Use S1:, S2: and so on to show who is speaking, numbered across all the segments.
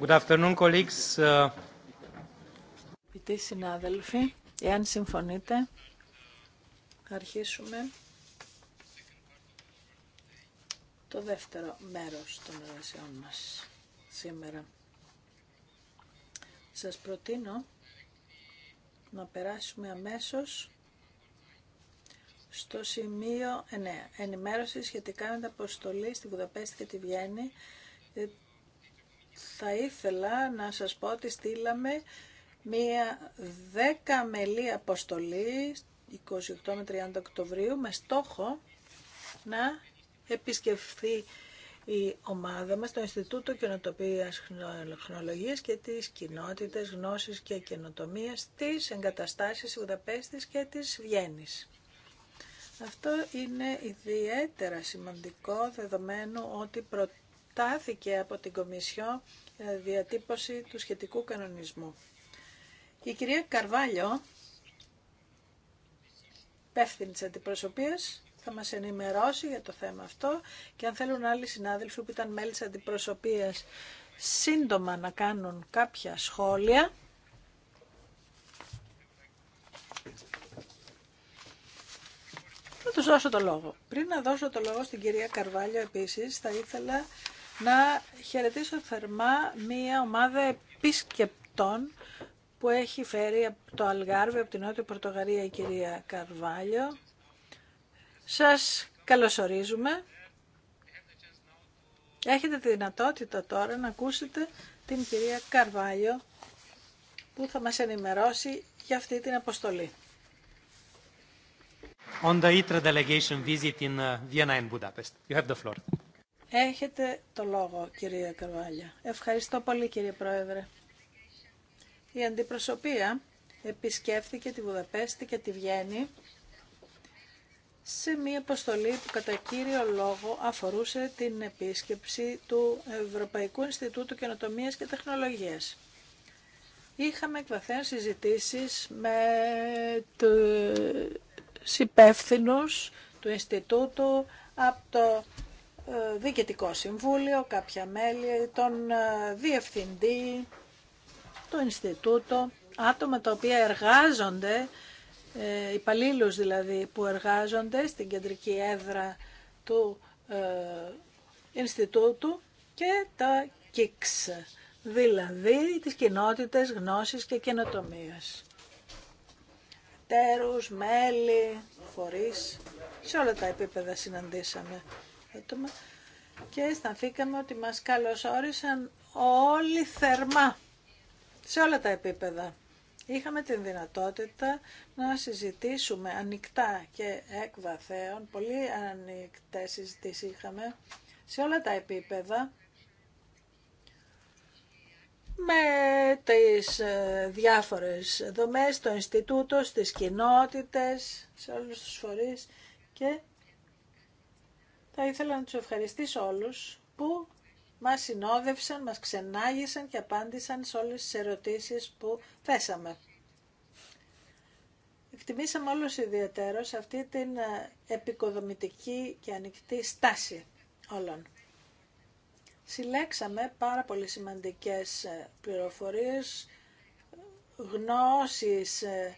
S1: Good afternoon, colleagues. Ε, Αγαπητοί συνάδελφοι, εάν συμφωνείτε, θα αρχίσουμε το δεύτερο μέρος των εργασιών μας σήμερα. Σας προτείνω να περάσουμε αμέσως στο σημείο 9. Ενημέρωση σχετικά με την αποστολή στη Βουδαπέστη και τη Βιέννη ε, θα ήθελα να σας πω ότι στείλαμε μία μελή αποστολή 28 με 30 Οκτωβρίου με στόχο να επισκεφθεί η ομάδα μας, το Ινστιτούτο Καινοτοπίας Χνολογίας και της κοινότητες γνώσης και καινοτομίας της εγκαταστάσεις Βουδαπέστης και της Βιέννης. Αυτό είναι ιδιαίτερα σημαντικό δεδομένου ότι προτείνουμε προτάθηκε από την Κομισιό ε, διατύπωση του σχετικού κανονισμού. Η κυρία Καρβάλιο, υπεύθυνη τη αντιπροσωπείας, θα μας ενημερώσει για το θέμα αυτό και αν θέλουν άλλοι συνάδελφοι που ήταν μέλη της αντιπροσωπείας σύντομα να κάνουν κάποια σχόλια. Θα τους δώσω το λόγο. Πριν να δώσω το λόγο στην κυρία Καρβάλιο επίσης θα ήθελα να χαιρετήσω θερμά μία ομάδα επισκεπτών που έχει φέρει από το Αλγάρβι, από την Νότια Πορτογαλία η κυρία Καρβάλιο. Σας καλωσορίζουμε. Έχετε τη δυνατότητα τώρα να ακούσετε την κυρία Καρβάλιο που θα μας ενημερώσει για αυτή την αποστολή. On the ITRA delegation
S2: visit in uh, Vienna and Budapest. You have the floor.
S1: Έχετε το λόγο, κυρία Καρβάλια. Ευχαριστώ πολύ, κύριε Πρόεδρε. Η αντιπροσωπεία επισκέφθηκε τη Βουδαπέστη και τη Βιέννη σε μία αποστολή που κατά κύριο λόγο αφορούσε την επίσκεψη του Ευρωπαϊκού Ινστιτούτου Καινοτομίας και Τεχνολογίας. Είχαμε εκβαθέν συζητήσεις με του υπεύθυνου του Ινστιτούτου από το ε, διοικητικό Συμβούλιο, κάποια μέλη, τον ε, Διευθυντή, το Ινστιτούτο, άτομα τα οποία εργάζονται, ε, υπαλλήλου δηλαδή που εργάζονται στην κεντρική έδρα του Ινστιτούτου και τα ΚΙΚΣ, δηλαδή τις κοινότητες γνώσης και καινοτομίας. Τέρους, μέλη, φορείς, σε όλα τα επίπεδα συναντήσαμε και αισθανθήκαμε ότι μας καλωσόρισαν όλοι θερμά σε όλα τα επίπεδα. Είχαμε την δυνατότητα να συζητήσουμε ανοιχτά και εκβαθέων, πολύ ανοιχτές συζητήσεις είχαμε σε όλα τα επίπεδα με τις ε, διάφορες δομές, το Ινστιτούτο, στις κοινότητες, σε όλους τους φορείς και θα ήθελα να τους ευχαριστήσω όλους που μας συνόδευσαν, μας ξενάγησαν και απάντησαν σε όλες τις ερωτήσεις που θέσαμε. Εκτιμήσαμε όλους ιδιαίτερος αυτή την ε, επικοδομητική και ανοιχτή στάση όλων. Συλλέξαμε πάρα πολύ σημαντικές ε, πληροφορίες, γνώσεις, ε,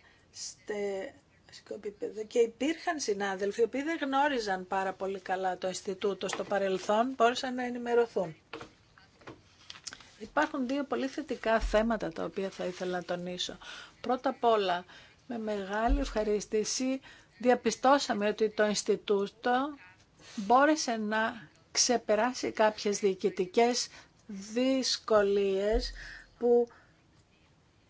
S1: και υπήρχαν συνάδελφοι οι οποίοι δεν γνώριζαν πάρα πολύ καλά το Ινστιτούτο στο παρελθόν, μπόρεσαν να ενημερωθούν. Υπάρχουν δύο πολύ θετικά θέματα τα οποία θα ήθελα να τονίσω. Πρώτα απ' όλα, με μεγάλη ευχαρίστηση διαπιστώσαμε ότι το Ινστιτούτο μπόρεσε να ξεπεράσει κάποιες διοικητικές δυσκολίες που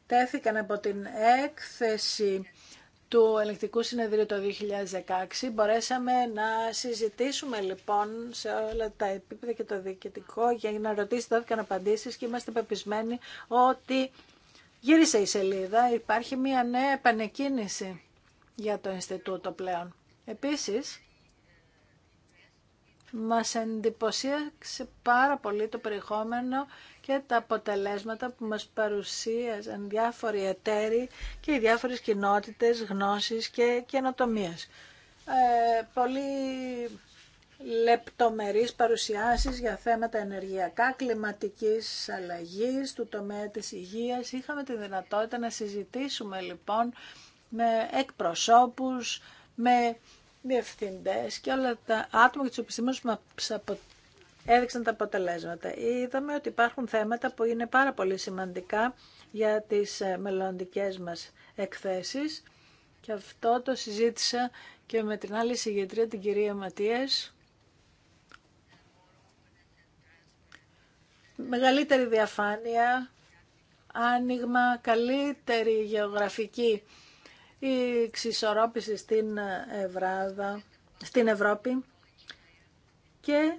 S1: τέθηκαν από την έκθεση του Ελεκτικού Συνεδρίου το 2016. Μπορέσαμε να συζητήσουμε λοιπόν σε όλα τα επίπεδα και το διοικητικό για να ρωτήσει δόθηκαν απαντήσεις και είμαστε πεπισμένοι ότι γύρισε η σελίδα, υπάρχει μια νέα επανεκκίνηση για το Ινστιτούτο πλέον. Επίσης, μας εντυπωσίασε πάρα πολύ το περιεχόμενο και τα αποτελέσματα που μας παρουσίαζαν διάφοροι εταίροι και οι διάφορες κοινότητες γνώσεις και καινοτομίες. Ε, πολύ λεπτομερείς παρουσιάσεις για θέματα ενεργειακά, κλιματικής αλλαγής, του τομέα της υγείας. Είχαμε τη δυνατότητα να συζητήσουμε λοιπόν με εκπροσώπους, με διευθυντές και όλα τα άτομα και τις επιστήμονες που μας έδειξαν τα αποτελέσματα. Είδαμε ότι υπάρχουν θέματα που είναι πάρα πολύ σημαντικά για τις ε, μελλοντικέ μας εκθέσεις και αυτό το συζήτησα και με την άλλη συγγετρία την κυρία Ματίας. Μεγαλύτερη διαφάνεια, άνοιγμα, καλύτερη γεωγραφική η εξισορρόπηση στην, ε, στην Ευρώπη και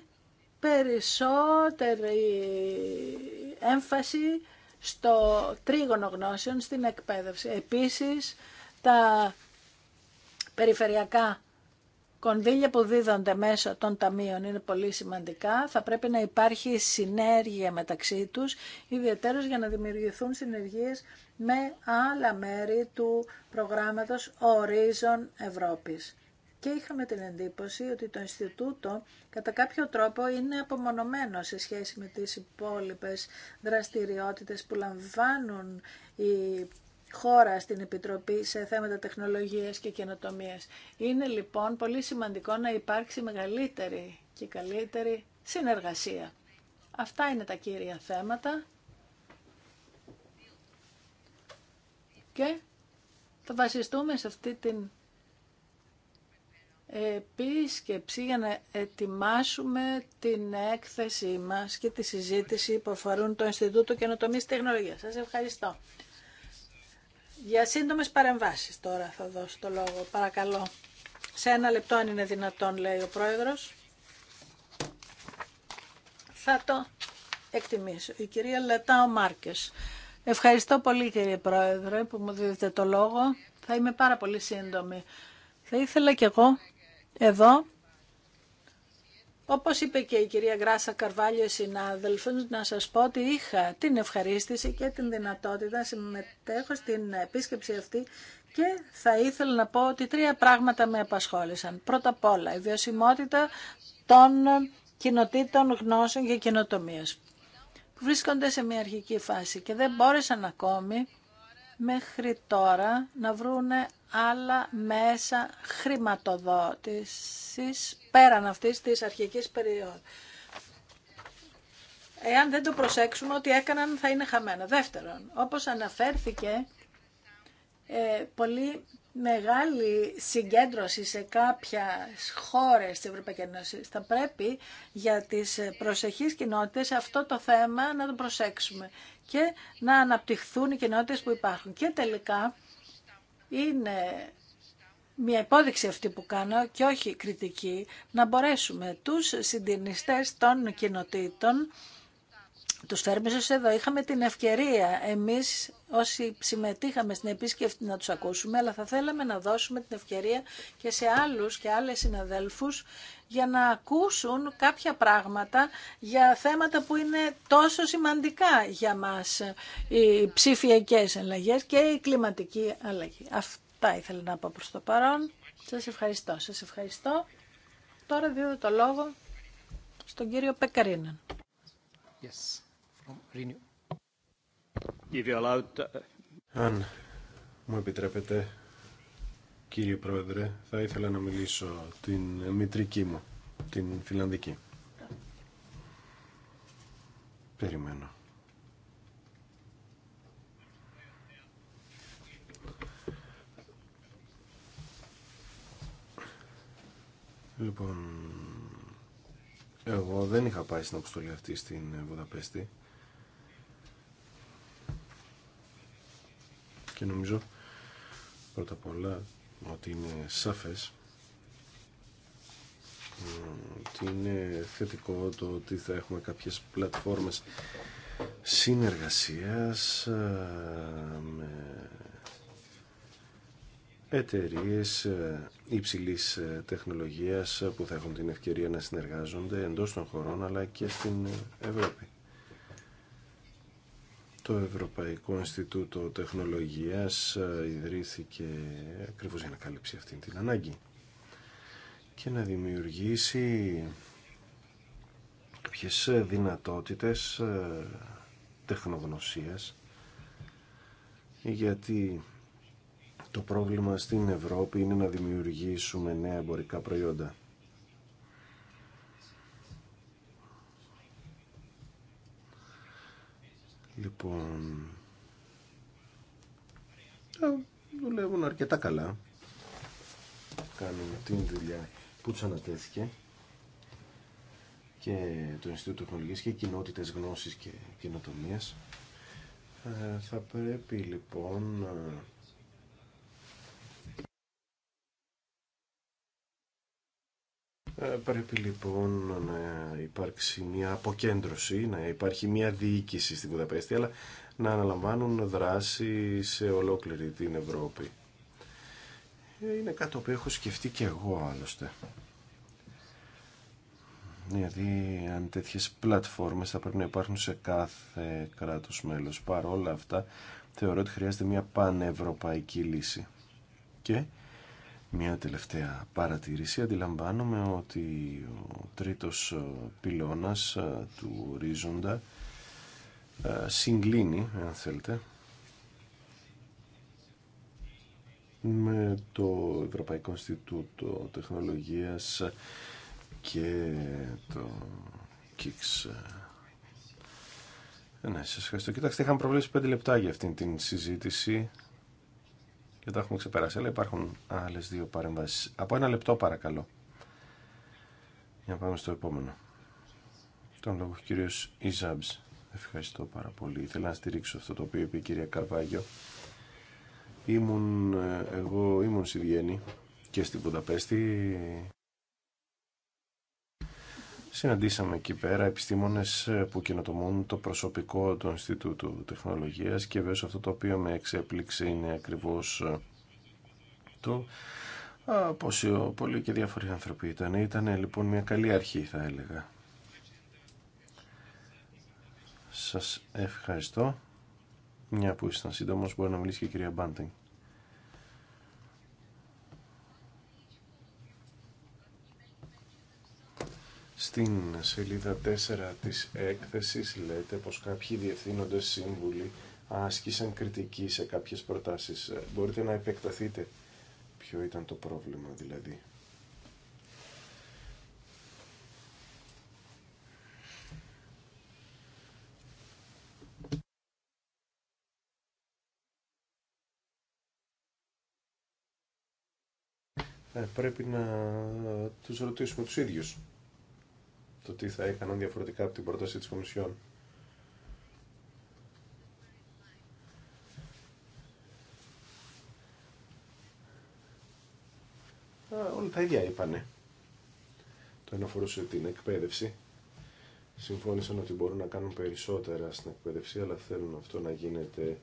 S1: περισσότερη έμφαση στο τρίγωνο γνώσεων, στην εκπαίδευση. Επίσης, τα περιφερειακά κονδύλια που δίδονται μέσω των ταμείων είναι πολύ σημαντικά. Θα πρέπει να υπάρχει συνέργεια μεταξύ τους, ιδιαίτερως για να δημιουργηθούν συνεργίες με άλλα μέρη του προγράμματος Horizon Ευρώπης και είχαμε την εντύπωση ότι το Ινστιτούτο κατά κάποιο τρόπο είναι απομονωμένο σε σχέση με τις υπόλοιπε δραστηριότητες που λαμβάνουν η χώρα στην Επιτροπή σε θέματα τεχνολογίας και καινοτομίας. Είναι λοιπόν πολύ σημαντικό να υπάρξει μεγαλύτερη και καλύτερη συνεργασία. Αυτά είναι τα κύρια θέματα. Και θα βασιστούμε σε αυτή την επίσκεψη για να ετοιμάσουμε την έκθεσή μας και τη συζήτηση που αφορούν το Ινστιτούτο Καινοτομής Τεχνολογίας. Σας ευχαριστώ. Για σύντομες παρεμβάσεις τώρα θα δώσω το λόγο. Παρακαλώ. Σε ένα λεπτό αν είναι δυνατόν λέει ο Πρόεδρος. Θα το εκτιμήσω. Η κυρία Λετάο Μάρκες. Ευχαριστώ πολύ κύριε Πρόεδρε που μου δίδετε το λόγο. Θα είμαι πάρα πολύ σύντομη. Θα ήθελα κι εγώ εδώ, όπως είπε και η κυρία Γράσα Καρβάλιο, συνάδελφος, να σας πω ότι είχα την ευχαρίστηση και την δυνατότητα συμμετέχω στην επίσκεψη αυτή και θα ήθελα να πω ότι τρία πράγματα με απασχόλησαν. Πρώτα απ' όλα, η βιωσιμότητα των κοινοτήτων γνώσεων και κοινοτομίας που βρίσκονται σε μια αρχική φάση και δεν μπόρεσαν ακόμη μέχρι τώρα να βρούνε άλλα μέσα χρηματοδότησης πέραν αυτής της αρχικής περίοδου. Εάν δεν το προσέξουμε, ό,τι έκαναν θα είναι χαμένα. Δεύτερον, όπως αναφέρθηκε, ε, πολύ μεγάλη συγκέντρωση σε κάποια χώρες της Ευρωπαϊκής Ένωσης. Θα πρέπει για τις προσεχείς κοινότητες αυτό το θέμα να το προσέξουμε και να αναπτυχθούν οι κοινότητες που υπάρχουν. Και τελικά είναι μια υπόδειξη αυτή που κάνω και όχι κριτική, να μπορέσουμε τους συντηρητές των κοινοτήτων τους θέρμισες εδώ. Είχαμε την ευκαιρία εμείς όσοι συμμετείχαμε στην επίσκεψη να τους ακούσουμε, αλλά θα θέλαμε να δώσουμε την ευκαιρία και σε άλλους και άλλες συναδέλφους για να ακούσουν κάποια πράγματα για θέματα που είναι τόσο σημαντικά για μας, οι ψηφιακές αλλαγές και η κλιματική αλλαγή. Αυτά ήθελα να πω προς το παρόν. Σας ευχαριστώ. Σας ευχαριστώ. Τώρα δίνω το λόγο στον κύριο Πεκαρίνα.
S2: Αν μου επιτρέπετε, κύριε Πρόεδρε, θα ήθελα να μιλήσω την μητρική μου, την φιλανδική. Περιμένω. Λοιπόν, εγώ δεν είχα πάει στην αποστολή αυτή στην Βουδαπέστη. και νομίζω πρώτα απ' όλα ότι είναι σαφές ότι είναι θετικό το ότι θα έχουμε κάποιες πλατφόρμες συνεργασίας ε, με εταιρείες ε, υψηλής ε, τεχνολογίας που θα έχουν την ευκαιρία να συνεργάζονται εντός των χωρών αλλά και στην Ευρώπη. Το Ευρωπαϊκό Ινστιτούτο Τεχνολογίας ε, ιδρύθηκε ακριβώς για να καλύψει αυτή την ανάγκη και να δημιουργήσει κάποιε ε, δυνατότητες ε, τεχνογνωσίας γιατί το πρόβλημα στην Ευρώπη είναι να δημιουργήσουμε νέα εμπορικά προϊόντα. Λοιπόν, ε, δουλεύουν αρκετά καλά. Κάνουν την δουλειά που τους ανατέθηκε και το Ινστιτούτο Τεχνολογίας και Κοινότητες Γνώσης και Καινοτομίας. Ε, θα πρέπει λοιπόν ε, Ε, πρέπει λοιπόν να υπάρξει μια αποκέντρωση, να υπάρχει μια διοίκηση στην Βουδαπέστη, αλλά να αναλαμβάνουν δράση σε ολόκληρη την Ευρώπη. Ε, είναι κάτι που έχω σκεφτεί και εγώ άλλωστε. Γιατί αν τέτοιες πλατφόρμες θα πρέπει να υπάρχουν σε κάθε κράτος μέλος. Παρ' όλα αυτά θεωρώ ότι χρειάζεται μια πανευρωπαϊκή λύση. Και μια τελευταία παρατήρηση. Αντιλαμβάνομαι ότι ο τρίτος ε, πυλώνας ε, του ορίζοντα ε, συγκλίνει, αν θέλετε, με το Ευρωπαϊκό Ινστιτούτο Τεχνολογίας και το ΚΙΚΣ. Ναι, σας ευχαριστώ. Κοιτάξτε, είχαμε προβλέψει πέντε λεπτά για αυτήν την συζήτηση και τα έχουμε ξεπεράσει. Αλλά υπάρχουν άλλε δύο παρεμβάσει. Από ένα λεπτό παρακαλώ. Για να πάμε στο επόμενο. Τον λόγο ο κύριο Ιζάμπ. Ευχαριστώ πάρα πολύ. Θέλω να στηρίξω αυτό το οποίο είπε η κυρία Καρβάγιο. Ήμουν, ε, εγώ ήμουν στη Βιέννη και στην Πονταπέστη Συναντήσαμε εκεί πέρα επιστήμονες ε, που καινοτομούν το προσωπικό του Ινστιτούτου Τεχνολογίας και βέβαια αυτό το οποίο με εξέπληξε είναι ακριβώς ε, το πόσο πολλοί και διάφοροι άνθρωποι ήταν. Ήταν λοιπόν μια καλή αρχή θα έλεγα. Σας ευχαριστώ. Μια που ήσταν σύντομος μπορεί να μιλήσει και η κυρία Μπάντινγκ. Στην σελίδα 4 της έκθεσης λέτε πως κάποιοι διευθύνοντες σύμβουλοι άσκησαν κριτική σε κάποιες προτάσεις. Ε, μπορείτε να επεκταθείτε ποιο ήταν το πρόβλημα δηλαδή. Ε, πρέπει να τους ρωτήσουμε τους ίδιους το τι θα έκαναν διαφορετικά από την πρόταση της Κομισιόν. Α, όλα τα ίδια είπανε. Το ένα αφορούσε την εκπαίδευση. Συμφώνησαν ότι μπορούν να κάνουν περισσότερα στην εκπαίδευση, αλλά θέλουν αυτό να γίνεται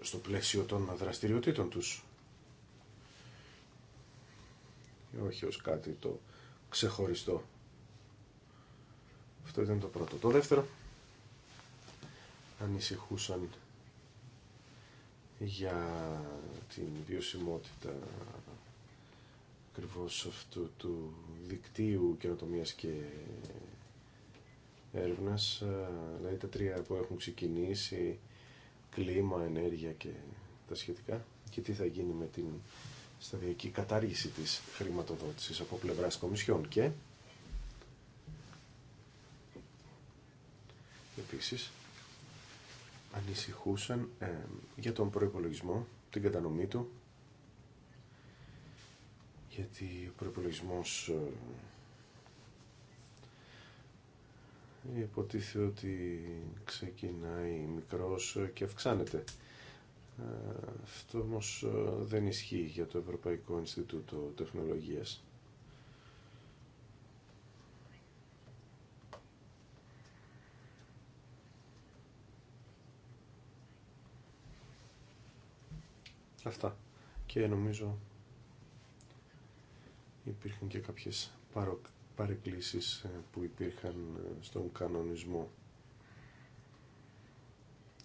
S2: στο πλαίσιο των δραστηριοτήτων τους. Όχι ως κάτι το ξεχωριστό. Αυτό ήταν το πρώτο. Το δεύτερο, ανησυχούσαν για την βιωσιμότητα ακριβώ αυτού του δικτύου καινοτομία και έρευνα, ε, δηλαδή τα τρία που έχουν ξεκινήσει, κλίμα, ενέργεια και τα σχετικά, και τι θα γίνει με την σταδιακή κατάργηση της χρηματοδότησης από πλευράς Κομισιόν και επίσης ανησυχούσαν ε, για τον προϋπολογισμό, την κατανομή του γιατί ο προϋπολογισμός ε, υποτίθεται ότι ξεκινάει μικρός και αυξάνεται. Αυτό όμω ε, δεν ισχύει για το Ευρωπαϊκό Ινστιτούτο Τεχνολογίας. Αυτά. Και νομίζω υπήρχαν και κάποιες παρεκκλήσεις ε, που υπήρχαν ε, στον κανονισμό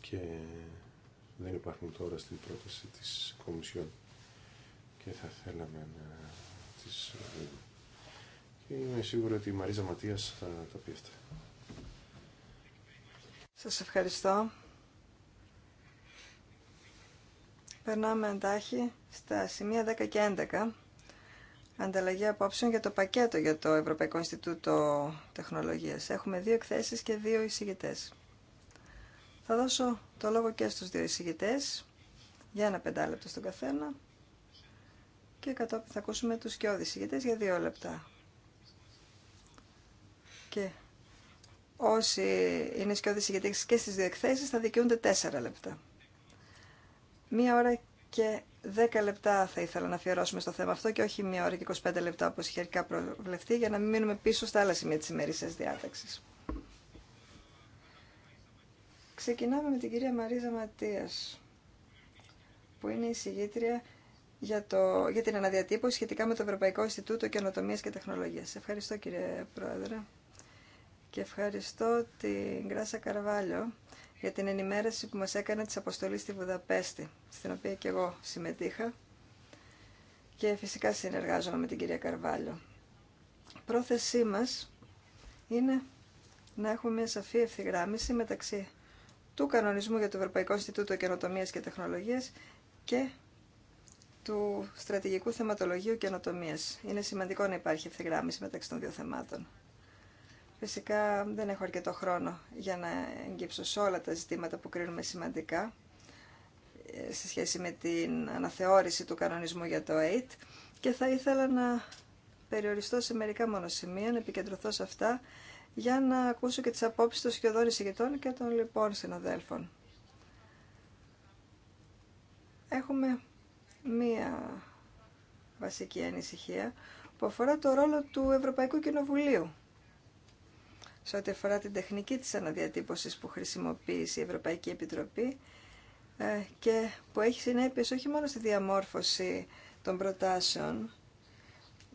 S2: και δεν υπάρχουν τώρα στην πρόταση της Κομισιόν και θα θέλαμε να τις δούμε. Και είμαι σίγουρο ότι η Μαρίζα Ματίας θα τα πει αυτά.
S3: Σας ευχαριστώ. Περνάμε εντάχει στα σημεία 10 και 11. Ανταλλαγή απόψεων για το πακέτο για το Ευρωπαϊκό Ινστιτούτο Τεχνολογίας. Έχουμε δύο εκθέσεις και δύο εισηγητές. Θα δώσω το λόγο και στους δύο εισηγητές για ένα πεντάλεπτο στον καθένα και κατόπιν θα ακούσουμε τους και εισηγητές για δύο λεπτά. Και όσοι είναι σκιώδης εισηγητές και στις δύο εκθέσεις θα δικαιούνται τέσσερα λεπτά. Μία ώρα και δέκα λεπτά θα ήθελα να αφιερώσουμε στο θέμα αυτό και όχι μία ώρα και 25 λεπτά όπως είχε αρχικά προβλεφθεί για να μην μείνουμε πίσω στα άλλα σημεία της ημερήσιας διάταξης. Ξεκινάμε με την κυρία Μαρίζα Ματίας, που είναι η συγγήτρια για, το, για την αναδιατύπωση σχετικά με το Ευρωπαϊκό Ινστιτούτο Καινοτομία και Τεχνολογία. Ευχαριστώ κύριε Πρόεδρε και ευχαριστώ την Γκράσα Καρβάλιο για την ενημέρωση που μας έκανε της αποστολής στη Βουδαπέστη, στην οποία και εγώ συμμετείχα και φυσικά συνεργάζομαι με την κυρία Καρβάλιο. Πρόθεσή μας είναι να έχουμε μια σαφή ευθυγράμμιση μεταξύ του κανονισμού για το Ευρωπαϊκό Ινστιτούτο Καινοτομία και Τεχνολογία και του στρατηγικού θεματολογίου καινοτομία. Είναι σημαντικό να υπάρχει ευθυγράμμιση μεταξύ των δύο θεμάτων. Φυσικά δεν έχω αρκετό χρόνο για να εγγύψω σε όλα τα ζητήματα που κρίνουμε σημαντικά ε, σε σχέση με την αναθεώρηση του κανονισμού για το AID και θα ήθελα να περιοριστώ σε μερικά μόνο σημεία, να επικεντρωθώ σε αυτά για να ακούσω και τις απόψεις των σχεδόν εισηγητών και των λοιπόν συναδέλφων. Έχουμε μία βασική ανησυχία που αφορά το ρόλο του Ευρωπαϊκού Κοινοβουλίου σε ό,τι αφορά την τεχνική της αναδιατύπωσης που χρησιμοποιεί η Ευρωπαϊκή Επιτροπή ε, και που έχει συνέπειες όχι μόνο στη διαμόρφωση των προτάσεων,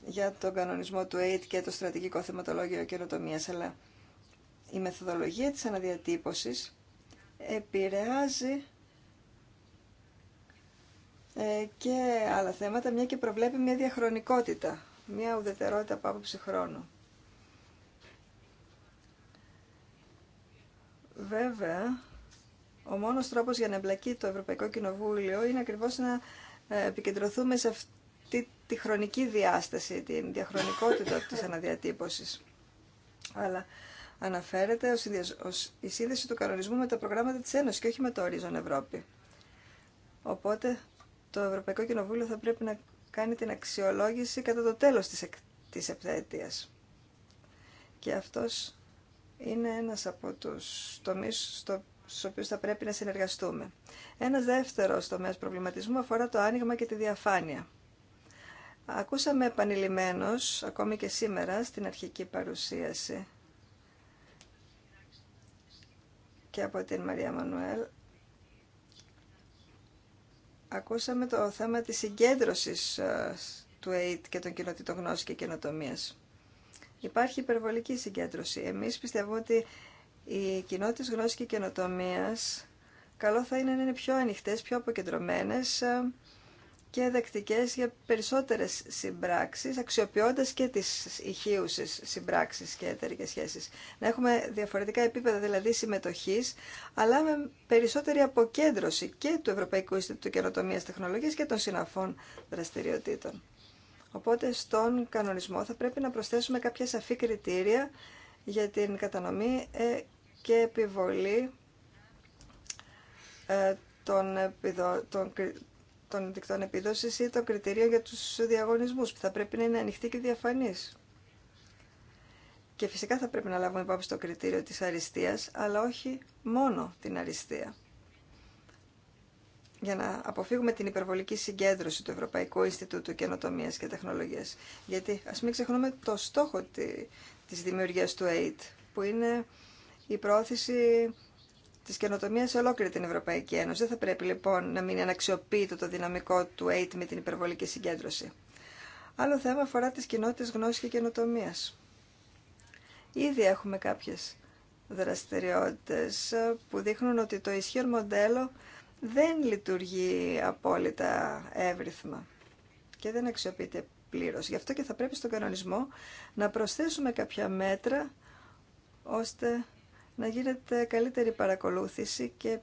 S3: για τον κανονισμό του AID και το στρατηγικό θεματολόγιο καινοτομία, αλλά η μεθοδολογία της αναδιατύπωσης επηρεάζει ε, και άλλα θέματα, μια και προβλέπει μια διαχρονικότητα, μια ουδετερότητα από άποψη χρόνου. Βέβαια, ο μόνος τρόπος για να εμπλακεί το Ευρωπαϊκό Κοινοβούλιο είναι ακριβώς να ε, επικεντρωθούμε σε αυτό τη χρονική διάσταση, την διαχρονικότητα της αναδιατύπωσης. Αλλά αναφέρεται ως, η σύνδεση του κανονισμού με τα προγράμματα της Ένωσης και όχι με το ορίζον Ευρώπη. Οπότε το Ευρωπαϊκό Κοινοβούλιο θα πρέπει να κάνει την αξιολόγηση κατά το τέλος της, της Και αυτός είναι ένας από τους τομείς στο, στους θα πρέπει να συνεργαστούμε. Ένα δεύτερο τομέα προβληματισμού αφορά το άνοιγμα και τη διαφάνεια. Ακούσαμε επανειλημμένως, ακόμη και σήμερα, στην αρχική παρουσίαση και από την Μαρία Μανουέλ, ακούσαμε το θέμα της συγκέντρωσης ε, του ΕΙΤ και των κοινοτήτων γνώση και καινοτομία. Υπάρχει υπερβολική συγκέντρωση. Εμείς πιστεύουμε ότι οι κοινότητες γνώση και καινοτομία καλό θα είναι να είναι πιο ανοιχτές, πιο αποκεντρωμένες ε, και δεκτικές για περισσότερες συμπράξεις, αξιοποιώντας και τις ηχείουσες συμπράξεις και εταιρικέ σχέσεις. Να έχουμε διαφορετικά επίπεδα δηλαδή συμμετοχής, αλλά με περισσότερη αποκέντρωση και του Ευρωπαϊκού Ινστιτούτου Καινοτομίας Τεχνολογίας και των συναφών δραστηριοτήτων. Οπότε στον κανονισμό θα πρέπει να προσθέσουμε κάποια σαφή κριτήρια για την κατανομή ε, και επιβολή ε, των, επιδο των δικτών επίδοση ή το κριτήριο για τους διαγωνισμού που θα πρέπει να είναι ανοιχτή και διαφανή. Και φυσικά θα πρέπει να λάβουμε υπόψη το κριτήριο της αριστείας, αλλά όχι μόνο την αριστεία. Για να αποφύγουμε την υπερβολική συγκέντρωση του Ευρωπαϊκού Ινστιτούτου Καινοτομία και Τεχνολογία. Γιατί α μην ξεχνούμε το στόχο τη της δημιουργία του AID, που είναι η πρόθεση Τη καινοτομία σε ολόκληρη την Ευρωπαϊκή Ένωση. Δεν θα πρέπει λοιπόν να μείνει αναξιοποιητό το δυναμικό του AID με την υπερβολική συγκέντρωση. Άλλο θέμα αφορά τι κοινότητε γνώση και καινοτομία. Ήδη έχουμε κάποιε δραστηριότητε που δείχνουν ότι το ισχυρό μοντέλο δεν λειτουργεί απόλυτα εύρυθμα και δεν αξιοποιείται πλήρως. Γι' αυτό και θα πρέπει στον κανονισμό να προσθέσουμε κάποια μέτρα ώστε να γίνεται καλύτερη παρακολούθηση και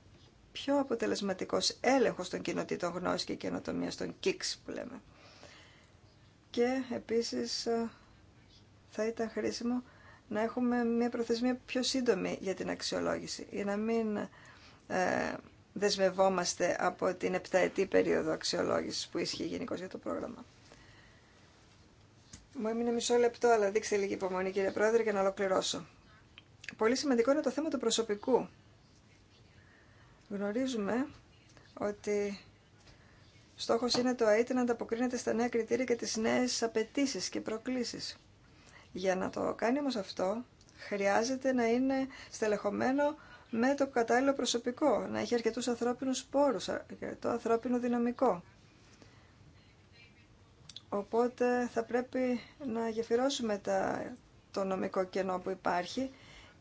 S3: πιο αποτελεσματικός έλεγχος των κοινοτήτων γνώσης και καινοτομία των ΚΙΚΣ που λέμε. Και επίσης ε, θα ήταν χρήσιμο να έχουμε μια προθεσμία πιο σύντομη για την αξιολόγηση, για να μην ε, δεσμευόμαστε από την επταετή περίοδο αξιολόγησης που ισχύει γενικώ για το πρόγραμμα. Μου έμεινε μισό λεπτό, αλλά δείξτε λίγη υπομονή κύριε Πρόεδρε για να ολοκληρώσω. Πολύ σημαντικό είναι το θέμα του προσωπικού. Γνωρίζουμε ότι στόχος είναι το ΑΕΤ να ανταποκρίνεται στα νέα κριτήρια και τις νέες απαιτήσει και προκλήσεις. Για να το κάνει όμως αυτό, χρειάζεται να είναι στελεχωμένο με το κατάλληλο προσωπικό, να έχει αρκετούς ανθρώπινους πόρους, αρκετό ανθρώπινο δυναμικό. Οπότε θα πρέπει να γεφυρώσουμε τα, το νομικό κενό που υπάρχει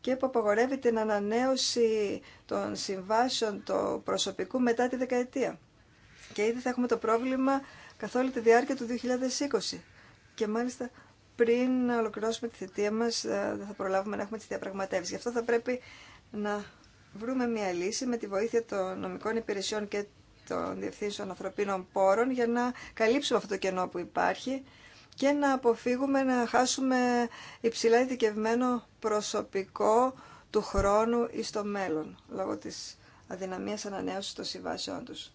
S3: και που απαγορεύει την ανανέωση των συμβάσεων του προσωπικού μετά τη δεκαετία. Και ήδη θα έχουμε το πρόβλημα καθ' όλη τη διάρκεια του 2020. Και μάλιστα πριν ολοκληρώσουμε τη θητεία μας ε, δεν θα προλάβουμε να έχουμε τι διαπραγματεύσει. Γι' αυτό θα πρέπει να βρούμε μια λύση με τη βοήθεια των νομικών υπηρεσιών και των διευθύνσεων ανθρωπίνων πόρων για να καλύψουμε αυτό το κενό που υπάρχει και να αποφύγουμε να χάσουμε υψηλά ειδικευμένο προσωπικό του χρόνου ή στο μέλλον, λόγω της αδυναμίας ανανέωσης των συμβάσεών τους.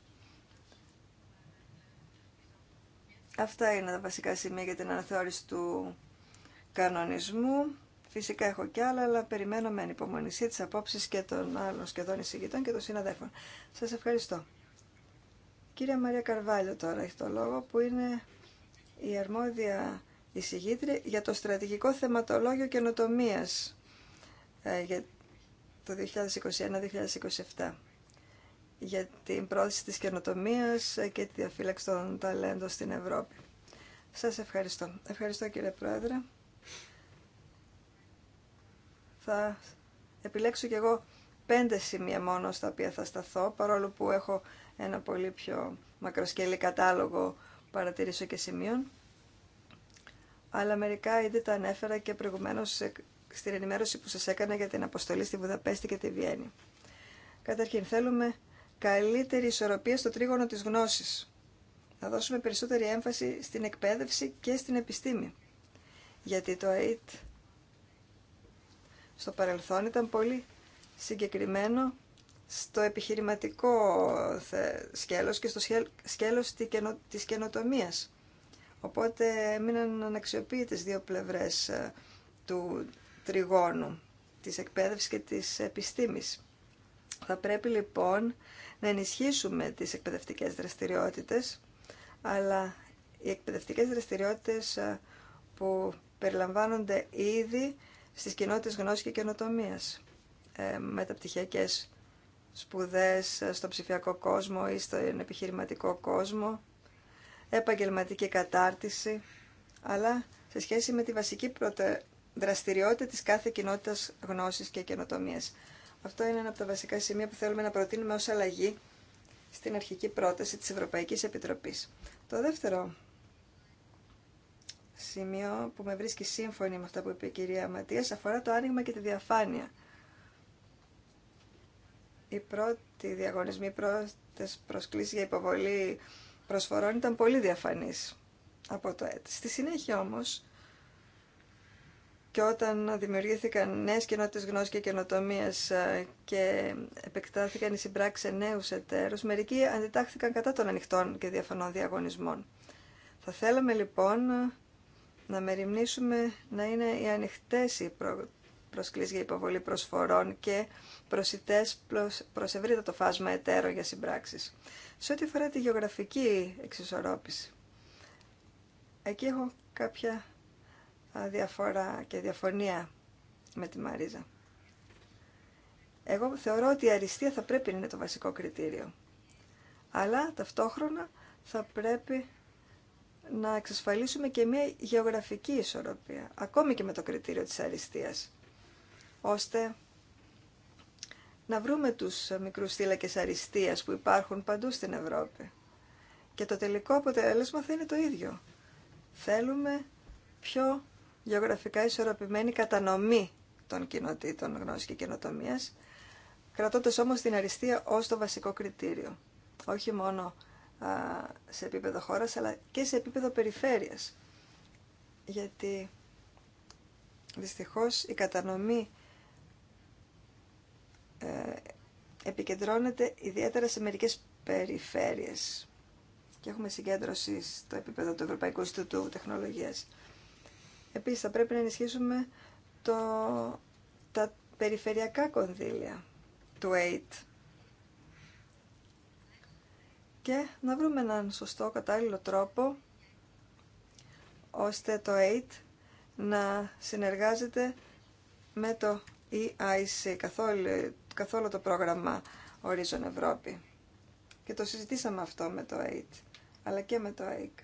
S3: Αυτά είναι τα βασικά σημεία για την αναθεώρηση του κανονισμού. Φυσικά έχω κι άλλα, αλλά περιμένω με ανυπομονησία τις απόψεις και των άλλων σχεδόν εισηγητών και των συναδέλφων. Σας ευχαριστώ. Κύρια Μαρία Καρβάλιο τώρα έχει το λόγο, που είναι η αρμόδια εισηγήτρια για το στρατηγικό θεματολόγιο καινοτομία ε, για το 2021-2027 για την πρόθεση της καινοτομίας ε, και τη διαφύλαξη των ταλέντων στην Ευρώπη. Σας ευχαριστώ. Ευχαριστώ κύριε Πρόεδρε. Θα επιλέξω κι εγώ πέντε σημεία μόνο στα οποία θα σταθώ, παρόλο που έχω ένα πολύ πιο μακροσκελή κατάλογο Παρατηρήσω και σημείων, αλλά μερικά ήδη τα ανέφερα και προηγουμένως στην ενημέρωση που σα έκανα για την αποστολή στη Βουδαπέστη και τη Βιέννη. Καταρχήν, θέλουμε καλύτερη ισορροπία στο τρίγωνο της γνώσης. Να δώσουμε περισσότερη έμφαση στην εκπαίδευση και στην επιστήμη. Γιατί το ΑΕΤ στο παρελθόν ήταν πολύ συγκεκριμένο στο επιχειρηματικό σκέλος και στο σκέλος της καινοτομίας. Οπότε έμειναν αναξιοποιητές δύο πλευρές ε, του τριγώνου, της εκπαίδευσης και της επιστήμης. Θα πρέπει λοιπόν να ενισχύσουμε τις εκπαιδευτικές δραστηριότητες, αλλά οι εκπαιδευτικές δραστηριότητες ε, που περιλαμβάνονται ήδη στις κοινότητες γνώσης και καινοτομίας, ε, μεταπτυχιακές σπουδές στο ψηφιακό κόσμο ή στον επιχειρηματικό κόσμο, επαγγελματική κατάρτιση, αλλά σε σχέση με τη βασική δραστηριότητα της κάθε κοινότητας γνώσης και καινοτομίας. Αυτό είναι ένα από τα βασικά σημεία που θέλουμε να προτείνουμε ως αλλαγή στην αρχική πρόταση της Ευρωπαϊκής Επιτροπής. Το δεύτερο σημείο που με βρίσκει σύμφωνη με αυτά που είπε η κυρία Ματίας αφορά το άνοιγμα και τη διαφάνεια οι πρώτοι διαγωνισμοί, οι πρώτε προσκλήσεις για υποβολή προσφορών ήταν πολύ διαφανεί από το ΕΤ. Στη συνέχεια όμως, και όταν δημιουργήθηκαν νέε κοινότητε γνώση και καινοτομία ε, και επεκτάθηκαν οι συμπράξει σε νέους εταίρου, μερικοί αντιτάχθηκαν κατά των ανοιχτών και διαφανών διαγωνισμών. Θα θέλαμε λοιπόν να μεριμνήσουμε να είναι οι ανοιχτές οι προσκλήσει για υποβολή προσφορών και προσιτές προς το φάσμα εταίρων για συμπράξει. Σε ό,τι αφορά τη γεωγραφική εξισορρόπηση, εκεί έχω κάποια διαφορά και διαφωνία με τη Μαρίζα. Εγώ θεωρώ ότι η αριστεία θα πρέπει να είναι το βασικό κριτήριο. Αλλά ταυτόχρονα θα πρέπει να εξασφαλίσουμε και μια γεωγραφική ισορροπία, ακόμη και με το κριτήριο της αριστείας ώστε να βρούμε τους μικρούς θύλακες αριστείας που υπάρχουν παντού στην Ευρώπη. Και το τελικό αποτέλεσμα θα είναι το ίδιο. Θέλουμε πιο γεωγραφικά ισορροπημένη κατανομή των κοινοτήτων γνώση και καινοτομία, κρατώντας όμως την αριστεία ως το βασικό κριτήριο. Όχι μόνο σε επίπεδο χώρας, αλλά και σε επίπεδο περιφέρειας. Γιατί δυστυχώς η κατανομή ε, επικεντρώνεται ιδιαίτερα σε μερικές περιφέρειες και έχουμε συγκέντρωση στο επίπεδο του Ευρωπαϊκού Ινστιτούτου Τεχνολογίας. Επίσης θα πρέπει να ενισχύσουμε το, τα περιφερειακά κονδύλια του AID και να βρούμε έναν σωστό κατάλληλο τρόπο ώστε το AID να συνεργάζεται με το ή καθόλο καθόλου, το πρόγραμμα Horizon Ευρώπη. Και το συζητήσαμε αυτό με το ΑΙΤ αλλά και με το AIC.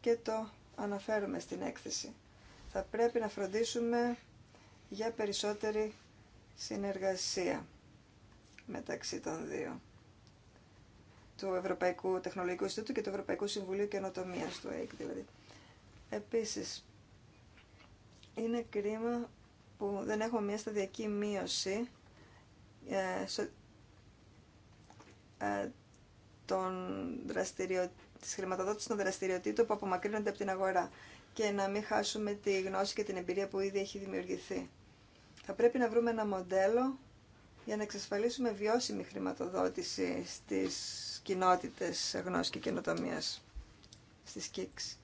S3: Και το αναφέρουμε στην έκθεση. Θα πρέπει να φροντίσουμε για περισσότερη συνεργασία μεταξύ των δύο του Ευρωπαϊκού Τεχνολογικού Ινστιτούτου και του Ευρωπαϊκού Συμβουλίου καινοτομίας του ΑΙΚ δηλαδή. Επίσης, είναι κρίμα που δεν έχουμε μια σταδιακή μείωση ε, των ε, δραστηριο... της χρηματοδότησης των δραστηριοτήτων που απομακρύνονται από την αγορά και να μην χάσουμε τη γνώση και την εμπειρία που ήδη έχει δημιουργηθεί. Θα πρέπει να βρούμε ένα μοντέλο για να εξασφαλίσουμε βιώσιμη χρηματοδότηση στις κοινότητες γνώσης και καινοτομίας, στις ΚΙΚΣ.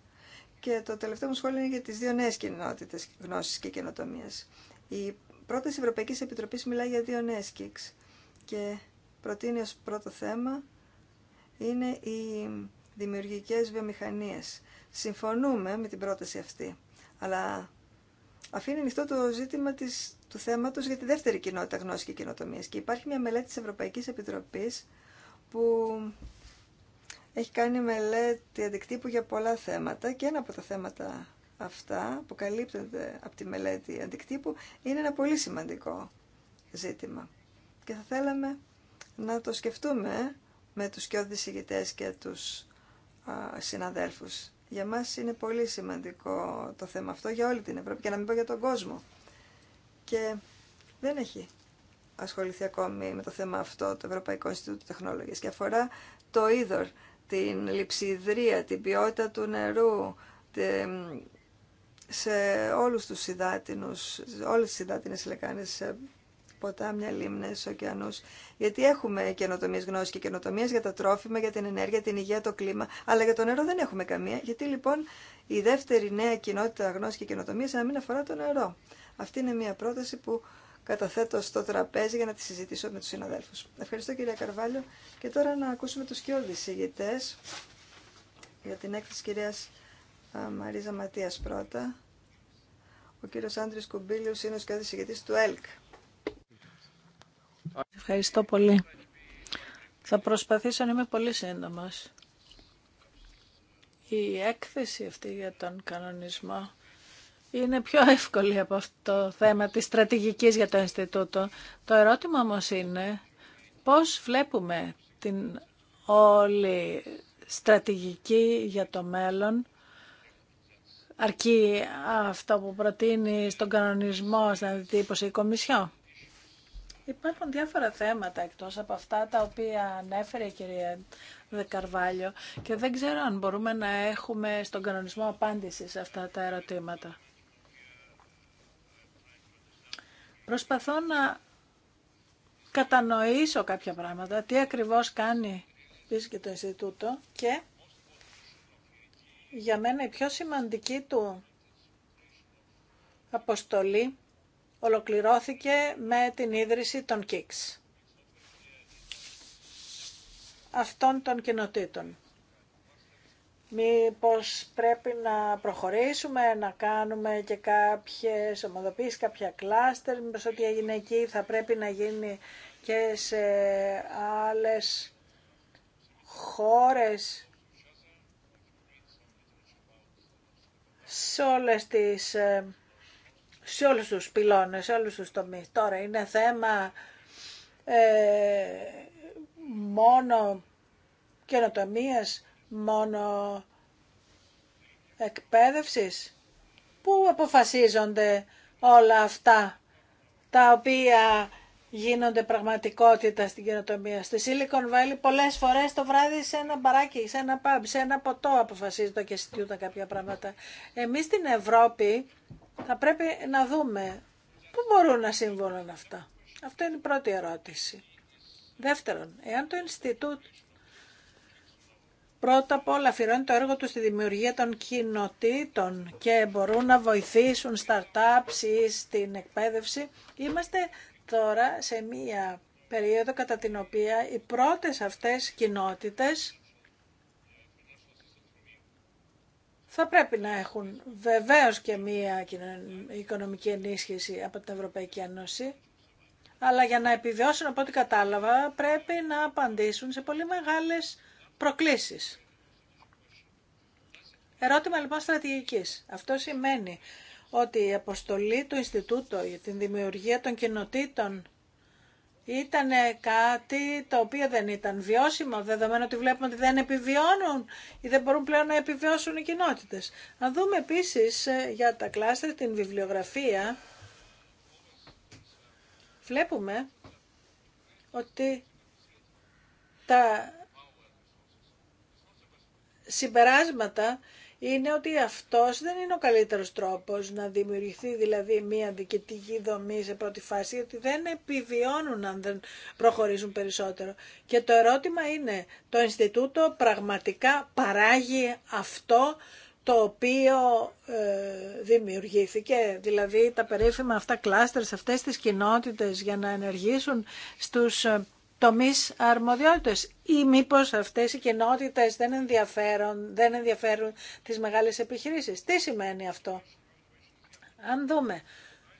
S3: Και το τελευταίο μου σχόλιο είναι για τις δύο νέες κοινότητες γνώσης και καινοτομίας. Η πρώτη ευρωπαϊκή Επιτροπή μιλάει για δύο νέες και προτείνει ως πρώτο θέμα είναι οι δημιουργικές βιομηχανίες. Συμφωνούμε με την πρόταση αυτή, αλλά αφήνει ανοιχτό το ζήτημα της, του θέματος για τη δεύτερη κοινότητα γνώση και καινοτομία. Και υπάρχει μια μελέτη της Ευρωπαϊκής Επιτροπής που έχει κάνει μελέτη αντικτύπου για πολλά θέματα και ένα από τα θέματα αυτά που καλύπτονται από τη μελέτη αντικτύπου είναι ένα πολύ σημαντικό ζήτημα. Και θα θέλαμε να το σκεφτούμε με τους και ηγητές και τους α, συναδέλφους. Για μας είναι πολύ σημαντικό το θέμα αυτό για όλη την Ευρώπη και να μην πω για τον κόσμο. Και δεν έχει ασχοληθεί ακόμη με το θέμα αυτό το Ευρωπαϊκό Ινστιτούτο Τεχνόλογης και αφορά το είδωρ την λειψιδρία, την ποιότητα του νερού, σε όλους τους υδάτινους, όλες τις υδάτινες λεκάνες, ποτάμια, λίμνες, ωκεανούς, γιατί έχουμε καινοτομίες γνώση και καινοτομίες για τα τρόφιμα, για την ενέργεια, την υγεία, το κλίμα, αλλά για το νερό δεν έχουμε καμία, γιατί λοιπόν η δεύτερη νέα κοινότητα γνώση και καινοτομίας να μην αφορά το νερό. Αυτή είναι μια πρόταση που καταθέτω στο τραπέζι για να τη συζητήσω με τους συναδέλφους. Ευχαριστώ κυρία Καρβάλιο και τώρα να ακούσουμε τους σκιώδεις ηγητές για την έκθεση κυρίας Μαρίζα Ματίας πρώτα. Ο κύριος Άντρης Κουμπίλιος είναι ο σκιώδης ηγητής του ΕΛΚ.
S1: Ευχαριστώ πολύ. Θα προσπαθήσω να είμαι πολύ σύντομος. Η έκθεση αυτή για τον κανονισμό είναι πιο εύκολη από αυτό το θέμα της στρατηγικής για το Ινστιτούτο. Το ερώτημα όμως είναι πώς βλέπουμε την όλη στρατηγική για το μέλλον αρκεί αυτό που προτείνει στον κανονισμό στην αντιτύπωση η Κομισιό. Υπάρχουν διάφορα θέματα εκτός από αυτά τα οποία ανέφερε η κυρία Δεκαρβάλιο και δεν ξέρω αν μπορούμε να έχουμε στον κανονισμό απάντηση σε αυτά τα ερωτήματα. Προσπαθώ να κατανοήσω κάποια πράγματα, τι ακριβώς κάνει επίσης και το Ινστιτούτο και για μένα η πιο σημαντική του αποστολή ολοκληρώθηκε με την ίδρυση των ΚΙΚΣ αυτών των κοινοτήτων. Μήπως πρέπει να προχωρήσουμε, να κάνουμε και κάποιες ομοδοποίησεις, κάποια κλάστερ, μήπως ό,τι έγινε εκεί θα πρέπει να γίνει και σε άλλες χώρες, σε όλες τις ε, σε όλους τους πυλώνες, σε όλους τους τομείς. Τώρα είναι θέμα ε, μόνο καινοτομίας μόνο εκπαίδευσης. Πού αποφασίζονται όλα αυτά τα οποία γίνονται πραγματικότητα στην καινοτομία. Στη Silicon Valley πολλές φορές το βράδυ σε ένα μπαράκι, σε ένα pub, σε ένα ποτό αποφασίζονται και τα κάποια πράγματα. Εμείς στην Ευρώπη θα πρέπει να δούμε πού μπορούν να συμβούν αυτά. Αυτό είναι η πρώτη ερώτηση. Δεύτερον, εάν το Ινστιτούτ πρώτα απ' όλα αφιερώνει το έργο του στη δημιουργία των κοινοτήτων και μπορούν να βοηθήσουν startups ή στην εκπαίδευση. Είμαστε τώρα σε μία περίοδο κατά την οποία οι πρώτες αυτές κοινότητες θα πρέπει να έχουν βεβαίως και μία οικονομική ενίσχυση από την Ευρωπαϊκή Ένωση, αλλά για να επιβιώσουν από ό,τι κατάλαβα πρέπει να απαντήσουν σε πολύ μεγάλες προκλήσεις. Ερώτημα λοιπόν στρατηγικής. Αυτό σημαίνει ότι η αποστολή του Ινστιτούτου για την δημιουργία των κοινοτήτων ήταν κάτι το οποίο δεν ήταν βιώσιμο, δεδομένου ότι βλέπουμε ότι δεν επιβιώνουν ή δεν μπορούν πλέον να επιβιώσουν οι κοινότητες. Αν δούμε επίσης ε, για τα κλάστερ την βιβλιογραφία, βλέπουμε ότι τα συμπεράσματα είναι ότι αυτός δεν είναι ο καλύτερος τρόπος να δημιουργηθεί δηλαδή μια διοικητική δομή σε πρώτη φάση, γιατί δεν επιβιώνουν αν δεν προχωρήσουν περισσότερο. Και το ερώτημα είναι, το Ινστιτούτο πραγματικά παράγει αυτό το οποίο ε, δημιουργήθηκε, δηλαδή τα περίφημα αυτά κλάστερ, αυτές τις κοινότητες για να ενεργήσουν στους ε, τομείς αρμοδιότητες ή μήπως αυτές οι κοινότητες δεν ενδιαφέρουν, δεν ενδιαφέρουν τις μεγάλες επιχειρήσεις. Τι σημαίνει αυτό. Αν δούμε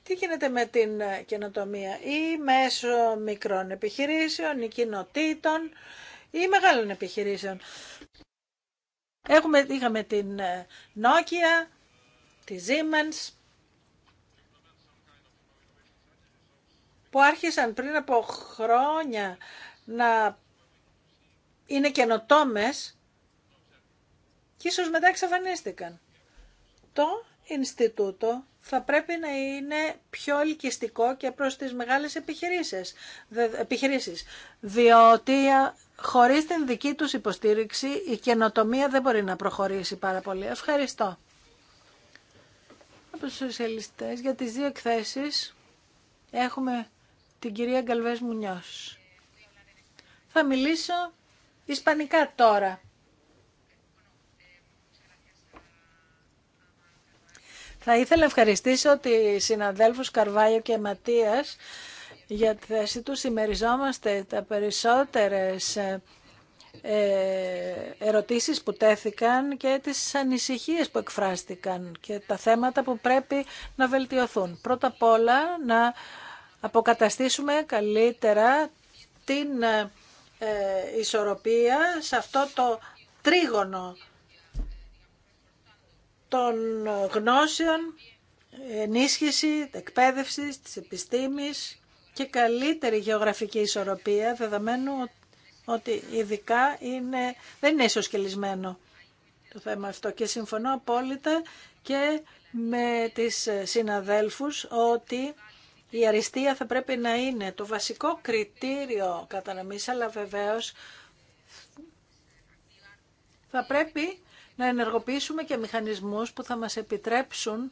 S1: τι γίνεται με την καινοτομία ή μέσω μικρών επιχειρήσεων ή κοινοτήτων ή μεγάλων επιχειρήσεων. Έχουμε, είχαμε την Nokia, τη Siemens, που άρχισαν πριν από χρόνια να είναι καινοτόμε και ίσως μετά εξαφανίστηκαν. Το Ινστιτούτο θα πρέπει να είναι πιο ελκυστικό και προς τις μεγάλες επιχειρήσεις, επιχειρήσεις διότι χωρίς την δική τους υποστήριξη η καινοτομία δεν μπορεί να προχωρήσει πάρα πολύ. Ευχαριστώ. Από τους σοσιαλιστές για τις δύο εκθέσεις έχουμε την κυρία Γκαλβές Μουνιός. Θα μιλήσω ισπανικά τώρα. Θα ήθελα να ευχαριστήσω τη συναδέλφους Καρβάιο και Ματίας για τη θέση του. Συμμεριζόμαστε τα περισσότερες ε, ερωτήσεις που τέθηκαν και τις ανησυχίες που εκφράστηκαν και τα θέματα που πρέπει να βελτιωθούν. Πρώτα απ' όλα να αποκαταστήσουμε καλύτερα την ε, ε, ισορροπία σε αυτό το τρίγωνο των γνώσεων, ενίσχυση, εκπαίδευση, της επιστήμης και καλύτερη γεωγραφική ισορροπία, δεδομένου ότι ειδικά είναι, δεν είναι ισοσκελισμένο το θέμα αυτό. Και συμφωνώ απόλυτα και με τις συναδέλφους ότι η αριστεία θα πρέπει να είναι το βασικό κριτήριο κατανομής, αλλά βεβαίως θα πρέπει να ενεργοποιήσουμε και μηχανισμούς που θα μας επιτρέψουν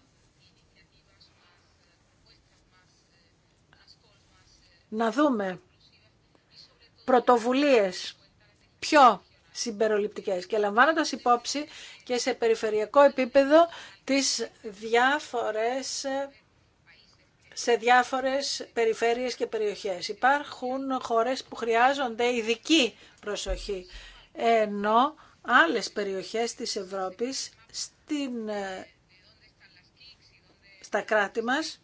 S1: να δούμε πρωτοβουλίες πιο συμπεριληπτικές και λαμβάνοντας υπόψη και σε περιφερειακό επίπεδο τις διάφορες σε διάφορες περιφέρειες και περιοχές. Υπάρχουν χώρες που χρειάζονται ειδική προσοχή, ενώ άλλες περιοχές της Ευρώπης στην, ε, στα κράτη μας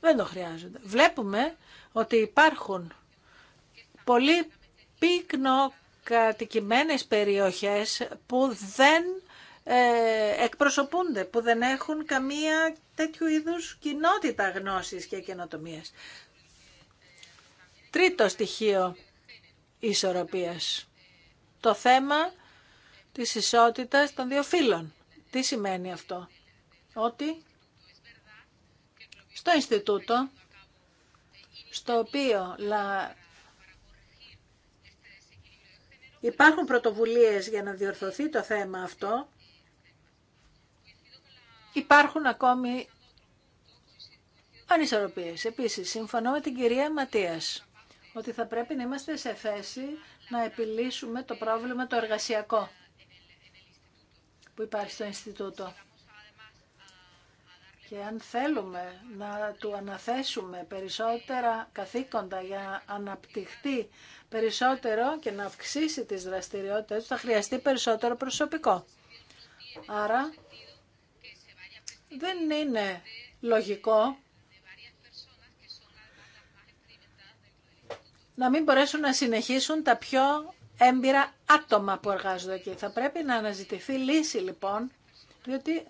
S1: δεν το χρειάζονται. Βλέπουμε ότι υπάρχουν πολύ πύκνο κατοικημένες περιοχές που δεν ε, εκπροσωπούνται, που δεν έχουν καμία τέτοιου είδους κοινότητα γνώσης και καινοτομίας. Τρίτο στοιχείο ισορροπίας. Το θέμα της ισότητας των δύο φύλων. Τι σημαίνει αυτό. Ότι στο Ινστιτούτο, στο οποίο υπάρχουν πρωτοβουλίες για να διορθωθεί το θέμα αυτό, υπάρχουν ακόμη ανισορροπίες. Επίσης, συμφωνώ με την κυρία Ματίας ότι θα πρέπει να είμαστε σε θέση να επιλύσουμε το πρόβλημα το εργασιακό που υπάρχει στο Ινστιτούτο. Και αν θέλουμε να του αναθέσουμε περισσότερα καθήκοντα για να αναπτυχθεί περισσότερο και να αυξήσει τις δραστηριότητες, θα χρειαστεί περισσότερο προσωπικό. Άρα δεν είναι λογικό να μην μπορέσουν να συνεχίσουν τα πιο έμπειρα άτομα που εργάζονται εκεί. Θα πρέπει να αναζητηθεί λύση λοιπόν, διότι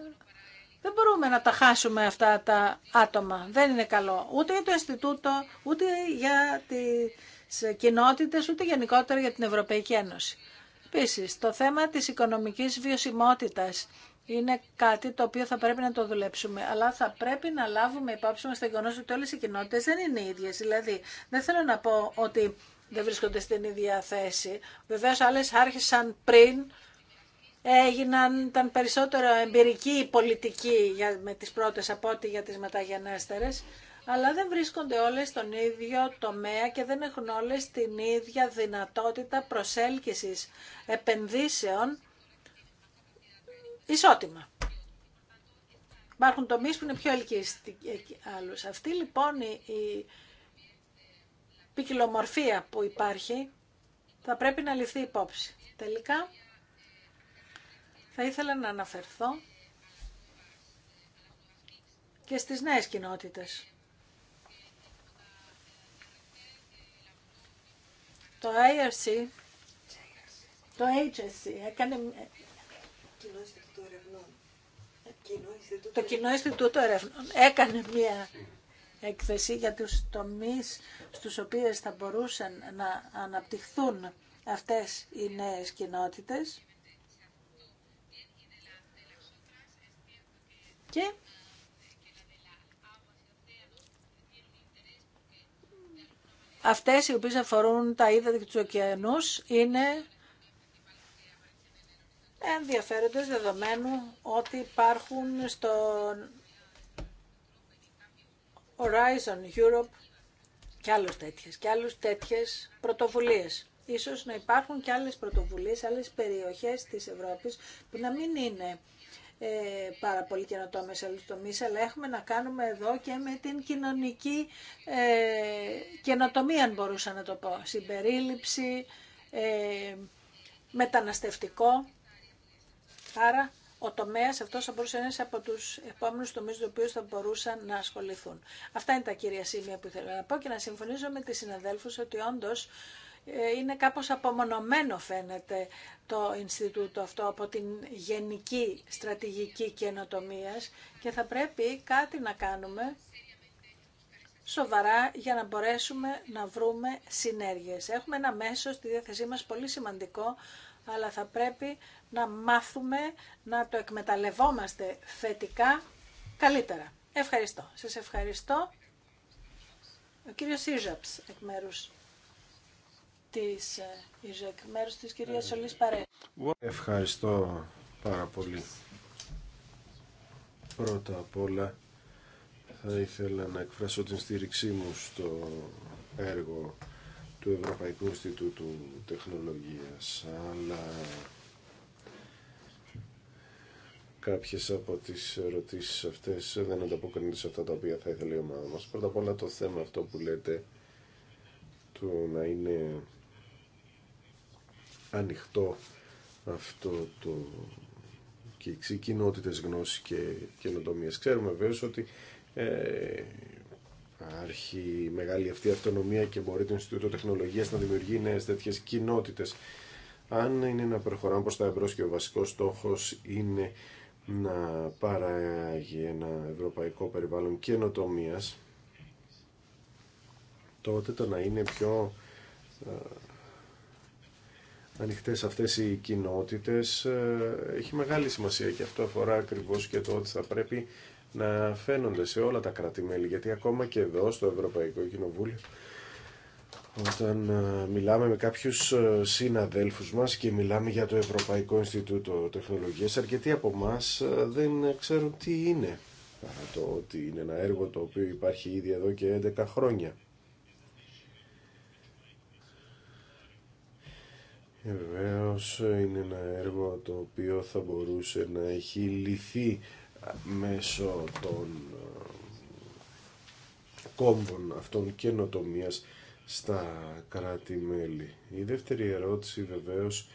S1: δεν μπορούμε να τα χάσουμε αυτά τα άτομα. Δεν είναι καλό ούτε για το Ινστιτούτο, ούτε για τις κοινότητες, ούτε γενικότερα για την Ευρωπαϊκή Ένωση. Επίσης, το θέμα της οικονομικής βιωσιμότητας είναι κάτι το οποίο θα πρέπει να το δουλέψουμε. Αλλά θα πρέπει να λάβουμε υπόψη μα το γεγονό ότι όλε οι κοινότητε δεν είναι ίδιε. Δηλαδή, δεν θέλω να πω ότι δεν βρίσκονται στην ίδια θέση. Βεβαίω άλλε άρχισαν πριν, έγιναν, ήταν περισσότερο εμπειρική η πολιτική για, με τι πρώτε από ό,τι για τι μεταγενέστερε. αλλά δεν βρίσκονται όλες στον ίδιο τομέα και δεν έχουν όλες την ίδια δυνατότητα προσέλκυσης επενδύσεων ισότιμα. Υπάρχουν τομείς που είναι πιο ελκυστικοί άλλους. Αυτή λοιπόν η ποικιλομορφία που υπάρχει θα πρέπει να ληφθεί υπόψη. Τελικά θα ήθελα να αναφερθώ και στις νέες κοινότητες. Το IRC, το HSC έκανε το Κοινό Ινστιτούτο Ερεύνων έκανε μία έκθεση για τους τομείς στους οποίους θα μπορούσαν να αναπτυχθούν αυτές οι νέες κοινότητες και αυτές οι οποίες αφορούν τα είδα του τους ωκεανούς είναι ενδιαφέροντες δεδομένου ότι υπάρχουν στο Horizon Europe και άλλους τέτοιες, και άλλους τέτοιες πρωτοβουλίες. Ίσως να υπάρχουν και άλλες πρωτοβουλίες, άλλες περιοχές της Ευρώπης που να μην είναι ε, πάρα πολύ καινοτόμε σε άλλους αλλά έχουμε να κάνουμε εδώ και με την κοινωνική ε, καινοτομία, αν μπορούσα να το πω. Συμπερίληψη, ε, μεταναστευτικό Άρα ο τομέας αυτός θα μπορούσε να είναι από τους επόμενους τομείς του οποίου θα μπορούσαν να ασχοληθούν. Αυτά είναι τα κύρια σημεία που ήθελα να πω και να συμφωνήσω με τι συναδέλφου ότι όντω ε, είναι κάπως απομονωμένο φαίνεται το Ινστιτούτο αυτό από την γενική στρατηγική καινοτομία και θα πρέπει κάτι να κάνουμε σοβαρά για να μπορέσουμε να βρούμε συνέργειες. Έχουμε ένα μέσο στη διάθεσή μας πολύ σημαντικό αλλά θα πρέπει να μάθουμε να το εκμεταλλευόμαστε θετικά καλύτερα. Ευχαριστώ. Σας ευχαριστώ. Ο κύριος Ίζαψ, εκ μέρους της, ε, εκ μέρους της κυρίας ε, Σολής Παρέ.
S2: Ευχαριστώ πάρα πολύ. Πρώτα απ' όλα θα ήθελα να εκφράσω την στήριξή μου στο έργο του Ευρωπαϊκού Ινστιτούτου Τεχνολογίας, αλλά κάποιες από τις ερωτήσεις αυτές δεν ανταποκρίνονται σε αυτά τα οποία θα ήθελε η ομάδα μας. Πρώτα απ' όλα το θέμα αυτό που λέτε του να είναι ανοιχτό αυτό το και γνώση και καινοτομίες. Ξέρουμε βέβαια ότι ε, υπάρχει μεγάλη αυτή αυτονομία και μπορεί το Ινστιτούτο Τεχνολογίας να δημιουργεί νέες τέτοιες κοινότητες. Αν είναι να προχωράμε προς τα εμπρό και ο βασικός στόχος είναι να παράγει ένα ευρωπαϊκό περιβάλλον καινοτομία, τότε το να είναι πιο ε, ανοιχτέ αυτές οι κοινότητες ε, έχει μεγάλη σημασία και αυτό αφορά ακριβώς και το ότι θα πρέπει να φαίνονται σε όλα τα κράτη-μέλη, γιατί ακόμα και εδώ στο Ευρωπαϊκό Κοινοβούλιο όταν ε, μιλάμε με κάποιους ε, συναδέλφους μας και μιλάμε για το Ευρωπαϊκό Ινστιτούτο Τεχνολογίας, αρκετοί από εμά ε, δεν ξέρουν τι είναι. Παρά το ότι είναι ένα έργο το οποίο υπάρχει ήδη εδώ και 11 χρόνια. Βεβαίω είναι ένα έργο το οποίο θα μπορούσε να έχει λυθεί μέσω των ε, κόμβων αυτών καινοτομίας στα κράτη-μέλη. Η δεύτερη ερώτηση βεβαίως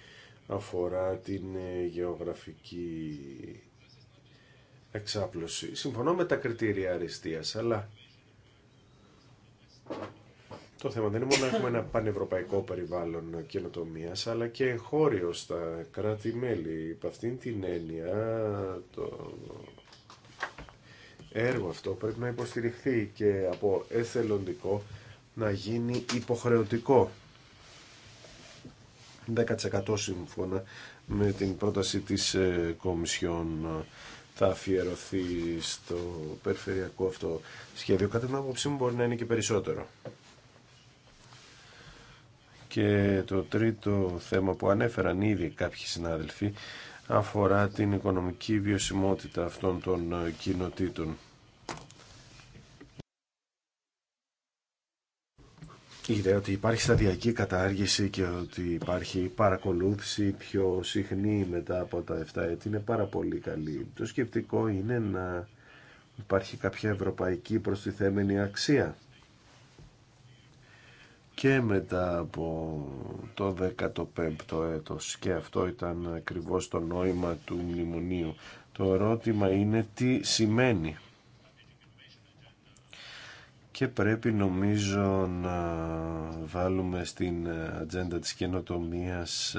S2: αφορά την ε, γεωγραφική εξάπλωση. Συμφωνώ με τα κριτήρια αριστείας, αλλά το θέμα δεν είναι μόνο να έχουμε ένα πανευρωπαϊκό περιβάλλον καινοτομία, αλλά και χώριο στα κράτη-μέλη. Υπ' αυτήν την έννοια το έργο αυτό πρέπει να υποστηριχθεί και από εθελοντικό να γίνει υποχρεωτικό. 10% σύμφωνα με την πρόταση της ε, Κομισιόν ε, θα αφιερωθεί στο περιφερειακό αυτό σχέδιο. Κατά την άποψή μου μπορεί να είναι και περισσότερο. Και το τρίτο θέμα που ανέφεραν ήδη κάποιοι συνάδελφοι αφορά την οικονομική βιωσιμότητα αυτών των ε, κοινοτήτων. η ότι υπάρχει σταδιακή κατάργηση και ότι υπάρχει παρακολούθηση πιο συχνή μετά από τα 7 έτη είναι πάρα πολύ καλή. Το σκεπτικό είναι να υπάρχει κάποια ευρωπαϊκή προστιθέμενη αξία. Και μετά από το 15ο έτος και αυτό ήταν ακριβώς το νόημα του μνημονίου. Το ερώτημα είναι τι σημαίνει και πρέπει νομίζω να βάλουμε στην ατζέντα της καινοτομίας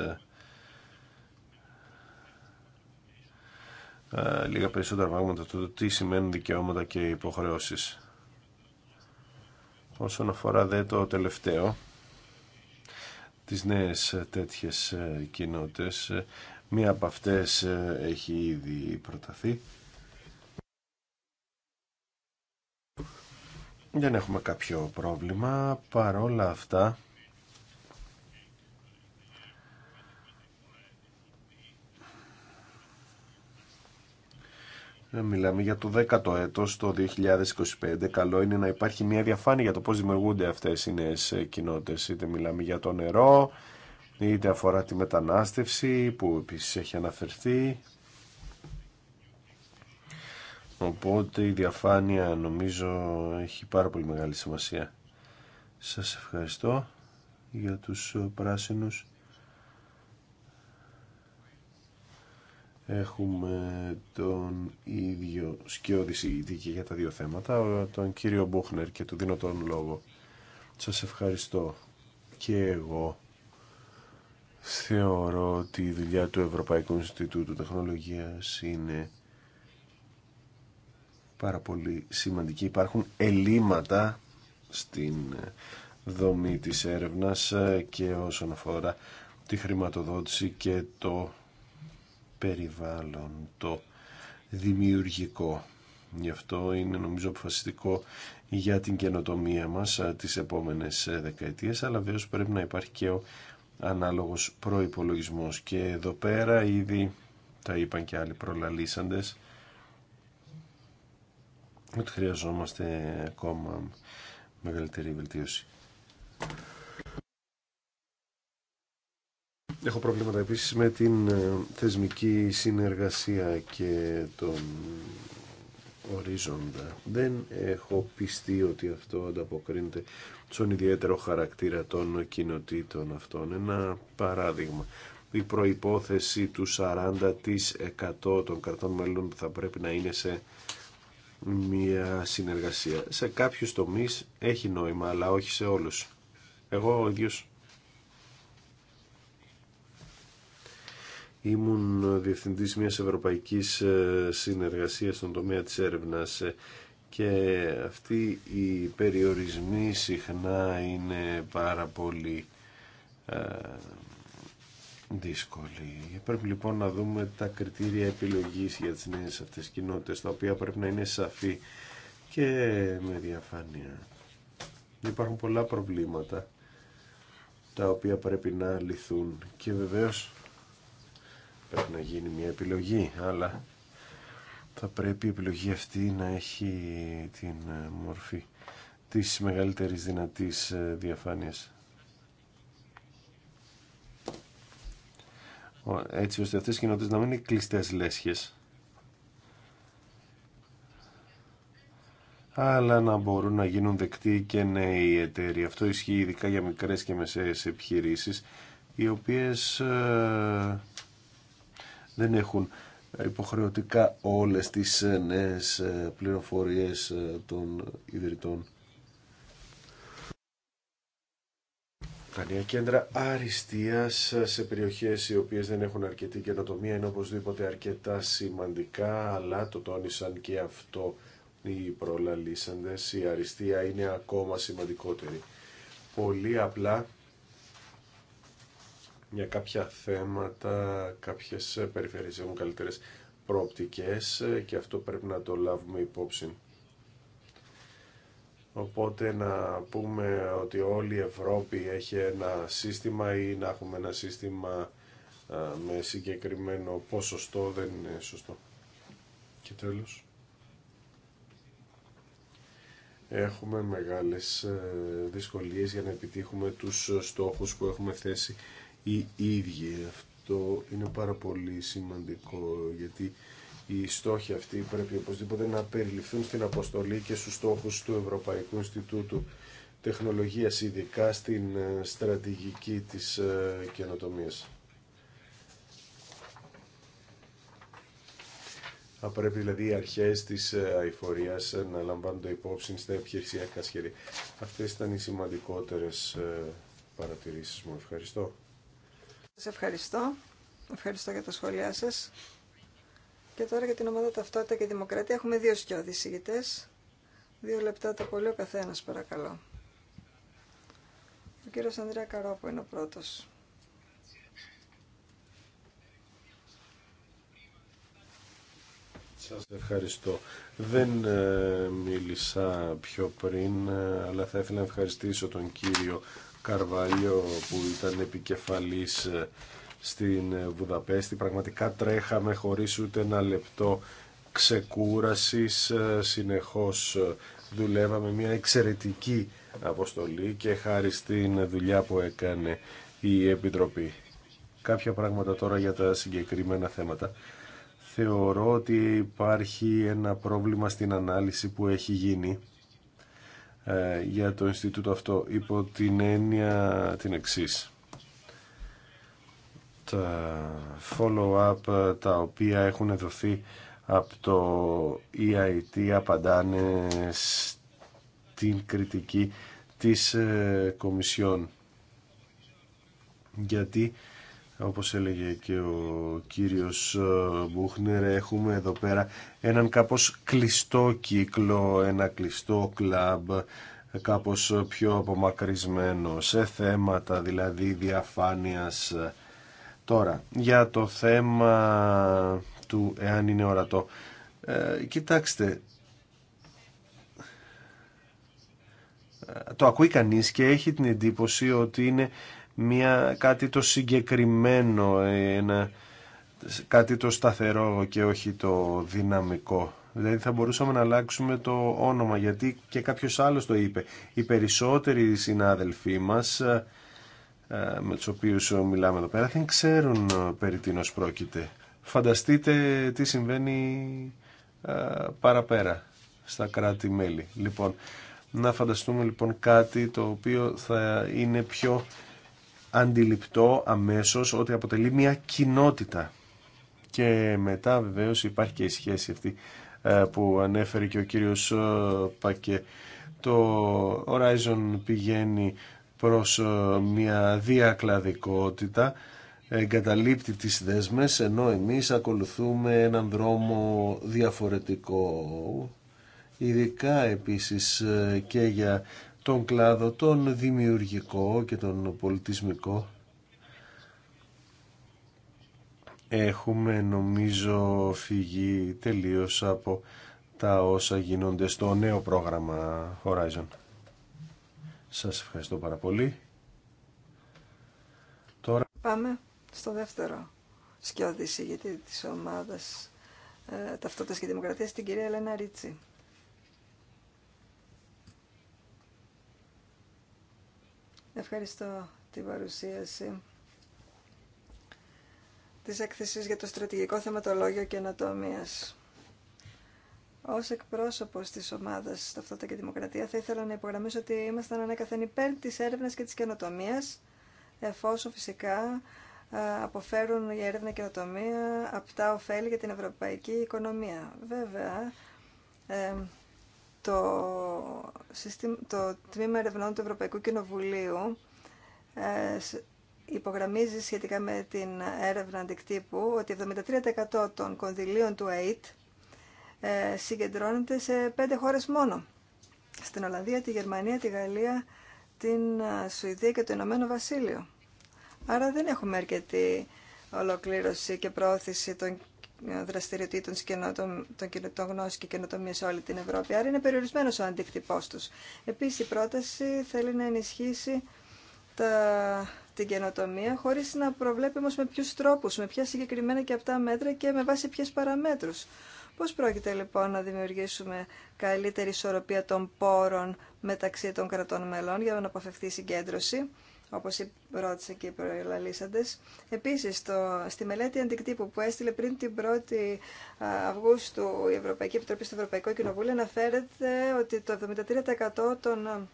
S2: ε, λίγα περισσότερα πράγματα του τι σημαίνουν δικαιώματα και υποχρεώσεις. Όσον αφορά δε το τελευταίο, τις νέες τέτοιες ε, κοινότητες, ε, μία από αυτές έχει ήδη προταθεί Δεν έχουμε κάποιο πρόβλημα. Παρόλα αυτά, Μιλάμε για το 10ο έτος, το 2025. Καλό είναι να υπάρχει μια διαφάνεια για το πώς δημιουργούνται αυτές οι νέες κοινότητες. Είτε μιλάμε για το νερό, είτε αφορά τη μετανάστευση που επίσης έχει αναφερθεί. Οπότε η διαφάνεια νομίζω έχει πάρα πολύ μεγάλη σημασία. Σας ευχαριστώ για τους ε, πράσινους. Έχουμε τον ίδιο σκιώδη και για τα δύο θέματα, τον κύριο Μπούχνερ και του δίνω τον λόγο. Σας ευχαριστώ και εγώ. Θεωρώ ότι η δουλειά του Ευρωπαϊκού Ινστιτούτου Τεχνολογίας είναι πάρα πολύ σημαντική. Υπάρχουν ελλείμματα στην δομή της έρευνας ε, και όσον αφορά τη χρηματοδότηση και το περιβάλλον, το δημιουργικό. Γι' αυτό είναι νομίζω αποφασιστικό για την καινοτομία μας ε, τις επόμενες ε, δεκαετίες, αλλά βέβαια πρέπει να υπάρχει και ο ανάλογος προϋπολογισμός. Και εδώ πέρα ήδη τα είπαν και άλλοι προλαλήσαντες, ότι χρειαζόμαστε ακόμα μεγαλύτερη βελτίωση. Έχω προβλήματα επίσης με την ε, θεσμική συνεργασία και τον ορίζοντα. Δεν έχω πιστεί ότι αυτό ανταποκρίνεται στον ιδιαίτερο χαρακτήρα των κοινοτήτων αυτών. Ένα παράδειγμα. Η προϋπόθεση του 40% των κρατών μελών που θα πρέπει να είναι σε μια συνεργασία. Σε κάποιους τομείς έχει νόημα, αλλά όχι σε όλους. Εγώ ο ίδιος ήμουν διευθυντής μιας ευρωπαϊκής ε, συνεργασίας στον τομέα της έρευνας ε, και αυτοί οι περιορισμοί συχνά είναι πάρα πολύ ε, δύσκολη. Πρέπει λοιπόν να δούμε τα κριτήρια επιλογής για τις νέες αυτές κοινότητες, τα οποία πρέπει να είναι σαφή και με διαφάνεια. Υπάρχουν πολλά προβλήματα τα οποία πρέπει να λυθούν και βεβαίως πρέπει να γίνει μια επιλογή, αλλά θα πρέπει η επιλογή αυτή να έχει την μορφή της μεγαλύτερης δυνατής ε, διαφάνειας. έτσι ώστε αυτές οι κοινότητες να μην είναι κλειστές λέσχες αλλά να μπορούν να γίνουν δεκτοί και νέοι εταίροι. Αυτό ισχύει ειδικά για μικρές και μεσαίες επιχειρήσεις οι οποίες ε, δεν έχουν υποχρεωτικά όλες τις ε, νέες ε, πληροφορίες των ιδρυτών νέα κέντρα αριστείας σε περιοχές οι οποίες δεν έχουν αρκετή καινοτομία είναι οπωσδήποτε αρκετά σημαντικά αλλά το τόνισαν και αυτό οι προλαλήσαντες. Η αριστεία είναι ακόμα σημαντικότερη. Πολύ απλά για κάποια θέματα κάποιες περιφέρειες έχουν καλύτερες προοπτικές και αυτό πρέπει να το λάβουμε υπόψη. Οπότε να πούμε ότι όλη η Ευρώπη έχει ένα σύστημα ή να έχουμε ένα σύστημα με συγκεκριμένο ποσοστό δεν είναι σωστό. Και τέλος. Έχουμε μεγάλες ε, δυσκολίες για να επιτύχουμε τους στόχους που έχουμε θέσει οι ίδιοι. Αυτό είναι πάρα πολύ σημαντικό γιατί οι στόχοι αυτοί πρέπει οπωσδήποτε να περιληφθούν στην αποστολή και στους στόχους του Ευρωπαϊκού Ινστιτούτου Τεχνολογίας, ειδικά στην ε, στρατηγική της ε, καινοτομίας. Θα πρέπει δηλαδή οι αρχές της ε, αηφορίας να λαμβάνονται υπόψη στα επιχειρησιακά σχέδια. Αυτές ήταν οι σημαντικότερες παρατηρήσεις μου. Ευχαριστώ.
S3: Σας ευχαριστώ. Ευχαριστώ για τα σχόλιά σας. Και τώρα για την ομάδα Ταυτότητα και Δημοκρατία έχουμε δύο σκιώδεις ηγητές. Δύο λεπτά το πολύ ο καθένας παρακαλώ. Ο κύριος Ανδρέα Καρόπο είναι ο πρώτος.
S2: Σας ευχαριστώ. Δεν ε, μίλησα πιο πριν, ε, αλλά θα ήθελα να ευχαριστήσω τον κύριο Καρβάλιο που ήταν επικεφαλής ε, στην ε, Βουδαπέστη. Πραγματικά τρέχαμε χωρίς ούτε ένα λεπτό ξεκούρασης. Ε, συνεχώς ε, δουλεύαμε μια εξαιρετική αποστολή και χάρη στην δουλειά που έκανε η Επιτροπή. Κάποια πράγματα τώρα για τα συγκεκριμένα θέματα. Θεωρώ ότι υπάρχει ένα πρόβλημα στην ανάλυση που έχει γίνει για το Ινστιτούτο αυτό υπό την έννοια την εξής τα ε, follow-up ε, τα οποία έχουν δοθεί από το EIT απαντάνε στην κριτική της ε, Κομισιόν. Γιατί, όπως έλεγε και ο κύριος Μπούχνερ, έχουμε εδώ πέρα έναν κάπως κλειστό κύκλο, ένα κλειστό κλαμπ, κάπως πιο απομακρυσμένο σε θέματα δηλαδή διαφάνειας Τώρα, για το θέμα του εάν είναι ορατό. Ε, κοιτάξτε, το ακούει κανείς και έχει την εντύπωση ότι είναι μια, κάτι το συγκεκριμένο, ένα, κάτι το σταθερό και όχι το δυναμικό. Δηλαδή θα μπορούσαμε να αλλάξουμε το όνομα γιατί και κάποιος άλλος το είπε. Οι περισσότεροι συνάδελφοί μας ε, με τους οποίους μιλάμε εδώ πέρα δεν ξέρουν ε, περί τίνος πρόκειται. Φανταστείτε τι συμβαίνει ε, παραπέρα στα κράτη-μέλη. Λοιπόν, να φανταστούμε λοιπόν κάτι το οποίο θα είναι πιο αντιληπτό αμέσως ότι αποτελεί μια κοινότητα. Και μετά βεβαίως υπάρχει και η σχέση αυτή που ανέφερε και ο κύριος Πακέ. Το Horizon πηγαίνει προς ε, μια διακλαδικότητα εγκαταλείπτει τις δέσμες ενώ εμείς ακολουθούμε έναν δρόμο διαφορετικό ειδικά επίσης ε, και για τον κλάδο τον δημιουργικό και τον πολιτισμικό έχουμε νομίζω φύγει τελείως από τα όσα γίνονται στο νέο πρόγραμμα Horizon. Σας ευχαριστώ πάρα πολύ. Τώρα...
S3: Πάμε στο δεύτερο σκιώδη γιατί της ομάδας ε, Ταυτότητας και Δημοκρατίας, την κυρία Ελένα Ρίτσι. Ευχαριστώ την παρουσίαση της έκθεσης για το στρατηγικό θεματολόγιο καινοτομίας. Ω εκπρόσωπο τη ομάδα Ταυτότητα και Δημοκρατία θα ήθελα να υπογραμμίσω ότι ήμασταν ανέκαθεν υπέρ τη έρευνα και τη καινοτομία, εφόσον φυσικά αποφέρουν η έρευνα και η καινοτομία απτά ωφέλη για την ευρωπαϊκή οικονομία. Βέβαια, ε, το, το Τμήμα Ερευνών του Ευρωπαϊκού Κοινοβουλίου ε, υπογραμμίζει σχετικά με την έρευνα αντικτύπου ότι 73% των κονδυλίων του ΑΕΤ ε, συγκεντρώνεται σε πέντε χώρες μόνο. Στην Ολλανδία, τη Γερμανία, τη Γαλλία, την ε, Σουηδία και το Ηνωμένο Βασίλειο. Άρα δεν έχουμε αρκετή ολοκλήρωση και πρόωθηση των ε, δραστηριοτήτων των κοινωτών γνώσεων και καινοτομία σε όλη την Ευρώπη. Άρα είναι περιορισμένο ο αντίκτυπό του. Επίση, η πρόταση θέλει να ενισχύσει τα, την καινοτομία χωρί να προβλέπει όμω με ποιου τρόπου, με ποια συγκεκριμένα και αυτά μέτρα και με βάση ποιε παραμέτρου. Πώς πρόκειται λοιπόν να δημιουργήσουμε καλύτερη ισορροπία των πόρων μεταξύ των κρατών μελών για να αποφευθεί η συγκέντρωση, όπως ρώτησε και οι προελαλήσαντες. Επίσης, το, στη μελέτη αντικτύπου που έστειλε πριν την 1η Αυγούστου η Ευρωπαϊκή Επιτροπή στο Ευρωπαϊκό Κοινοβούλιο αναφέρεται ότι το 73% των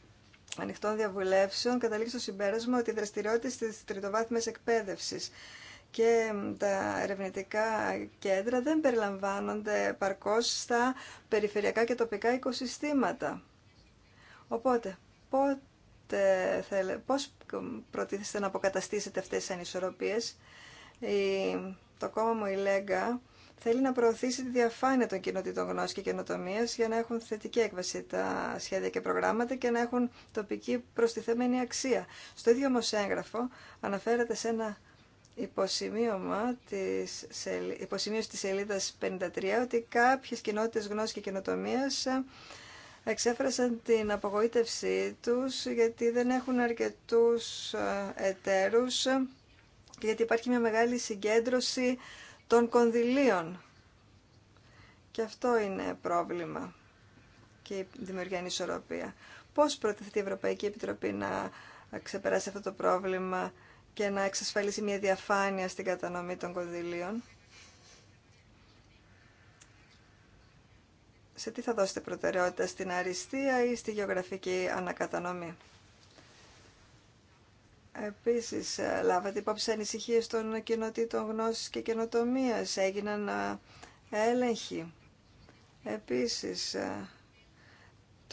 S3: ανοιχτών διαβουλεύσεων καταλήξει στο συμπέρασμα ότι οι δραστηριότητε τη τριτοβάθμιας εκπαίδευση και τα ερευνητικά κέντρα δεν περιλαμβάνονται παρκώς στα περιφερειακά και τοπικά οικοσυστήματα. Οπότε, πότε θέλε, πώς προτίθεστε να αποκαταστήσετε αυτές τις ανισορροπίες. το κόμμα μου η Λέγκα θέλει να προωθήσει τη διαφάνεια των κοινοτήτων γνώση και καινοτομία για να έχουν θετική έκβαση τα σχέδια και προγράμματα και να έχουν τοπική προστιθέμενη αξία. Στο ίδιο όμως, έγγραφο αναφέρεται σε ένα υποσημείωμα της, υποσημείωση της σελίδας 53 ότι κάποιες κοινότητες γνώσης και καινοτομία εξέφρασαν την απογοήτευσή τους γιατί δεν έχουν αρκετούς ε, εταίρους και γιατί υπάρχει μια μεγάλη συγκέντρωση των κονδυλίων. Και αυτό είναι πρόβλημα και δημιουργεί ανισορροπία. Πώς προτεθεί η Ευρωπαϊκή Επιτροπή να ξεπεράσει αυτό το πρόβλημα και να εξασφαλίσει μια διαφάνεια στην κατανομή των κονδυλίων. Σε τι θα δώσετε προτεραιότητα, στην αριστεία ή στη γεωγραφική ανακατανομή. Επίσης, ε, λάβατε υπόψη ανησυχίες των κοινοτήτων γνώσης και καινοτομίας. Έγιναν ε, έλεγχοι. Επίσης, ε,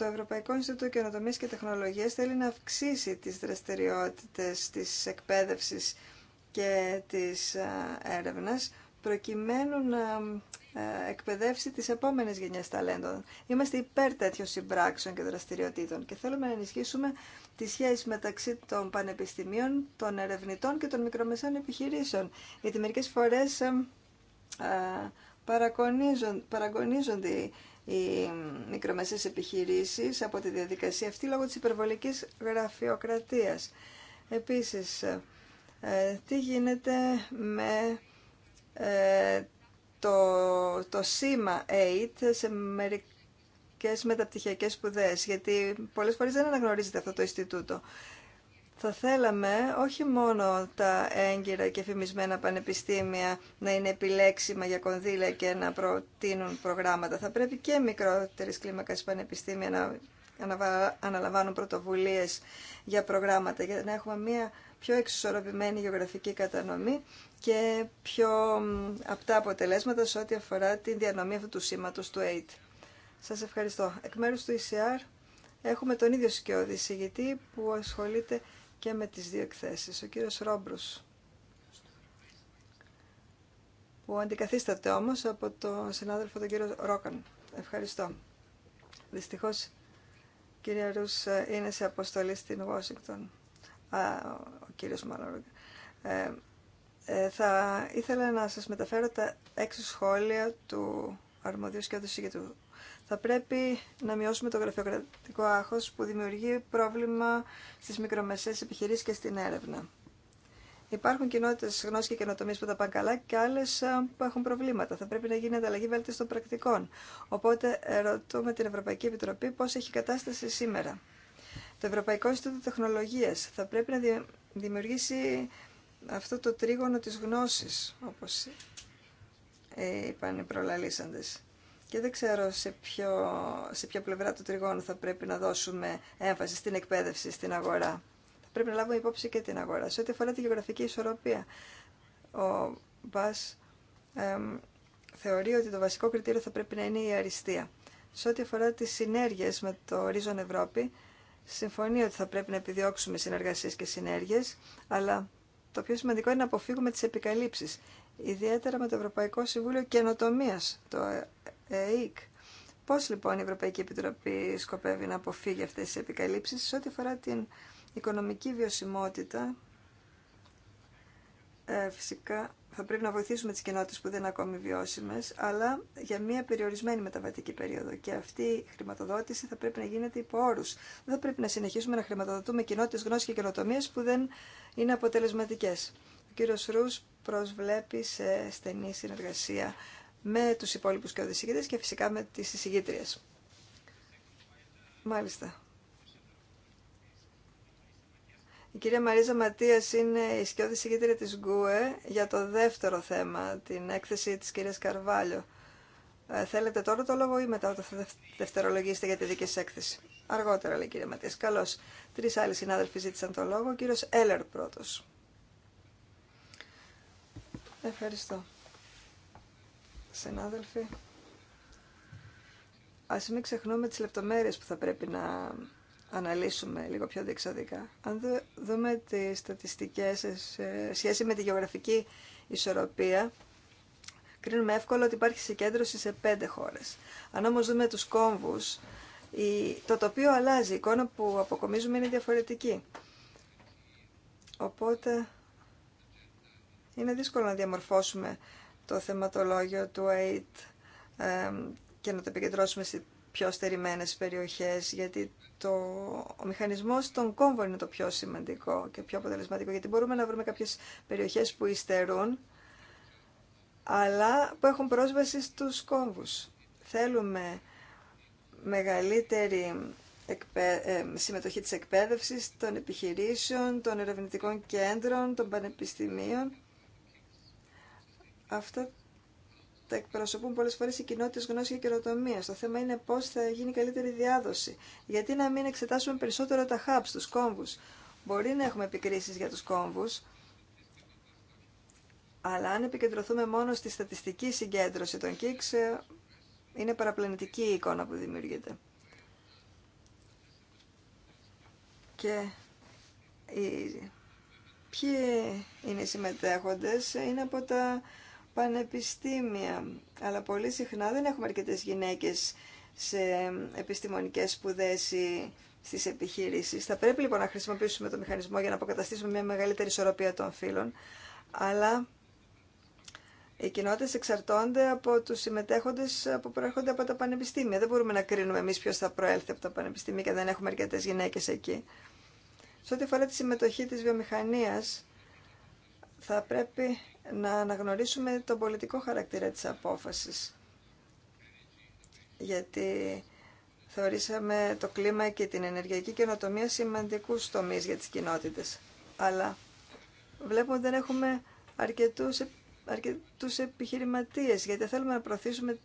S3: το Ευρωπαϊκό Ινστιτούτο Καινοτομίας και Τεχνολογίας θέλει να αυξήσει τις δραστηριότητες της εκπαίδευσης και της ε, έρευνας προκειμένου να ε, εκπαιδεύσει τις επόμενες γενιές ταλέντων. Είμαστε υπέρ τέτοιων συμπράξεων και δραστηριοτήτων και θέλουμε να ενισχύσουμε τη σχέση μεταξύ των πανεπιστημίων, των ερευνητών και των μικρομεσαίων επιχειρήσεων. Γιατί μερικές φορές ε, παραγωνίζονται οι μικρομεσαίες επιχειρήσεις από τη διαδικασία αυτή λόγω της υπερβολικής γραφειοκρατίας. Επίσης, ε, ε, τι γίνεται με ε, το, το σήμα 8 σε μερικές μεταπτυχιακές σπουδές, γιατί πολλές φορές δεν αναγνωρίζεται αυτό το Ινστιτούτο θα θέλαμε όχι μόνο τα έγκυρα και φημισμένα πανεπιστήμια να είναι επιλέξιμα για κονδύλια και να προτείνουν προγράμματα. Θα πρέπει και μικρότερες κλίμακες πανεπιστήμια να αναλαμβάνουν πρωτοβουλίες για προγράμματα, για να έχουμε μια πιο εξισορροπημένη γεωγραφική κατανομή και πιο απτά αποτελέσματα σε ό,τι αφορά τη διανομή αυτού του σήματος του AID. Σας ευχαριστώ. Εκ μέρους του ECR έχουμε τον ίδιο σκιώδη συγητή που ασχολείται και με τις δύο εκθέσεις. Ο κύριος Ρόμπρους, που αντικαθίσταται όμως από τον συνάδελφο τον κύριο Ρόκαν. Ευχαριστώ. Δυστυχώς, κύριε Ρούς, ε, είναι σε αποστολή στην Ουάσιγκτον. Ο κύριος μάλλον ε, ε, θα ήθελα να σας μεταφέρω τα έξω σχόλια του αρμοδίου για του θα πρέπει να μειώσουμε το γραφειοκρατικό άγχος που δημιουργεί πρόβλημα στις μικρομεσαίες επιχειρήσεις και στην έρευνα. Υπάρχουν κοινότητε γνώση και καινοτομίε που τα πάνε καλά και άλλε ε, που έχουν προβλήματα. Θα πρέπει να γίνει ανταλλαγή βέλτιση των πρακτικών. Οπότε ρωτούμε την Ευρωπαϊκή Επιτροπή πώ έχει κατάσταση σήμερα. Το Ευρωπαϊκό Ινστιτούτο Τεχνολογία θα πρέπει να δημιουργήσει αυτό το τρίγωνο τη γνώση, όπω ε, είπαν οι προλαλήσαντες. Και δεν ξέρω σε, ποιο, σε ποια πλευρά του τριγώνου θα πρέπει να δώσουμε έμφαση στην εκπαίδευση, στην αγορά. Θα πρέπει να λάβουμε υπόψη και την αγορά. Σε ό,τι αφορά τη γεωγραφική ισορροπία, ο Μπάς εμ, θεωρεί ότι το βασικό κριτήριο θα πρέπει να είναι η αριστεία. Σε ό,τι αφορά τι συνέργειες με το Horizon Ευρώπη, συμφωνεί ότι θα πρέπει να επιδιώξουμε συνεργασίες και συνέργειες, αλλά το πιο σημαντικό είναι να αποφύγουμε τις επικαλύψεις, ιδιαίτερα με το Ευρωπαϊκό Συμβούλιο καινοτομία. το Πώ Πώς λοιπόν η Ευρωπαϊκή Επιτροπή σκοπεύει να αποφύγει αυτέ τι επικαλύψει σε ό,τι αφορά την οικονομική βιωσιμότητα. Ε, φυσικά θα πρέπει να βοηθήσουμε τις κοινότητες που δεν είναι ακόμη βιώσιμες, αλλά για μια περιορισμένη μεταβατική περίοδο. Και αυτή η χρηματοδότηση θα πρέπει να γίνεται υπό όρους. Δεν θα πρέπει να συνεχίσουμε να χρηματοδοτούμε κοινότητες γνώσης και καινοτομίας που δεν είναι αποτελεσματικές. Ο κύριος Ρούς προσβλέπει σε στενή συνεργασία με τους υπόλοιπους και και φυσικά με τις εισηγήτριες. Μάλιστα. Η κυρία Μαρίζα Ματίας είναι η σκιώδη συγκίτρια της ΓΚΟΕ για το δεύτερο θέμα, την έκθεση της κυρίας Καρβάλιο. Ε, θέλετε τώρα το λόγο ή μετά όταν θα δευτερολογήσετε για τη δική σας έκθεση. Αργότερα, λέει η κυρία Ματίας. Καλώς. Τρεις άλλοι συνάδελφοι ζήτησαν το λόγο. Ο κύριος Έλερ πρώτος. Ευχαριστώ συνάδελφοι, ας μην ξεχνούμε τις λεπτομέρειες που θα πρέπει να αναλύσουμε λίγο πιο διεξοδικά. Αν δούμε τις στατιστικές σε σχέση με τη γεωγραφική ισορροπία, κρίνουμε εύκολο ότι υπάρχει συγκέντρωση σε πέντε χώρες. Αν όμως δούμε τους κόμβους, το τοπίο αλλάζει, η εικόνα που αποκομίζουμε είναι διαφορετική. Οπότε είναι δύσκολο να διαμορφώσουμε το θεματολόγιο του ΑΕΤ και να το επικεντρώσουμε σε πιο στερημένες περιοχές, γιατί το, ο μηχανισμός των κόμβων είναι το πιο σημαντικό και πιο αποτελεσματικό, γιατί μπορούμε να βρούμε κάποιες περιοχές που υστερούν, αλλά που έχουν πρόσβαση στους κόμβους. Θέλουμε μεγαλύτερη συμμετοχή της εκπαίδευσης, των επιχειρήσεων, των ερευνητικών κέντρων, των πανεπιστημίων Αυτά τα εκπροσωπούν πολλέ φορέ οι κοινότητε γνώση και καινοτομία. Το θέμα είναι πώς θα γίνει καλύτερη διάδοση. Γιατί να μην εξετάσουμε περισσότερο τα hubs, τους κόμβου. Μπορεί να έχουμε επικρίσεις για τους κόμβους, αλλά αν επικεντρωθούμε μόνο στη στατιστική συγκέντρωση των ΚΙΚΣ, ε, είναι παραπλανητική η εικόνα που δημιουργείται. Και οι... ποιοι είναι οι συμμετέχοντες, είναι από τα πανεπιστήμια. Αλλά πολύ συχνά δεν έχουμε αρκετέ γυναίκε σε επιστημονικέ σπουδέ ή στις επιχειρήσεις. Θα πρέπει λοιπόν να χρησιμοποιήσουμε το μηχανισμό για να αποκαταστήσουμε μια μεγαλύτερη ισορροπία των φύλων, αλλά οι κοινότητε εξαρτώνται από του συμμετέχοντε που προέρχονται από τα πανεπιστήμια. Δεν μπορούμε να κρίνουμε εμεί ποιο θα προέλθει από τα πανεπιστήμια και δεν έχουμε αρκετέ γυναίκε εκεί. Σε ό,τι αφορά τη συμμετοχή τη βιομηχανία, θα πρέπει να αναγνωρίσουμε τον πολιτικό χαρακτήρα της απόφασης. Γιατί θεωρήσαμε το κλίμα και την ενεργειακή καινοτομία σημαντικούς τομείς για τις κοινότητες. Αλλά βλέπουμε ότι δεν έχουμε αρκετούς, αρκετούς επιχειρηματίες, γιατί θέλουμε να προωθήσουμε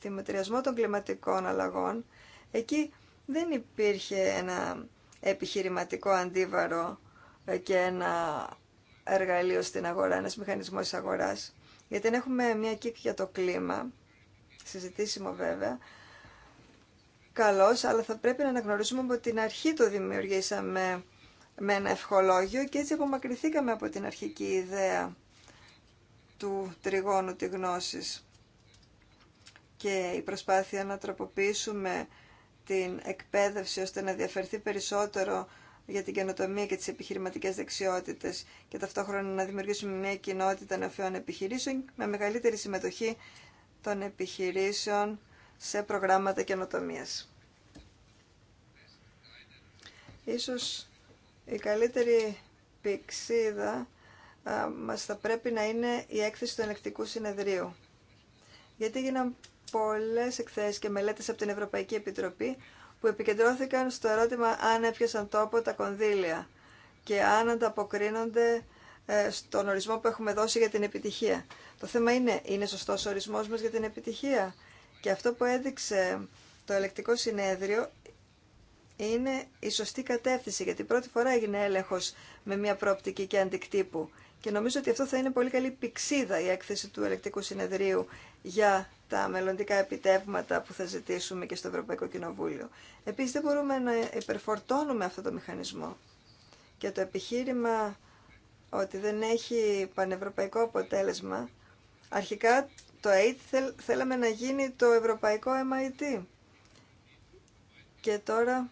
S3: τη μετριασμό των κλιματικών αλλαγών. Εκεί δεν υπήρχε ένα επιχειρηματικό αντίβαρο και ένα εργαλείο στην αγορά, ένας μηχανισμός της αγοράς. Γιατί αν έχουμε μια κίκη για το κλίμα, συζητήσιμο βέβαια, καλώς, αλλά θα πρέπει να αναγνωρίσουμε ότι την αρχή το δημιουργήσαμε με ένα ευχολόγιο και έτσι απομακρυνθήκαμε από την αρχική ιδέα του τριγώνου τη γνώσης και η προσπάθεια να τροποποιήσουμε την εκπαίδευση ώστε να διαφερθεί περισσότερο για την καινοτομία και τις επιχειρηματικές δεξιότητες και ταυτόχρονα να δημιουργήσουμε μια κοινότητα νεοφιών επιχειρήσεων με μεγαλύτερη συμμετοχή των επιχειρήσεων σε προγράμματα καινοτομίας. Ίσως η καλύτερη πηξίδα α, μας θα πρέπει να είναι η έκθεση του ενεκτικού συνεδρίου. Γιατί έγιναν πολλές εκθέσεις και μελέτες από την Ευρωπαϊκή Επιτροπή που επικεντρώθηκαν στο ερώτημα αν έπιασαν τόπο τα κονδύλια και αν ανταποκρίνονται ε, στον ορισμό που έχουμε δώσει για την επιτυχία. Το θέμα είναι, είναι σωστός ο ορισμός μας για την επιτυχία. Και αυτό που έδειξε το ελεκτικό συνέδριο είναι η σωστή κατεύθυνση, γιατί πρώτη φορά έγινε έλεγχος με μια πρόπτικη και αντικτύπου. Και νομίζω ότι αυτό θα είναι πολύ καλή πηξίδα η έκθεση του ελεκτικού συνεδρίου για τα μελλοντικά επιτεύγματα που θα ζητήσουμε και στο Ευρωπαϊκό Κοινοβούλιο. Επίσης δεν μπορούμε να υπερφορτώνουμε αυτό το μηχανισμό. Και το επιχείρημα ότι δεν έχει πανευρωπαϊκό αποτέλεσμα, αρχικά το AID θέλαμε να γίνει το Ευρωπαϊκό MIT. Και τώρα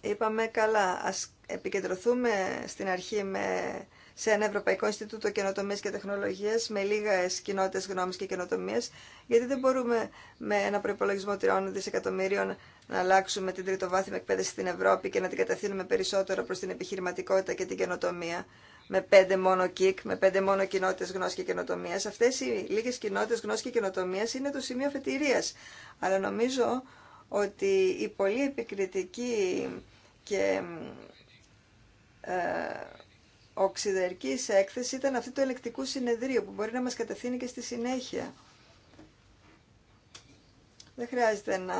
S3: είπαμε καλά, ας επικεντρωθούμε στην αρχή με σε ένα Ευρωπαϊκό Ινστιτούτο Καινοτομία και Τεχνολογία με λίγε κοινότητε γνώμη και καινοτομία, γιατί δεν μπορούμε με ένα προπολογισμό τριών δισεκατομμυρίων να αλλάξουμε την τριτοβάθμια εκπαίδευση στην Ευρώπη και να την κατευθύνουμε περισσότερο προ την επιχειρηματικότητα και την καινοτομία με πέντε μόνο κικ, με πέντε μόνο κοινότητε γνώση και καινοτομία. Αυτέ οι λίγε κοινότητε γνώση και καινοτομία είναι το σημείο αφετηρία. Αλλά νομίζω ότι η πολύ επικριτική και ε, οξυδερκή έκθεση ήταν αυτή το ελεκτικού συνεδρίου που μπορεί να μας κατευθύνει και στη συνέχεια. Δεν χρειάζεται να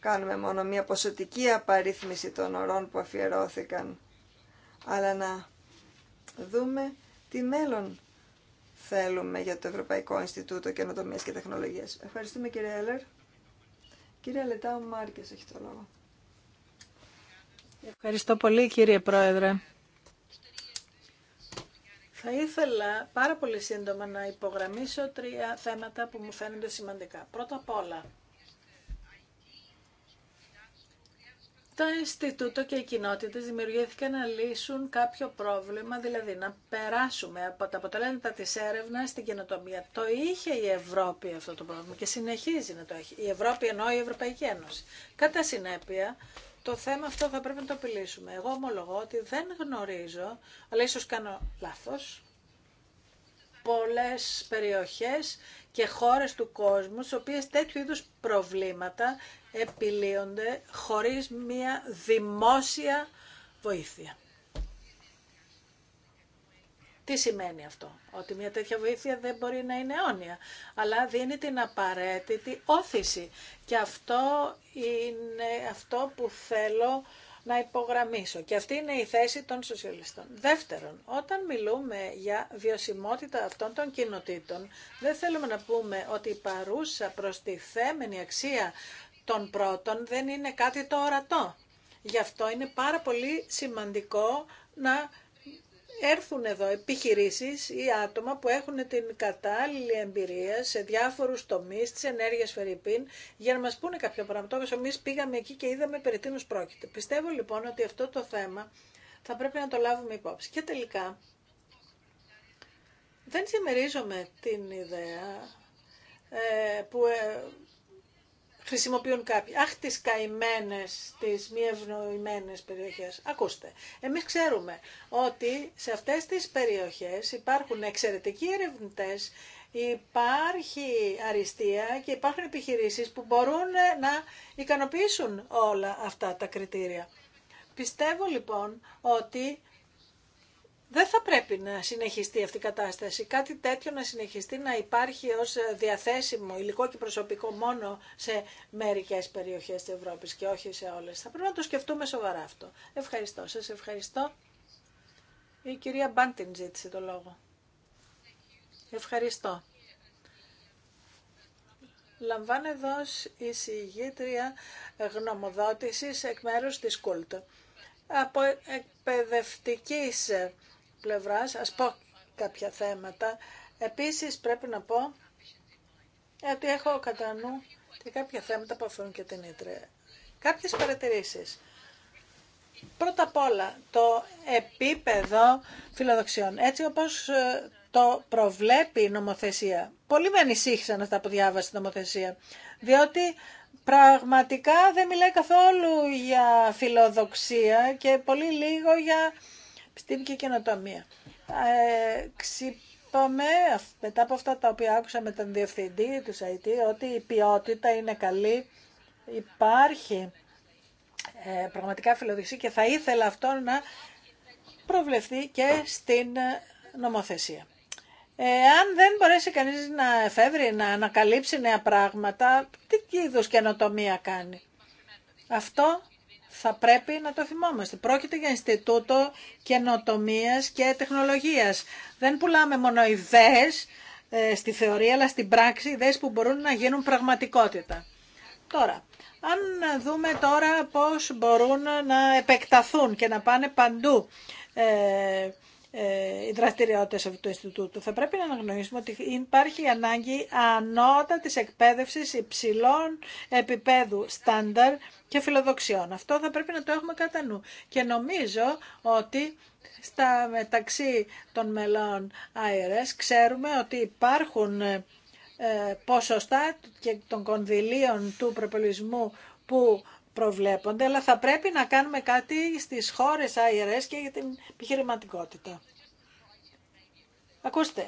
S3: κάνουμε μόνο μία ποσοτική απαρίθμηση των ορών που αφιερώθηκαν, αλλά να δούμε τι μέλλον θέλουμε για το Ευρωπαϊκό Ινστιτούτο Καινοτομία και Τεχνολογία. Ευχαριστούμε κύριε Έλερ.
S1: Κύριε Λετάου Μάρκε. έχει το λόγο. Ευχαριστώ πολύ κύριε Πρόεδρε. Θα ήθελα πάρα πολύ σύντομα να υπογραμμίσω τρία θέματα που μου φαίνονται σημαντικά. Πρώτα απ' όλα, το Ινστιτούτο και οι κοινότητε δημιουργήθηκαν να λύσουν κάποιο πρόβλημα, δηλαδή να περάσουμε από τα αποτελέσματα τη έρευνα στην καινοτομία. Το είχε η Ευρώπη αυτό το πρόβλημα και συνεχίζει να το έχει. Η Ευρώπη εννοώ η Ευρωπαϊκή Ένωση. Κατά συνέπεια, το θέμα αυτό θα πρέπει να το επιλύσουμε. Εγώ ομολογώ ότι δεν γνωρίζω, αλλά ίσως κάνω λάθος, πολλές περιοχές και χώρες του κόσμου, στις οποίες τέτοιου είδους προβλήματα επιλύονται χωρίς μία δημόσια βοήθεια. Τι σημαίνει αυτό, ότι μια τέτοια βοήθεια δεν μπορεί να είναι αιώνια, αλλά δίνει την απαραίτητη όθηση. Και αυτό είναι αυτό που θέλω να υπογραμμίσω. Και αυτή είναι η θέση των σοσιαλιστών. Δεύτερον, όταν μιλούμε για βιωσιμότητα αυτών των κοινοτήτων, δεν θέλουμε να πούμε ότι η παρούσα προστιθέμενη αξία των πρώτων δεν είναι κάτι το ορατό. Γι' αυτό είναι πάρα πολύ σημαντικό να έρθουν εδώ επιχειρήσεις ή άτομα που έχουν την κατάλληλη εμπειρία σε διάφορους τομείς της ενέργειας Φερρυπίν για να μας πούνε κάποια πράγματα όπως εμείς πήγαμε εκεί και είδαμε περί τίνος πρόκειται. Πιστεύω λοιπόν ότι αυτό το θέμα θα πρέπει να το λάβουμε υπόψη. Και τελικά δεν συμμερίζομαι την ιδέα ε, που ε, χρησιμοποιούν κάποιοι. Αχ, τις καημένες, τις μη ευνοημένες περιοχές. Ακούστε, εμείς ξέρουμε ότι σε αυτές τις περιοχές υπάρχουν εξαιρετικοί ερευνητές, υπάρχει αριστεία και υπάρχουν επιχειρήσεις που μπορούν να ικανοποιήσουν όλα αυτά τα κριτήρια. Πιστεύω λοιπόν ότι δεν θα πρέπει να συνεχιστεί αυτή η κατάσταση. Κάτι τέτοιο να συνεχιστεί να υπάρχει ως διαθέσιμο υλικό και προσωπικό μόνο σε μερικές περιοχές της Ευρώπης και όχι σε όλες. Θα πρέπει να το σκεφτούμε σοβαρά αυτό. Ευχαριστώ. Σας ευχαριστώ. Η κυρία Μπάντιν ζήτησε το λόγο. Ευχαριστώ. Λαμβάνε εδώ συγγήτρια γνωμοδότησης εκ μέρους της Κούλτ από εκπαιδευτικής πλευράς. Ας πω κάποια θέματα. Επίσης πρέπει να πω ότι έχω κατά νου και κάποια θέματα που αφορούν και την Ήτρε. Κάποιες παρατηρήσεις. Πρώτα απ' όλα, το επίπεδο φιλοδοξιών, έτσι όπως ε, το προβλέπει η νομοθεσία. Πολύ με ανησύχησαν αυτά που διάβασε η νομοθεσία, διότι πραγματικά δεν μιλάει καθόλου για φιλοδοξία και πολύ λίγο για επιστήμη καινοτομία. Ε, μετά από αυτά τα οποία άκουσα με τον διευθυντή του ΣΑΙΤΗ, ότι η ποιότητα είναι καλή, υπάρχει ε, πραγματικά φιλοδοξία και θα ήθελα αυτό να προβλεφθεί και στην νομοθεσία. Ε, αν δεν μπορέσει κανείς να εφεύρει, να ανακαλύψει νέα πράγματα, τι είδους καινοτομία κάνει. Αυτό θα πρέπει να το θυμόμαστε. Πρόκειται για Ινστιτούτο καινοτομία και Τεχνολογίας. Δεν πουλάμε μόνο ιδέε ε, στη θεωρία, αλλά στην πράξη ιδέε που μπορούν να γίνουν πραγματικότητα. Τώρα, αν δούμε τώρα πώς μπορούν να επεκταθούν και να πάνε παντού ε, ε οι δραστηριότητε αυτού του Ινστιτούτου. Θα πρέπει να αναγνωρίσουμε ότι υπάρχει ανάγκη ανώτατη εκπαίδευση υψηλών επίπεδου στάνταρ και φιλοδοξιών. Αυτό θα πρέπει να το έχουμε κατά νου. Και νομίζω ότι στα μεταξύ των μελών IRS ξέρουμε ότι υπάρχουν ε, ποσοστά και των κονδυλίων του προπολισμού που προβλέπονται, αλλά θα πρέπει να κάνουμε κάτι στις χώρες IRS και για την επιχειρηματικότητα. Ακούστε,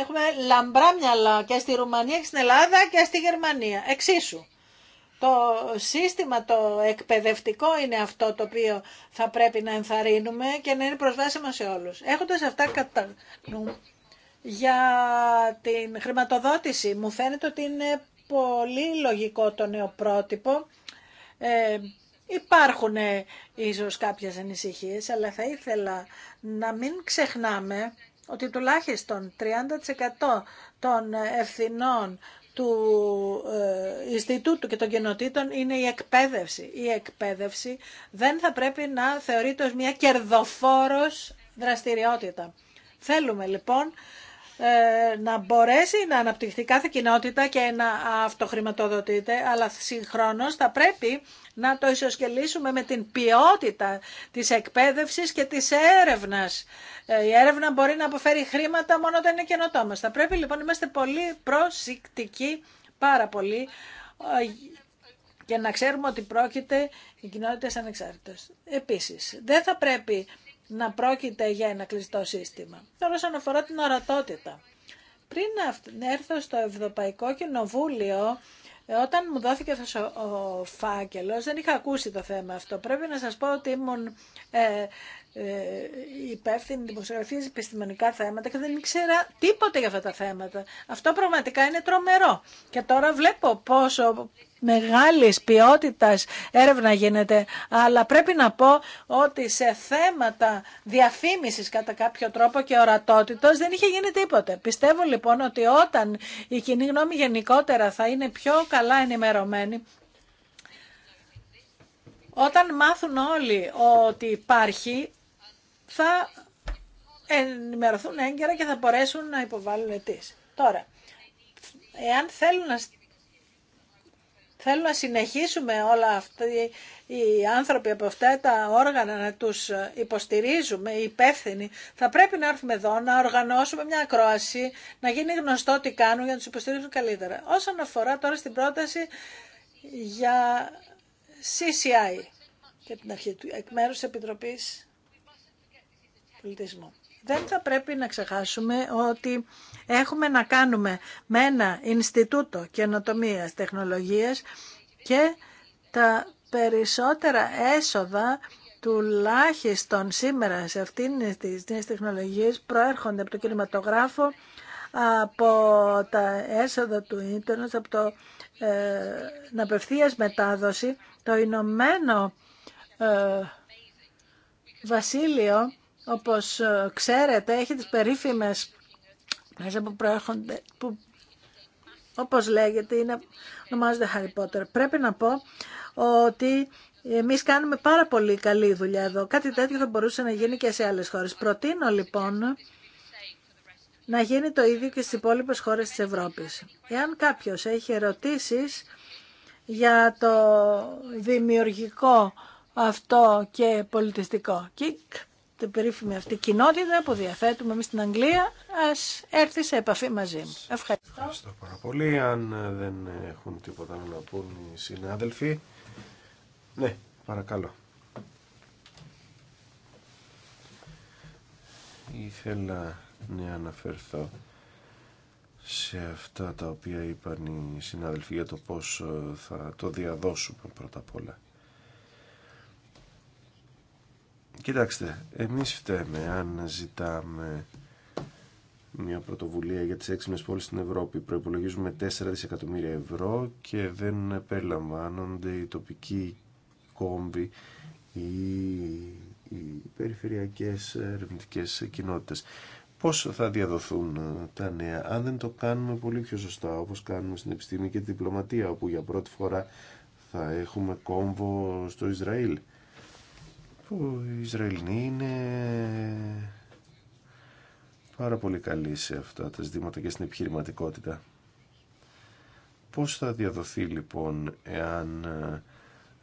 S1: έχουμε λαμπρά μυαλά και στη Ρουμανία και στην Ελλάδα και στη Γερμανία. Εξίσου. Το σύστημα το εκπαιδευτικό είναι αυτό το οποίο θα πρέπει να ενθαρρύνουμε και να είναι προσβάσιμο σε όλους. Έχοντας αυτά κατά για την χρηματοδότηση, μου φαίνεται ότι είναι πολύ λογικό το νέο πρότυπο. Ε, υπάρχουν ίσως κάποιες ανησυχίες, αλλά θα ήθελα να μην ξεχνάμε ότι τουλάχιστον 30% των ευθυνών του ε, Ινστιτούτου και των Κοινοτήτων είναι η εκπαίδευση. Η εκπαίδευση δεν θα πρέπει να θεωρείται ως μια κερδοφόρος δραστηριότητα. Θέλουμε λοιπόν ε, να μπορέσει να αναπτυχθεί κάθε κοινότητα και να αυτοχρηματοδοτείται, αλλά συγχρόνως θα πρέπει να το ισοσκελίσουμε με την ποιότητα της εκπαίδευσης και της έρευνας. Ε, η έρευνα μπορεί να αποφέρει χρήματα μόνο όταν είναι καινοτόμα. Θα πρέπει λοιπόν να είμαστε πολύ προσεκτικοί, πάρα πολύ, ε, και να ξέρουμε ότι πρόκειται οι κοινότητες ανεξάρτητες. Επίσης, δεν θα πρέπει να πρόκειται για ένα κλειστό σύστημα. Τώρα όσον αφορά την ορατότητα. Πριν έρθω στο Ευρωπαϊκό Κοινοβούλιο, όταν μου δόθηκε αυτός ο φάκελος δεν είχα ακούσει το θέμα αυτό. Πρέπει να σας πω ότι ήμουν ε, ε, υπεύθυνη δημοσιογραφία επιστημονικά θέματα και δεν ήξερα τίποτα για αυτά τα θέματα. Αυτό πραγματικά είναι τρομερό. Και τώρα βλέπω πόσο Μεγάλη ποιότητα έρευνα γίνεται, αλλά πρέπει να πω ότι σε θέματα διαφήμιση κατά κάποιο τρόπο και ορατότητος δεν είχε γίνει τίποτε. Πιστεύω λοιπόν ότι όταν η κοινή γνώμη γενικότερα θα είναι πιο καλά ενημερωμένη, όταν μάθουν όλοι ότι υπάρχει, θα ενημερωθούν έγκαιρα και θα μπορέσουν να υποβάλουν αιτήσει. Τώρα, εάν θέλουν να Θέλουμε να συνεχίσουμε όλα αυτά, οι άνθρωποι από αυτά τα όργανα να τους υποστηρίζουμε, οι υπεύθυνοι. Θα πρέπει να έρθουμε εδώ, να οργανώσουμε μια ακρόαση, να γίνει γνωστό τι κάνουν για να τους υποστηρίζουν καλύτερα. Όσον αφορά τώρα στην πρόταση για CCI, και την αρχή του εκ μέρους Επιτροπής Πολιτισμού δεν θα πρέπει να ξεχάσουμε ότι έχουμε να κάνουμε με ένα Ινστιτούτο Καινοτομίας Τεχνολογίας και τα περισσότερα έσοδα τουλάχιστον σήμερα σε αυτήν τις νέες τεχνολογίες προέρχονται από το κινηματογράφο, από τα έσοδα του ίντερνετ, από το ε, απευθείας μετάδοση, το Ηνωμένο ε, Βασίλειο όπως ε, ξέρετε, έχει τις περίφημες μέσα που όπως λέγεται, είναι, ονομάζονται Harry Potter. Πρέπει να πω ότι εμείς κάνουμε πάρα πολύ καλή δουλειά εδώ. Κάτι τέτοιο θα μπορούσε να γίνει και σε άλλες χώρες. Προτείνω λοιπόν να γίνει το ίδιο και στις υπόλοιπε χώρες της Ευρώπης. Εάν κάποιος έχει ερωτήσεις για το δημιουργικό αυτό και πολιτιστικό κικ, την περίφημη αυτή κοινότητα που διαθέτουμε εμείς στην Αγγλία, ας έρθει σε επαφή μαζί μου. Ευχαριστώ. Ευχαριστώ
S2: πάρα πολύ. Αν δεν έχουν τίποτα να πούν οι συνάδελφοι, ναι, παρακαλώ. Ήθελα να αναφερθώ σε αυτά τα οποία είπαν οι συνάδελφοι για το πώς θα το διαδώσουμε πρώτα απ' όλα. Κοιτάξτε, εμείς φταίμε αν ζητάμε μια πρωτοβουλία για τις έξιμες πόλεις στην Ευρώπη. Προϋπολογίζουμε 4 δισεκατομμύρια ευρώ και δεν περιλαμβάνονται οι τοπικοί κόμβοι ή οι περιφερειακές ερευνητικέ κοινότητες. Πώς θα διαδοθούν ε, τα νέα αν δεν το κάνουμε πολύ πιο σωστά όπως κάνουμε στην επιστήμη και τη διπλωματία όπου για πρώτη φορά θα έχουμε κόμβο στο Ισραήλ που οι Ισραηλοί είναι πάρα πολύ καλοί σε αυτά τα ζητήματα και στην επιχειρηματικότητα. Πώς θα διαδοθεί λοιπόν εάν ε,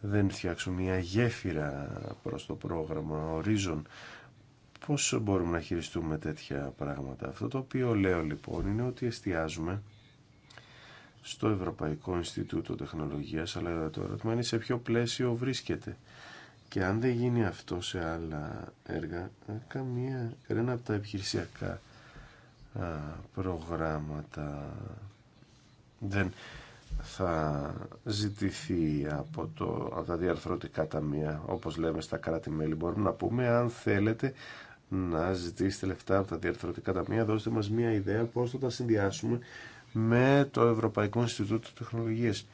S2: δεν φτιάξουμε μια γέφυρα προς το πρόγραμμα ορίζων πώς μπορούμε να χειριστούμε τέτοια πράγματα. Αυτό το οποίο λέω λοιπόν είναι ότι εστιάζουμε στο Ευρωπαϊκό Ινστιτούτο Τεχνολογίας αλλά το ερώτημα είναι σε ποιο πλαίσιο βρίσκεται και αν δεν γίνει αυτό σε άλλα έργα, ε, καμία, κανένα από τα επιχειρησιακά α, προγράμματα δεν θα ζητηθεί από, το, από τα διαρθρωτικά ταμεία, όπως λέμε στα κράτη-μέλη. Μπορούμε να πούμε, αν θέλετε να ζητήσετε λεφτά από τα διαρθρωτικά ταμεία, δώστε μας μια ιδέα πώς θα τα συνδυάσουμε με το Ευρωπαϊκό Ινστιτούτο Τεχνολογίας.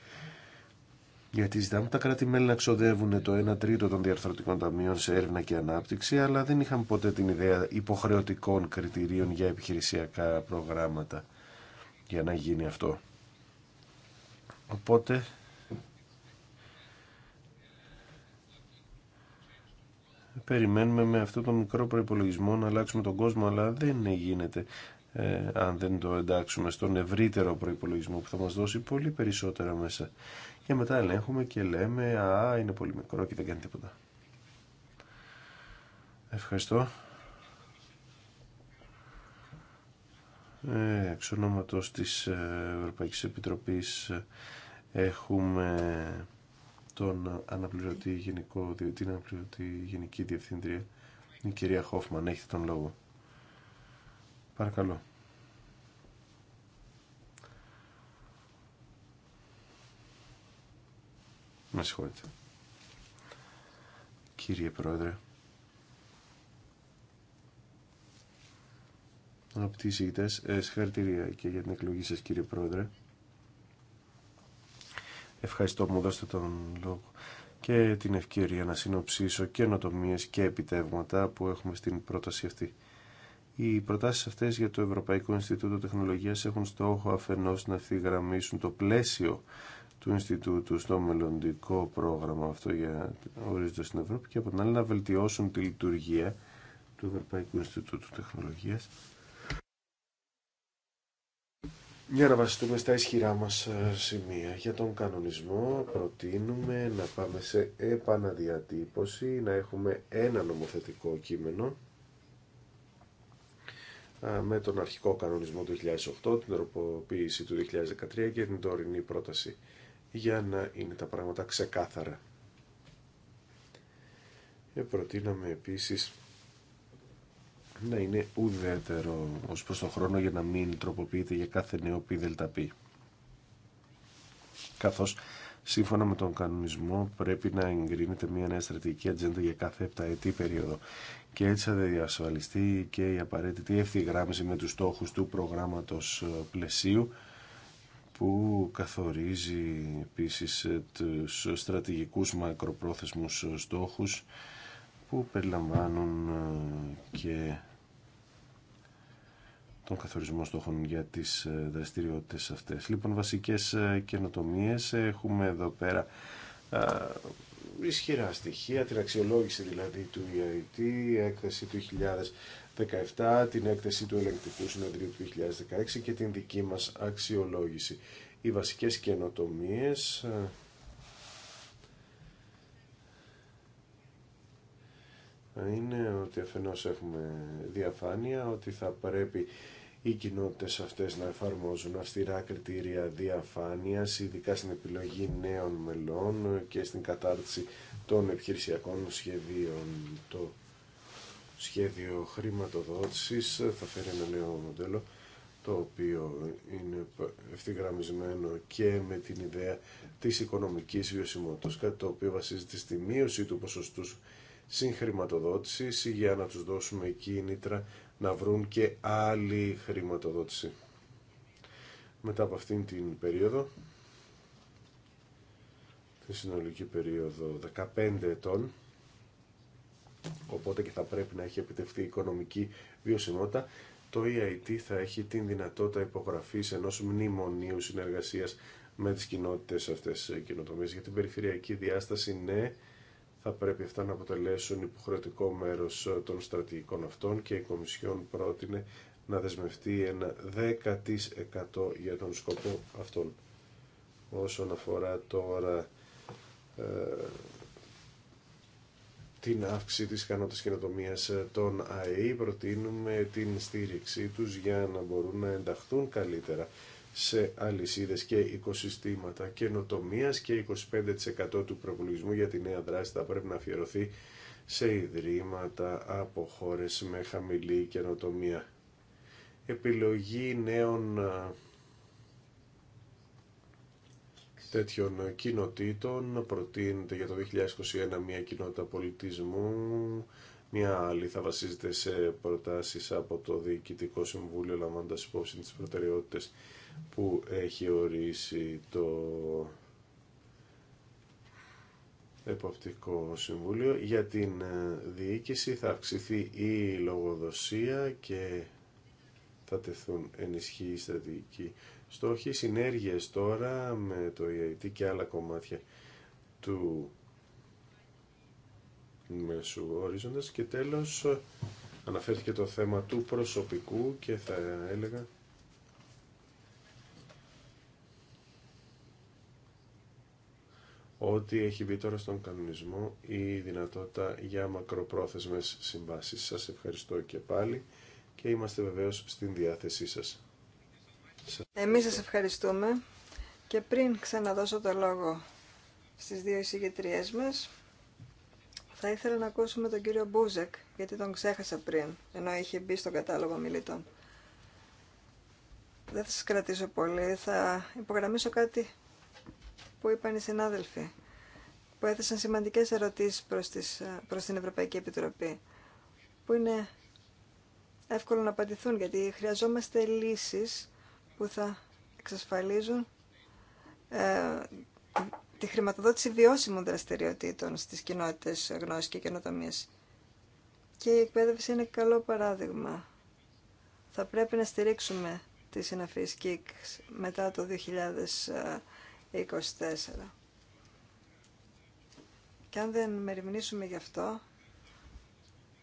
S2: Γιατί ζητάμε τα κράτη-μέλη να ξοδεύουν το 1 τρίτο των διαρθρωτικών ταμείων σε έρευνα και ανάπτυξη, αλλά δεν είχαμε ποτέ την ιδέα υποχρεωτικών κριτηρίων για επιχειρησιακά προγράμματα για να γίνει αυτό. Οπότε περιμένουμε με αυτό το μικρό προϋπολογισμό να αλλάξουμε τον κόσμο, αλλά δεν γίνεται ε, αν δεν το εντάξουμε στον ευρύτερο προϋπολογισμό που θα μας δώσει πολύ περισσότερα μέσα και μετά ελέγχουμε και λέμε «Α, είναι πολύ μικρό και δεν κάνει τίποτα». Ευχαριστώ. Ε, εξ ονόματος της ε, Ευρωπαϊκής Επιτροπής ε, έχουμε τον αναπληρωτή γενικό, την αναπληρωτή γενική διευθύντρια, η κυρία Χόφμαν. Έχετε τον λόγο. Παρακαλώ. Με συγχωρείτε. Κύριε Πρόεδρε. Αγαπητοί εισηγητές, ε, συγχαρητήρια και για την εκλογή σας κύριε Πρόεδρε. Ευχαριστώ που μου δώσετε τον λόγο και την ευκαιρία να συνοψίσω καινοτομίε και επιτεύγματα που έχουμε στην πρόταση αυτή. Οι προτάσεις αυτές για το Ευρωπαϊκό Ινστιτούτο Τεχνολογίας έχουν στόχο αφενός να ευθυγραμμίσουν το πλαίσιο του Ινστιτούτου στο μελλοντικό πρόγραμμα αυτό για ορίζοντα στην Ευρώπη και από την άλλη να βελτιώσουν τη λειτουργία του Ευρωπαϊκού Ινστιτούτου Τεχνολογίας για να βασιστούμε στα ισχυρά μας ε, σημεία. Για τον κανονισμό προτείνουμε να πάμε σε επαναδιατύπωση, να έχουμε ένα νομοθετικό κείμενο με τον αρχικό κανονισμό του 2008, την τροποποίηση του 2013 και την τωρινή πρόταση για να είναι τα πράγματα ξεκάθαρα. Ε, προτείναμε επίσης να είναι ουδέτερο ως προς το χρόνο για να μην τροποποιείται για κάθε νέο πι δελτα πι. Καθώς σύμφωνα με τον κανονισμό πρέπει να εγκρίνεται μια νέα στρατηγική ατζέντα για κάθε ετή περίοδο και έτσι θα διασφαλιστεί και η απαραίτητη ευθυγράμμιση με τους στόχους του προγράμματος ε, πλαισίου που καθορίζει επίσης ε, τους στρατηγικούς μακροπρόθεσμους στόχους που περιλαμβάνουν ε, και τον καθορισμό στόχων για τις ε, δραστηριότητες αυτές. Λοιπόν, βασικές καινοτομίες έχουμε εδώ πέρα ισχυρά στοιχεία, την αξιολόγηση δηλαδή του EIT, η έκθεση του 2017, την έκθεση του Ελεγκτικού Συνεδρίου του 2016 και την δική μας αξιολόγηση. Οι βασικές καινοτομίες ε, είναι ότι αφενός έχουμε διαφάνεια, ότι θα πρέπει οι κοινότητες αυτές να εφαρμόζουν αυστηρά κριτήρια διαφάνειας, ειδικά στην επιλογή νέων μελών και στην κατάρτιση των επιχειρησιακών σχεδίων. Το σχέδιο χρηματοδότησης θα φέρει ένα νέο μοντέλο το οποίο είναι ευθυγραμμισμένο και με την ιδέα της οικονομικής βιωσιμότητας, κάτι το οποίο βασίζεται στη μείωση του ποσοστού συγχρηματοδότησης για να τους δώσουμε κίνητρα να βρουν και άλλη χρηματοδότηση. Μετά από αυτήν την περίοδο, τη συνολική περίοδο 15 ετών, Οπότε και θα πρέπει να έχει επιτευχθεί οικονομική βιωσιμότητα. Το EIT θα έχει την δυνατότητα υπογραφής ενός μνημονίου συνεργασίας με τις κοινότητες αυτές ε, κοινοτομίε. Για την περιφερειακή διάσταση, ναι, θα πρέπει αυτά να αποτελέσουν υποχρεωτικό μέρος ε, των στρατηγικών αυτών και η Κομισιόν πρότεινε να δεσμευτεί ένα 10% για τον σκοπό αυτόν. Όσον αφορά τώρα ε, την αύξηση της ικανότητας καινοτομίας ε, των ΑΕΗ. Προτείνουμε την στήριξή τους για να μπορούν να ενταχθούν καλύτερα σε αλυσίδες και οικοσυστήματα καινοτομίας και 25% του προβλησμού για τη νέα δράση θα πρέπει να αφιερωθεί σε ιδρύματα από χώρες με χαμηλή καινοτομία. Επιλογή νέων ε, τέτοιων κοινοτήτων. Προτείνεται για το 2021 μια κοινότητα πολιτισμού, μια άλλη θα βασίζεται σε προτάσεις από το Διοικητικό Συμβούλιο λαμβάνοντας υπόψη τις προτεραιότητες που έχει ορίσει το Εποπτικό Συμβούλιο. Για την ε, διοίκηση θα αυξηθεί η λογοδοσία και θα τεθούν ενισχύει η στρατηγική στόχοι, συνέργειες τώρα με το EIT και άλλα κομμάτια του μέσου ορίζοντας και τέλος αναφέρθηκε το θέμα του προσωπικού και θα έλεγα ότι έχει μπει τώρα στον κανονισμό η δυνατότητα για μακροπρόθεσμες συμβάσεις. Σας ευχαριστώ και πάλι και είμαστε βεβαίως στην διάθεσή σας.
S3: Εμείς σας ευχαριστούμε και πριν ξαναδώσω το λόγο στις δύο εισηγητριές μας, θα ήθελα να ακούσουμε τον κύριο Μπούζεκ, γιατί τον ξέχασα πριν, ενώ είχε μπει στον κατάλογο μιλητών. Δεν θα σας κρατήσω πολύ, θα υπογραμμίσω κάτι που είπαν οι συνάδελφοι, που έθεσαν σημαντικές ερωτήσεις προς, τις, προς την Ευρωπαϊκή Επιτροπή, που είναι εύκολο να απαντηθούν, γιατί χρειαζόμαστε λύσεις που θα εξασφαλίζουν ε, τη χρηματοδότηση βιώσιμων δραστηριοτήτων στις κοινότητες γνώσης και καινοτομία. Και η εκπαίδευση είναι καλό παράδειγμα. Θα πρέπει να στηρίξουμε τη συναφής ΚΙΚ μετά το 2024. Και αν δεν μεριμνήσουμε γι' αυτό,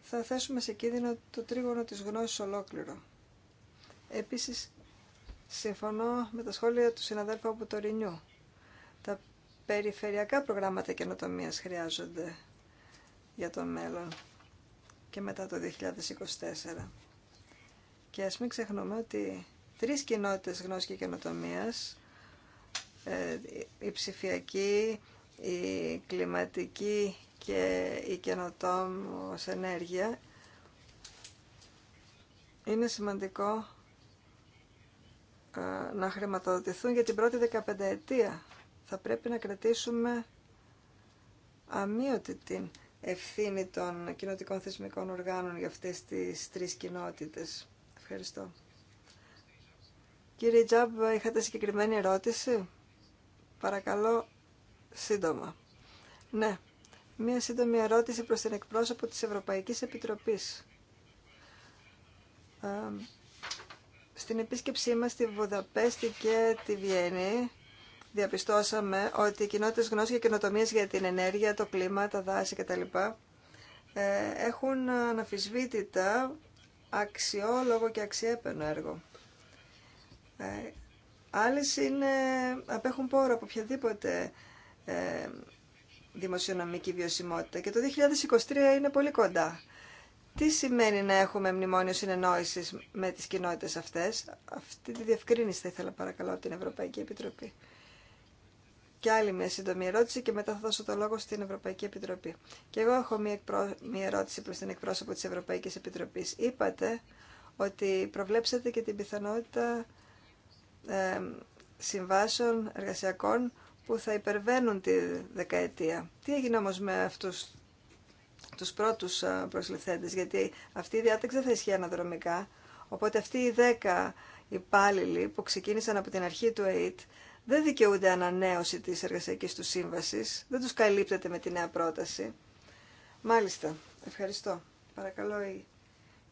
S3: θα θέσουμε σε κίνδυνο το τρίγωνο της γνώσης ολόκληρο. Επίσης, Συμφωνώ με τα σχόλια του συναδέλφου από το Ρηνιού. Τα περιφερειακά προγράμματα καινοτομία χρειάζονται για το μέλλον και μετά το 2024. Και ας μην ξεχνούμε ότι τρεις κοινότητες γνώση και καινοτομίας, ε, η ψηφιακή, η κλιματική και η καινοτόμος ενέργεια, είναι σημαντικό να χρηματοδοτηθούν για την πρώτη 15 ετία. Θα πρέπει να κρατήσουμε αμύωτη την ευθύνη των κοινοτικών θεσμικών οργάνων για αυτές τις τρεις κοινότητες. Ευχαριστώ. Κύριε Τζάμπ, είχατε συγκεκριμένη ερώτηση. Παρακαλώ, σύντομα. Ναι, μία σύντομη ερώτηση προς την εκπρόσωπο της Ευρωπαϊκής Επιτροπής. Στην επίσκεψή μας στη Βουδαπέστη και τη Βιέννη διαπιστώσαμε ότι οι κοινότητε γνώση και καινοτομίε για την ενέργεια, το κλίμα, τα δάση κτλ. Ε, έχουν αναφυσβήτητα αξιόλογο και αξιέπαινο έργο. Ε, άλλες είναι, απέχουν πόρο από οποιαδήποτε ε, δημοσιονομική βιωσιμότητα και το 2023 είναι πολύ κοντά. Τι σημαίνει να έχουμε μνημόνιο συνεννόηση με τι κοινότητε αυτέ, Αυτή τη διευκρίνηση θα ήθελα παρακαλώ από την Ευρωπαϊκή Επιτροπή. Και άλλη μια σύντομη ερώτηση και μετά θα δώσω το λόγο στην Ευρωπαϊκή Επιτροπή. Και εγώ έχω μια, μια ερώτηση προ την εκπρόσωπο τη Ευρωπαϊκή Επιτροπή. Είπατε ότι προβλέψατε και την πιθανότητα ε, συμβάσεων εργασιακών που θα υπερβαίνουν τη δεκαετία. Τι έγινε όμω με αυτού τους πρώτους προσληφθέντες, γιατί αυτή η διάταξη δεν θα ισχύει αναδρομικά. Οπότε αυτοί οι δέκα υπάλληλοι που ξεκίνησαν από την αρχή του ΑΕΤ δεν δικαιούνται ανανέωση της εργασιακής του σύμβασης, δεν τους καλύπτεται με τη νέα πρόταση. Μάλιστα, ευχαριστώ. Παρακαλώ η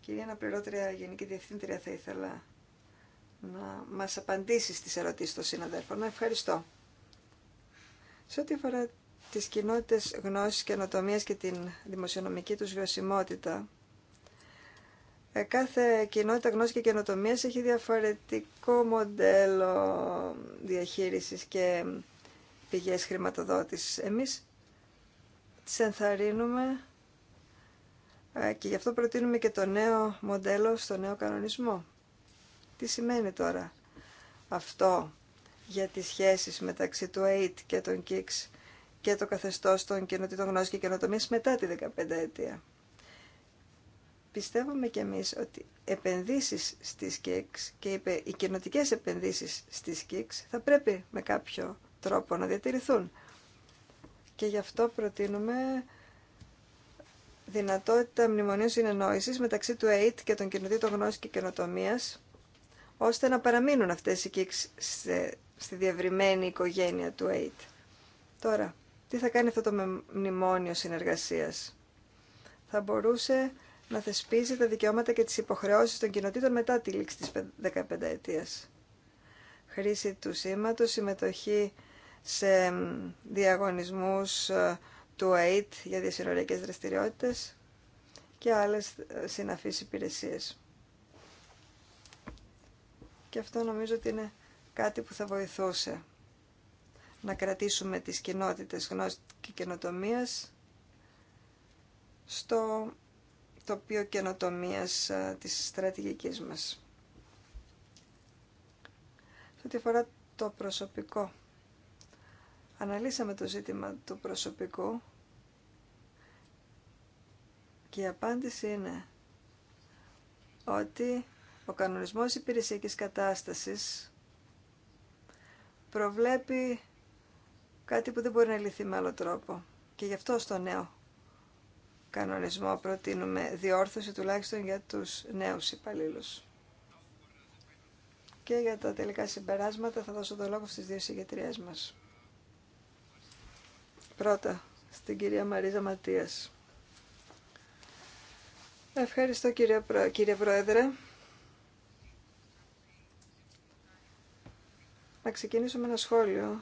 S3: κυρία Αναπληρώτρια Γενική Διευθύντρια θα ήθελα να μας απαντήσει στις ερωτήσεις των συναδέλφων. Ευχαριστώ. Σε ό,τι αφορά τις κοινότητες γνώσης, καινοτομίας και την δημοσιονομική τους βιωσιμότητα, ε, κάθε κοινότητα γνώσης και καινοτομίας έχει διαφορετικό μοντέλο διαχείρισης και πηγές χρηματοδότησης. Εμείς τις ενθαρρύνουμε ε, και γι' αυτό προτείνουμε και το νέο μοντέλο στο νέο κανονισμό. Τι σημαίνει τώρα αυτό για τις σχέσεις μεταξύ του AID και των KICS και το καθεστώ των κοινοτήτων γνώσης και καινοτομίας μετά τη 15 αιτία. Πιστεύουμε κι εμείς ότι επενδύσεις στις ΚΙΚΣ και οι κοινοτικές επενδύσεις στις ΚΙΚΣ θα πρέπει με κάποιο τρόπο να διατηρηθούν. Και γι' αυτό προτείνουμε δυνατότητα μνημονίου συνεννόησης μεταξύ του ΕΙΤ και των κοινοτήτων γνώση και καινοτομία, ώστε να παραμείνουν αυτές οι ΚΙΚΣ στη διευρυμένη οικογένεια του ΕΙΤ. Τώρα, τι θα κάνει αυτό το μνημόνιο συνεργασίας. Θα μπορούσε να θεσπίζει τα δικαιώματα και τις υποχρεώσεις των κοινοτήτων μετά τη λήξη της 15 ετίας. Χρήση του σήματος, συμμετοχή σε διαγωνισμούς ε, του ΑΕΤ για διασυνοριακές δραστηριότητες και άλλες ε, συναφείς υπηρεσίες. Και αυτό νομίζω ότι είναι κάτι που θα βοηθούσε να κρατήσουμε τις κοινότητες γνώσης και καινοτομίας στο τοπίο καινοτομίας ε, της στρατηγικής μας. Σε ό,τι αφορά το προσωπικό. Αναλύσαμε το ζήτημα του προσωπικού και η απάντηση είναι ότι ο κανονισμός υπηρεσιακής κατάστασης προβλέπει Κάτι που δεν μπορεί να λυθεί με άλλο τρόπο. Και γι' αυτό στο νέο κανονισμό προτείνουμε διόρθωση τουλάχιστον για τους νέους υπαλλήλους. Και για τα τελικά συμπεράσματα θα δώσω το λόγο στις δύο συγκεκριές μας. Πρώτα, στην κυρία Μαρίζα Ματίας. Ευχαριστώ κύριε, Προ... κύριε Πρόεδρε. Να ξεκινήσω με ένα σχόλιο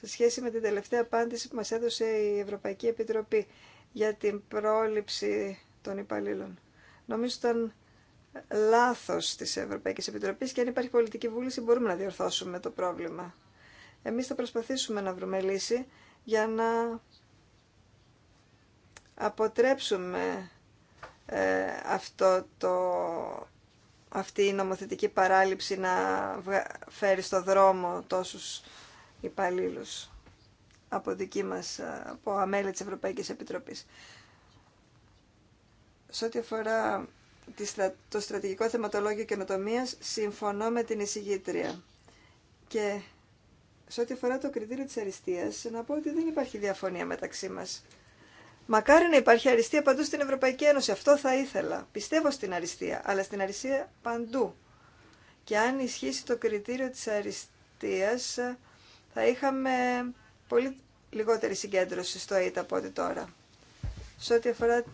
S3: σε σχέση με την τελευταία απάντηση που μας έδωσε η Ευρωπαϊκή Επιτροπή για την πρόληψη των υπαλλήλων. Νομίζω ήταν λάθος της Ευρωπαϊκής Επιτροπής και αν υπάρχει πολιτική βούληση μπορούμε να διορθώσουμε το πρόβλημα. Εμείς θα προσπαθήσουμε να βρούμε λύση για να αποτρέψουμε ε, αυτό το, αυτή η νομοθετική παράληψη να φέρει στο δρόμο τόσους υπαλλήλου από δική μας, από αμέλεια της Ευρωπαϊκής Επιτροπής. Σε ό,τι αφορά το στρατηγικό θεματολόγιο καινοτομία, συμφωνώ με την εισηγήτρια. Και σε ό,τι αφορά το κριτήριο της αριστείας, να πω ότι δεν υπάρχει διαφωνία μεταξύ μας. Μακάρι να υπάρχει αριστεία παντού στην Ευρωπαϊκή Ένωση. Αυτό θα ήθελα. Πιστεύω στην αριστεία, αλλά στην αριστεία παντού. Και αν ισχύσει το κριτήριο της αριστείας, θα είχαμε πολύ λιγότερη συγκέντρωση στο ΑΕΤ από ό,τι τώρα. Σε ό,τι αφορά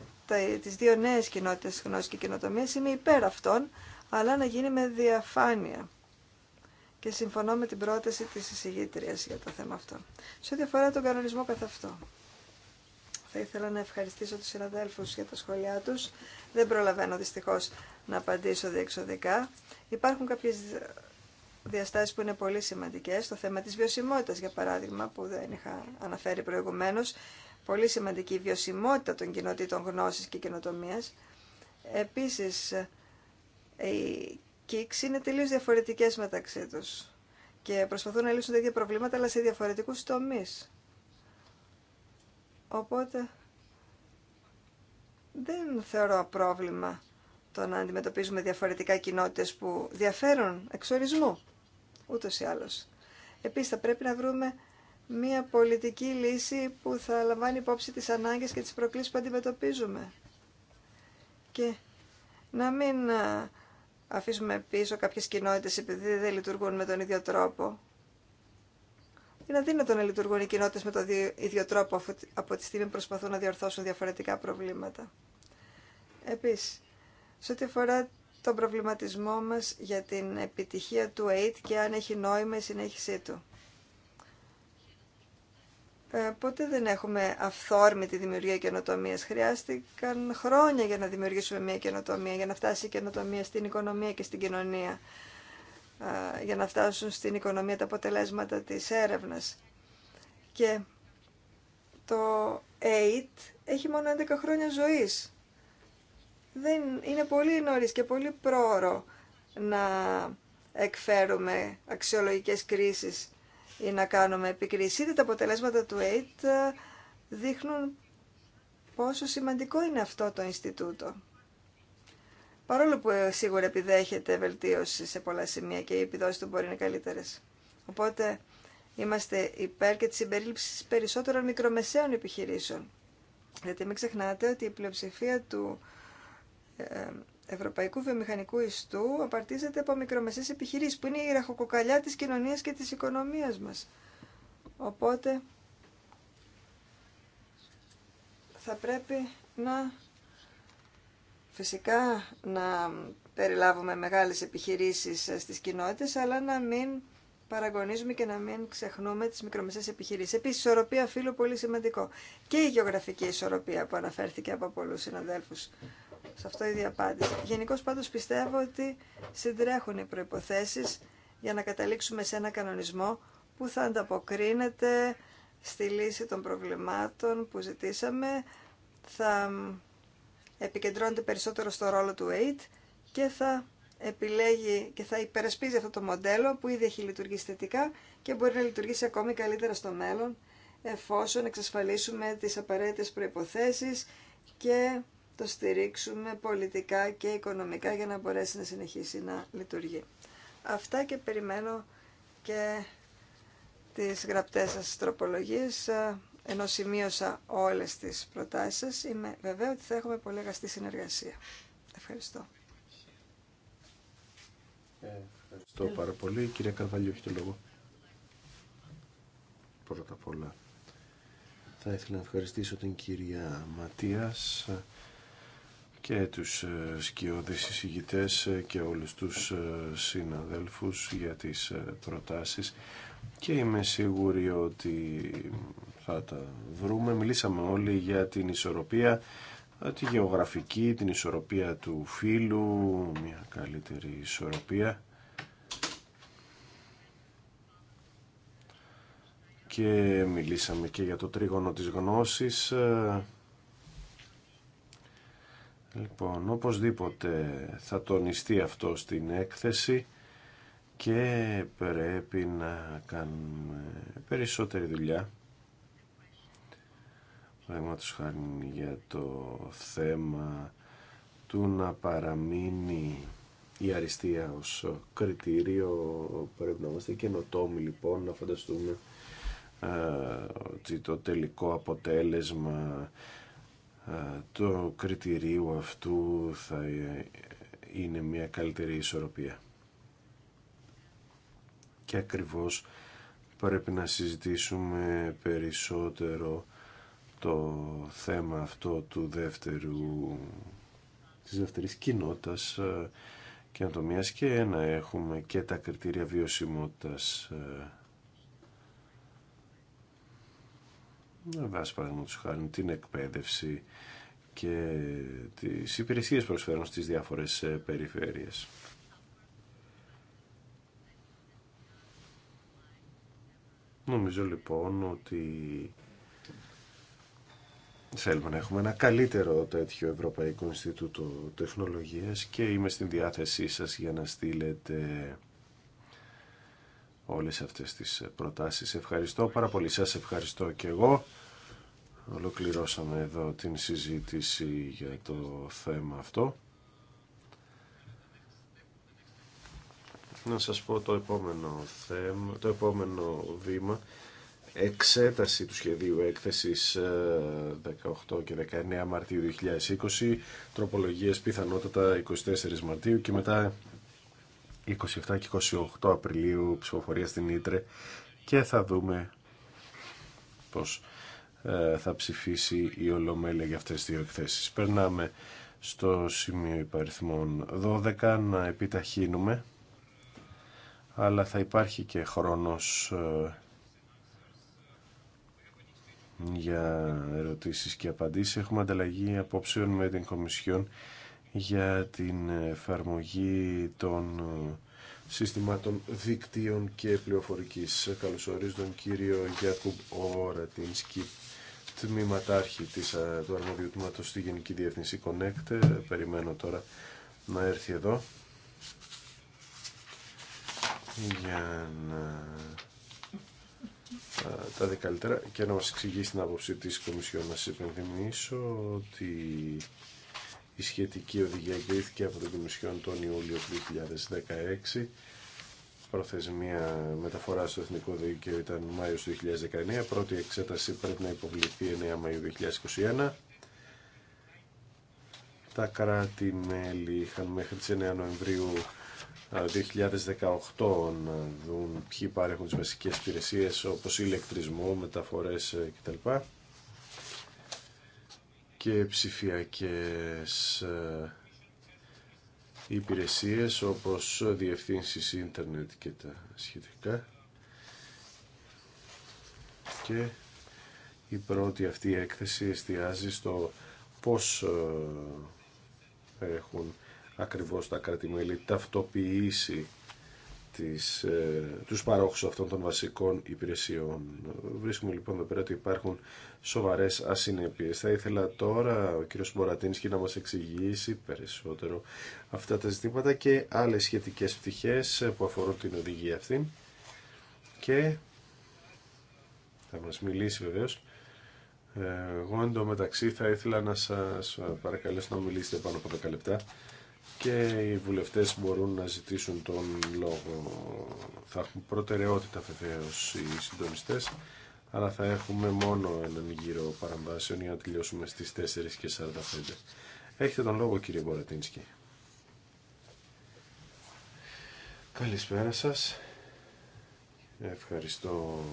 S3: τις δύο νέες κοινότητες γνώση και κοινοτομία, είμαι υπέρ αυτών, αλλά να γίνει με διαφάνεια. Και συμφωνώ με την πρόταση της εισηγήτριας για το θέμα αυτό. Σε ό,τι αφορά τον κανονισμό καθ' αυτό. Θα ήθελα να ευχαριστήσω τους συναδέλφους για τα σχόλιά τους. Δεν προλαβαίνω δυστυχώς να απαντήσω διεξοδικά. Υπάρχουν κάποιες διαστάσεις που είναι πολύ σημαντικές. Το θέμα της βιωσιμότητας, για παράδειγμα, που δεν είχα αναφέρει προηγουμένως. Πολύ σημαντική η βιωσιμότητα των κοινοτήτων γνώσης και κοινοτομίας. Επίσης, οι ΚΙΚΣ είναι τελείως διαφορετικές μεταξύ τους και προσπαθούν να λύσουν τα ίδια προβλήματα, αλλά σε διαφορετικούς τομείς. Οπότε, δεν θεωρώ πρόβλημα το να αντιμετωπίζουμε διαφορετικά κοινότητες που διαφέρουν εξ ούτως ή άλλως. Επίσης θα πρέπει να βρούμε μια πολιτική λύση που θα λαμβάνει υπόψη τις ανάγκες και τις προκλήσεις που αντιμετωπίζουμε. Και να μην αφήσουμε πίσω κάποιες κοινότητες επειδή δεν λειτουργούν με τον ίδιο τρόπο. Είναι αδύνατο να λειτουργούν οι κοινότητε με τον ίδιο τρόπο από τη στιγμή που προσπαθούν να διορθώσουν διαφορετικά προβλήματα. Επίση, σε ό,τι αφορά τον προβληματισμό μας για την επιτυχία του ΑΙΤ και αν έχει νόημα η συνέχισή του. Ε, πότε δεν έχουμε αυθόρμητη δημιουργία καινοτομίας. Χρειάστηκαν χρόνια για να δημιουργήσουμε μια καινοτομία, για να φτάσει η καινοτομία στην οικονομία και στην κοινωνία, ε, για να φτάσουν στην οικονομία τα αποτελέσματα της έρευνας. Και το AID έχει μόνο 11 χρόνια ζωής δεν είναι πολύ νωρίς και πολύ πρόωρο να εκφέρουμε αξιολογικές κρίσεις ή να κάνουμε επικρίσεις. Είτε τα αποτελέσματα του ΕΙΤ ε, δείχνουν πόσο σημαντικό είναι αυτό το Ινστιτούτο. Παρόλο που ε, σίγουρα επιδέχεται βελτίωση σε πολλά σημεία και οι επιδόσεις του μπορεί να είναι καλύτερες. Οπότε είμαστε υπέρ και της συμπερίληψης περισσότερων μικρομεσαίων επιχειρήσεων. Γιατί μην ξεχνάτε ότι η πλειοψηφία του ε, ευρωπαϊκού βιομηχανικού ιστού απαρτίζεται από μικρομεσαίες επιχειρήσεις που είναι η ραχοκοκαλιά της κοινωνίας και της οικονομίας μας. Οπότε θα πρέπει να φυσικά να περιλάβουμε μεγάλες επιχειρήσεις ε, στις κοινότητες αλλά να μην παραγωνίζουμε και να μην ξεχνούμε τις μικρομεσαίες επιχειρήσεις. Επίσης, ισορροπία φύλου πολύ σημαντικό. Και η γεωγραφική ισορροπία που αναφέρθηκε από πολλούς συναδέλφους σε αυτό η διαπάντηση. Γενικώ πάντως πιστεύω ότι συντρέχουν οι προϋποθέσεις για να καταλήξουμε σε ένα κανονισμό που θα ανταποκρίνεται στη λύση των προβλημάτων που ζητήσαμε, θα επικεντρώνεται περισσότερο στο ρόλο του AID και θα επιλέγει και θα υπερασπίζει αυτό το μοντέλο που ήδη έχει λειτουργήσει θετικά και μπορεί να λειτουργήσει ακόμη καλύτερα στο μέλλον εφόσον εξασφαλίσουμε τις απαραίτητες προϋποθέσεις και το στηρίξουμε πολιτικά και οικονομικά για να μπορέσει να συνεχίσει να λειτουργεί. Αυτά και περιμένω και τις γραπτές σας τροπολογίες, ε, ενώ σημείωσα όλες τις προτάσεις σας. Είμαι βεβαίω ότι θα έχουμε πολύ αγαστή συνεργασία. Ευχαριστώ.
S2: Ευχαριστώ πάρα πολύ. Κυρία Καρβαλιού, έχει το λόγο. Πρώτα απ' όλα, θα ήθελα να ευχαριστήσω την κυρία Ματίας και τους ε, σκιώδεις εισηγητές ε, και όλους τους ε, συναδέλφους για τις προτάσεις και είμαι σίγουρη ότι θα τα βρούμε. Μιλήσαμε όλοι για την ισορροπία, τη γεωγραφική, την ισορροπία του φύλου, μια καλύτερη ισορροπία. Και μιλήσαμε και για το τρίγωνο της γνώσης Λοιπόν, οπωσδήποτε θα τονιστεί αυτό στην έκθεση και πρέπει να κάνουμε περισσότερη δουλειά. Παραδείγματος χάρη για το θέμα του να παραμείνει η αριστεία ως κριτήριο πρέπει να είμαστε καινοτόμοι λοιπόν να φανταστούμε ε, ότι το τελικό αποτέλεσμα ε, το κριτηρίο αυτού θα είναι μια καλύτερη ισορροπία. Και ακριβώς πρέπει να συζητήσουμε περισσότερο το θέμα αυτό του δεύτερου της δεύτερης κοινότητας ε, και αντομίας και να έχουμε και τα κριτήρια βιωσιμότητας ε, Ναι, βάση παραδείγματο χάρη την εκπαίδευση και τις υπηρεσίες προσφέρουν στις διάφορες ε, περιφέρειες. Νομίζω λοιπόν ότι θέλουμε να έχουμε ένα καλύτερο τέτοιο Ευρωπαϊκό Ινστιτούτο Τεχνολογίας και είμαι στην διάθεσή σας για να στείλετε όλες αυτές τις ε, προτάσεις. Ευχαριστώ πάρα πολύ. Σας ευχαριστώ και εγώ. Ολοκληρώσαμε εδώ την συζήτηση για το θέμα αυτό. Να σας πω το επόμενο, θέμα, το επόμενο βήμα. Εξέταση του σχεδίου έκθεσης 18 ε, και 19 Μαρτίου 2020, τροπολογίες πιθανότατα 24 Μαρτίου και μετά 27 και 28 Απριλίου ψηφοφορία στην Ήτρε και θα δούμε πώς ε, θα ψηφίσει η Ολομέλεια για αυτές τις δύο εκθέσεις. Περνάμε στο σημείο υπαριθμών 12 να επιταχύνουμε αλλά θα υπάρχει και χρόνος ε, για ερωτήσεις και απαντήσεις. Έχουμε ανταλλαγή απόψεων με την Κομισιόν για την εφαρμογή των ε, συστημάτων δικτύων και πληροφορικής. Καλωσορίζω τον κύριο Γιάνκουμ Ωρα, την τμήματάρχη της, ε, του αρμόδιου τμήματος στη Γενική Διεύθυνση Connect. Ε, περιμένω τώρα να έρθει εδώ για να τα δει καλύτερα και να μας εξηγήσει την άποψη της Κομισιόν. Να σας υπενθυμίσω ότι η σχετική οδηγία εγκρίθηκε από το Κομισιόν τον Ιούλιο του 2016. Προθεσμία μεταφορά στο Εθνικό Δίκαιο ήταν Μάιο του 2019. Πρώτη εξέταση πρέπει να υποβληθεί 9 Μαΐου 2021. Τα κράτη-μέλη είχαν μέχρι τις 9 Νοεμβρίου 2018 να δουν ποιοι παρέχουν τις βασικές υπηρεσίες όπως ηλεκτρισμό, μεταφορές ε, κτλ και ψηφιακές ε, υπηρεσίες όπως διευθύνσεις ίντερνετ και τα σχετικά και η πρώτη αυτή έκθεση εστιάζει στο πώς ε, έχουν ακριβώς τα κρατημέλη ταυτοποιήσει τις, ε, τους παρόχους αυτών των βασικών υπηρεσιών. Βρίσκουμε λοιπόν εδώ πέρα ότι υπάρχουν σοβαρές ασυνέπειες. Θα ήθελα τώρα ο κύριος Μπορατίνσκι να μας εξηγήσει περισσότερο αυτά τα ζητήματα και άλλες σχετικές πτυχές που αφορούν την οδηγία αυτή και θα μας μιλήσει βεβαίως. Ε, εγώ εντωμεταξύ θα ήθελα να σας παρακαλέσω να μιλήσετε πάνω από 10 λεπτά και οι βουλευτές μπορούν να ζητήσουν τον λόγο. Θα έχουν προτεραιότητα βεβαίω οι συντονιστές, αλλά θα έχουμε μόνο έναν γύρο παραμβάσεων για να τελειώσουμε στις 4.45. Έχετε τον λόγο κύριε Μπόρετινσκι; Καλησπέρα σας. Ευχαριστώ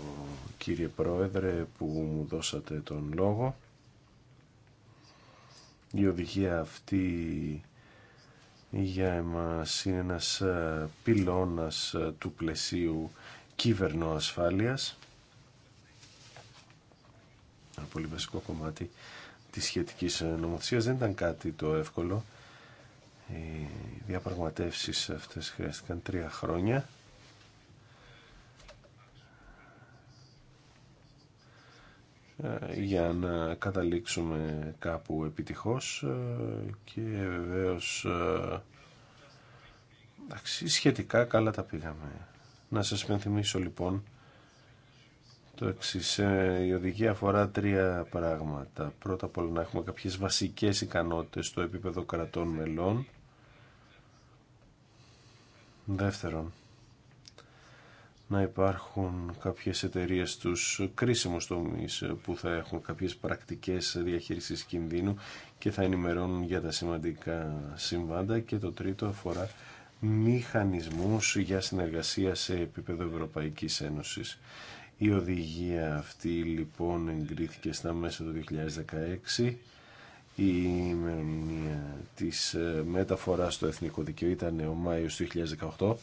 S2: κύριε Πρόεδρε που μου δώσατε τον λόγο. Η οδηγία αυτή για εμάς είναι ένας ε, πυλώνας ε, του πλαισίου ασφάλειας ένα πολύ βασικό κομμάτι της σχετικής ε, νομοθεσίας δεν ήταν κάτι το εύκολο οι διαπραγματεύσεις αυτές χρειάστηκαν τρία χρόνια Ε, για να καταλήξουμε κάπου επιτυχώς ε, και βεβαίως ε, εντάξει, σχετικά καλά τα πήγαμε. Να σας πενθυμίσω λοιπόν το εξής. Η οδηγία αφορά τρία πράγματα. Πρώτα απ' όλα να έχουμε κάποιες βασικές ικανότητες στο επίπεδο κρατών μελών. Δεύτερον, να υπάρχουν κάποιες εταιρείες στους κρίσιμους τομείς που θα έχουν κάποιες πρακτικές διαχείρισης κινδύνου και θα ενημερώνουν για τα σημαντικά συμβάντα και το τρίτο αφορά μηχανισμούς για συνεργασία σε επίπεδο Ευρωπαϊκής Ένωσης. Η οδηγία αυτή λοιπόν εγκρίθηκε στα μέσα του 2016 η ημερομηνία της μεταφοράς στο Εθνικό δικαίωμα ήταν ο Μάιος του 2018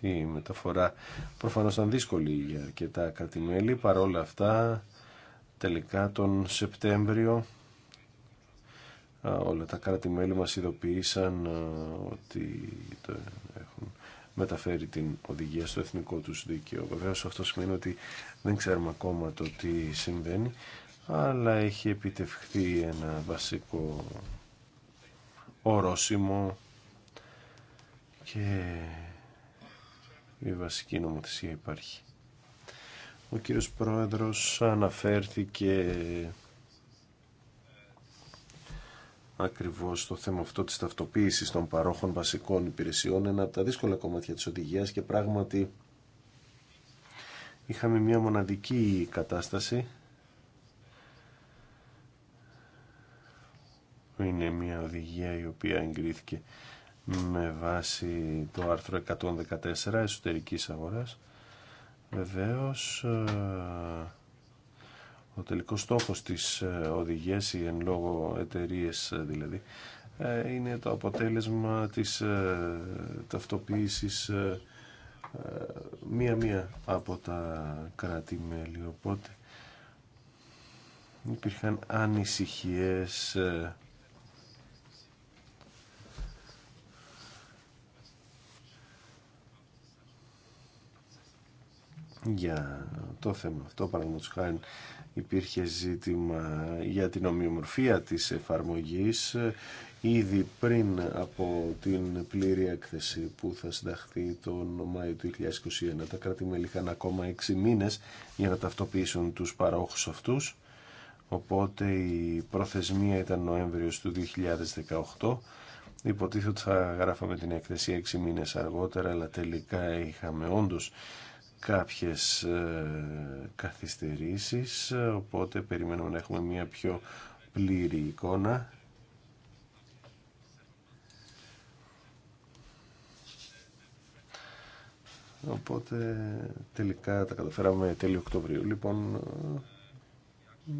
S2: η μεταφορά προφανώς ήταν δύσκολη για αρκετά κρατημέλη. Παρόλα αυτά, τελικά τον Σεπτέμβριο όλα τα κρατημέλη μας ειδοποίησαν ότι το έχουν μεταφέρει την οδηγία στο εθνικό τους δίκαιο. Βεβαίω αυτό σημαίνει ότι δεν ξέρουμε ακόμα το τι συμβαίνει, αλλά έχει επιτευχθεί ένα βασικό ορόσημο και η βασική νομοθεσία υπάρχει. Ο κύριος Πρόεδρος αναφέρθηκε ακριβώς το θέμα αυτό της ταυτοποίησης των παρόχων βασικών υπηρεσιών, ένα από τα δύσκολα κομμάτια της οδηγίας και πράγματι είχαμε μια μοναδική κατάσταση είναι μια οδηγία η οποία εγκρίθηκε με βάση το άρθρο 114 εσωτερικής αγοράς. Βεβαίως, ε, ο τελικός στόχος της ε, οδηγίας, οι εν λόγω εταιρείες ε, δηλαδή, είναι το αποτέλεσμα της ταυτοποίησης μία-μία από τα κράτη-μέλη. Οπότε υπήρχαν ανησυχίες για το θέμα αυτό. Παραδείγματος χάρη υπήρχε ζήτημα για την ομοιομορφία της εφαρμογής ε, ήδη πριν από την πλήρη έκθεση που θα συνταχθεί τον Μάιο του 2021. Τα κράτη-μέλη είχαν ακόμα 6 μήνες για να ταυτοποιήσουν τους παρόχους αυτούς, οπότε η προθεσμία ήταν Νοέμβριος του 2018. Υποτίθεται ότι θα γράφαμε την έκθεση 6 μήνες αργότερα, αλλά τελικά είχαμε όντως κάποιες ε, καθυστερήσεις, οπότε περιμένουμε να έχουμε μια πιο πλήρη εικόνα. Οπότε τελικά τα καταφέραμε τέλειο Οκτωβρίου. Λοιπόν,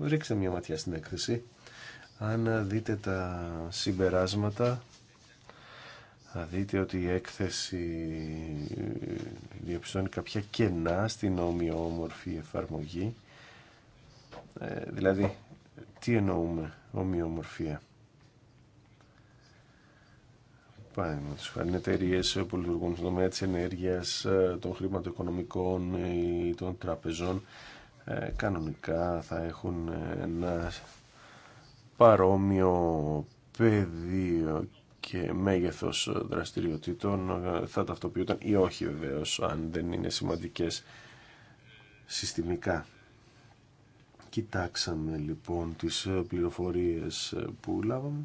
S2: ρίξτε μια ματιά στην έκθεση. Αν δείτε τα συμπεράσματα, θα δείτε ότι η έκθεση διαπιστώνει κάποια κενά στην ομοιόμορφη εφαρμογή. Ε, δηλαδή, τι εννοούμε ομοιόμορφια. Πάμε με είναι εταιρείες που λειτουργούν στον τομέα της ενέργειας, ε, των χρηματοοικονομικών ή των τραπεζών. Ε, κανονικά θα έχουν ένα παρόμοιο πεδίο και μέγεθος δραστηριοτήτων ε, θα ταυτοποιούνταν ή όχι βεβαίω αν δεν είναι σημαντικές συστημικά. Κοιτάξαμε λοιπόν τις ε, πληροφορίες ε, που λάβαμε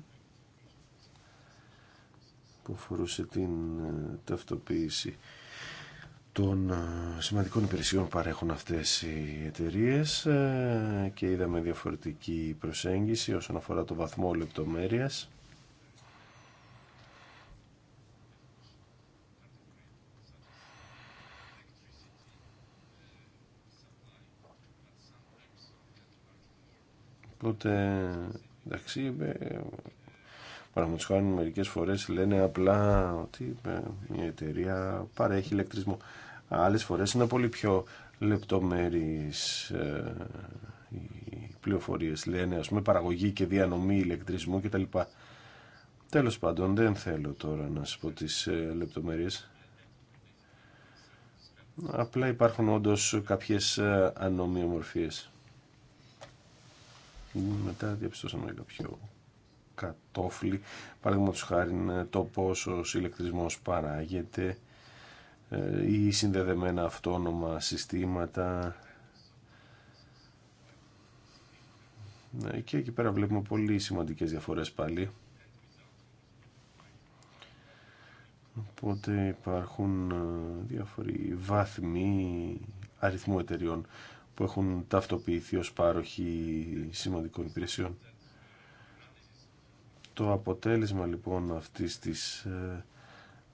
S2: που αφορούσε την ταυτοποίηση των σημαντικών υπηρεσιών που παρέχουν αυτές οι εταιρείες και είδαμε διαφορετική προσέγγιση όσον αφορά το βαθμό λεπτομέρειας Οπότε, εντάξει, ε, παραδείγματος μερικέ μερικές φορές λένε απλά ότι ε, μια εταιρεία παρέχει ηλεκτρισμό. Άλλες φορές είναι πολύ πιο λεπτομέρειες ε, οι πληροφορίες λένε ας πούμε παραγωγή και διανομή ηλεκτρισμού κτλ. Τέλος πάντων δεν θέλω τώρα να σας πω τις λεπτομέρειες. Απλά υπάρχουν όντως κάποιες ανομοιομορφίες μετά διαπιστώσαμε κάποιο κατόφλι του χάρη ε, το πόσο ηλεκτρισμός παράγεται ε, ή συνδεδεμένα αυτόνομα συστήματα ναι, και εκεί πέρα βλέπουμε πολύ σημαντικές διαφορές πάλι οπότε υπάρχουν ε, διάφοροι βάθμοι αριθμού εταιριών που έχουν ταυτοποιηθεί ως πάροχοι σημαντικών υπηρεσιών. Το αποτέλεσμα λοιπόν αυτής της ε,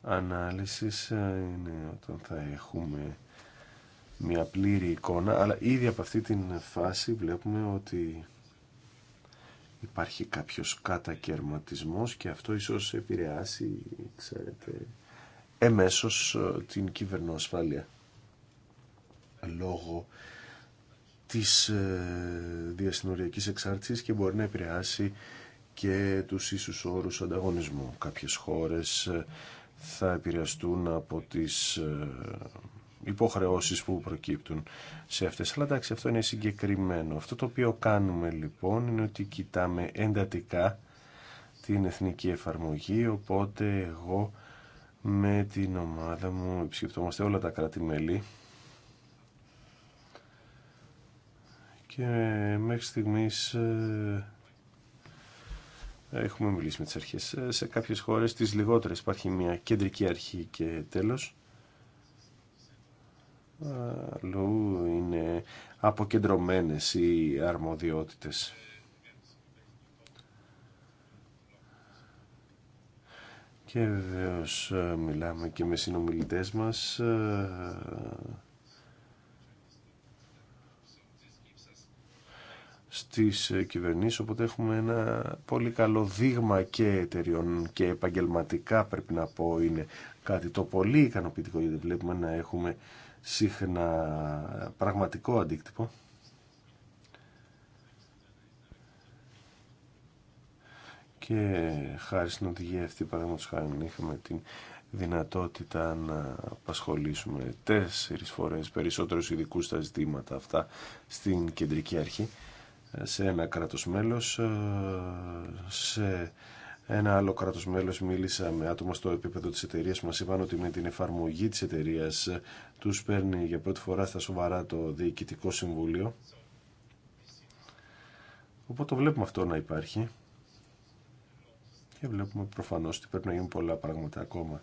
S2: ανάλυσης ε, είναι όταν θα έχουμε μια πλήρη εικόνα, αλλά ήδη από αυτή την φάση βλέπουμε ότι υπάρχει κάποιος κατακαιρματισμός και αυτό ίσως επηρεάσει, ξέρετε, εμέσως ε, την κυβερνοασφάλεια λόγω της ε, διασυνοριακής εξάρτησης και μπορεί να επηρεάσει και τους ίσους όρους ανταγωνισμού. Κάποιες χώρες ε, θα επηρεαστούν από τις ε, υποχρεώσεις που προκύπτουν σε αυτές. Αλλά εντάξει, αυτό είναι συγκεκριμένο. Αυτό το οποίο κάνουμε λοιπόν είναι ότι κοιτάμε εντατικά την εθνική εφαρμογή, οπότε εγώ με την ομάδα μου επισκεπτόμαστε όλα τα κράτη-μέλη και μέχρι στιγμής ε, έχουμε μιλήσει με τις αρχές. Ε, σε κάποιες χώρες, τις λιγότερες, υπάρχει μια κεντρική αρχή και τέλος. Αλλού είναι αποκεντρωμένες οι αρμοδιότητες. Και βεβαίω ε, μιλάμε και με συνομιλητές μας στις ε, κυβερνήσεις, οπότε έχουμε ένα πολύ καλό δείγμα και εταιριών και επαγγελματικά πρέπει να πω είναι κάτι το πολύ ικανοποιητικό γιατί βλέπουμε να έχουμε συχνά πραγματικό αντίκτυπο. Και χάρη στην οδηγία αυτή, παραδείγματος χάρη, είχαμε την δυνατότητα να απασχολήσουμε τέσσερις φορές περισσότερους ειδικούς στα ζητήματα αυτά στην κεντρική αρχή σε ένα κράτος μέλος. Ε, σε ένα άλλο κράτος μέλος μίλησα με άτομα στο επίπεδο της εταιρεία που μας είπαν ότι με την εφαρμογή της εταιρεία ε, τους παίρνει για πρώτη φορά στα σοβαρά το Διοικητικό Συμβούλιο. Οπότε βλέπουμε αυτό να υπάρχει και βλέπουμε προφανώς ότι πρέπει να γίνουν πολλά πράγματα ακόμα.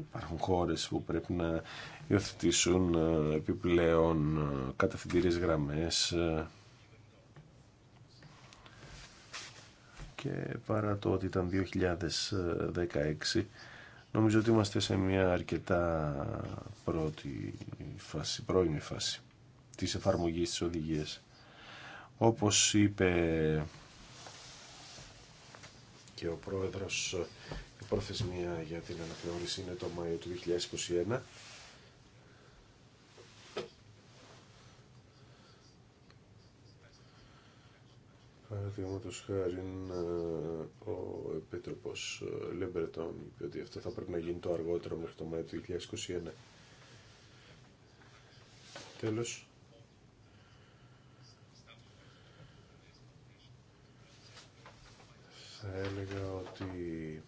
S2: Υπάρχουν χώρες που πρέπει να υιοθετήσουν ε, επιπλέον ε, κατευθυντήριες γραμμές ε, και παρά το ότι ήταν 2016 νομίζω ότι είμαστε σε μια αρκετά πρώτη φάση, πρώιμη φάση της εφαρμογής της οδηγίας. Όπως είπε και ο Πρόεδρος, η προθεσμία για την αναθεώρηση είναι το Μάιο του 2021. Παραδείγματος χάρη ε, ο Επίτροπος Λεμπερτών είπε ότι αυτό θα πρέπει να γίνει το αργότερο μέχρι το Μάιο του 2021. Τέλος. θα έλεγα ότι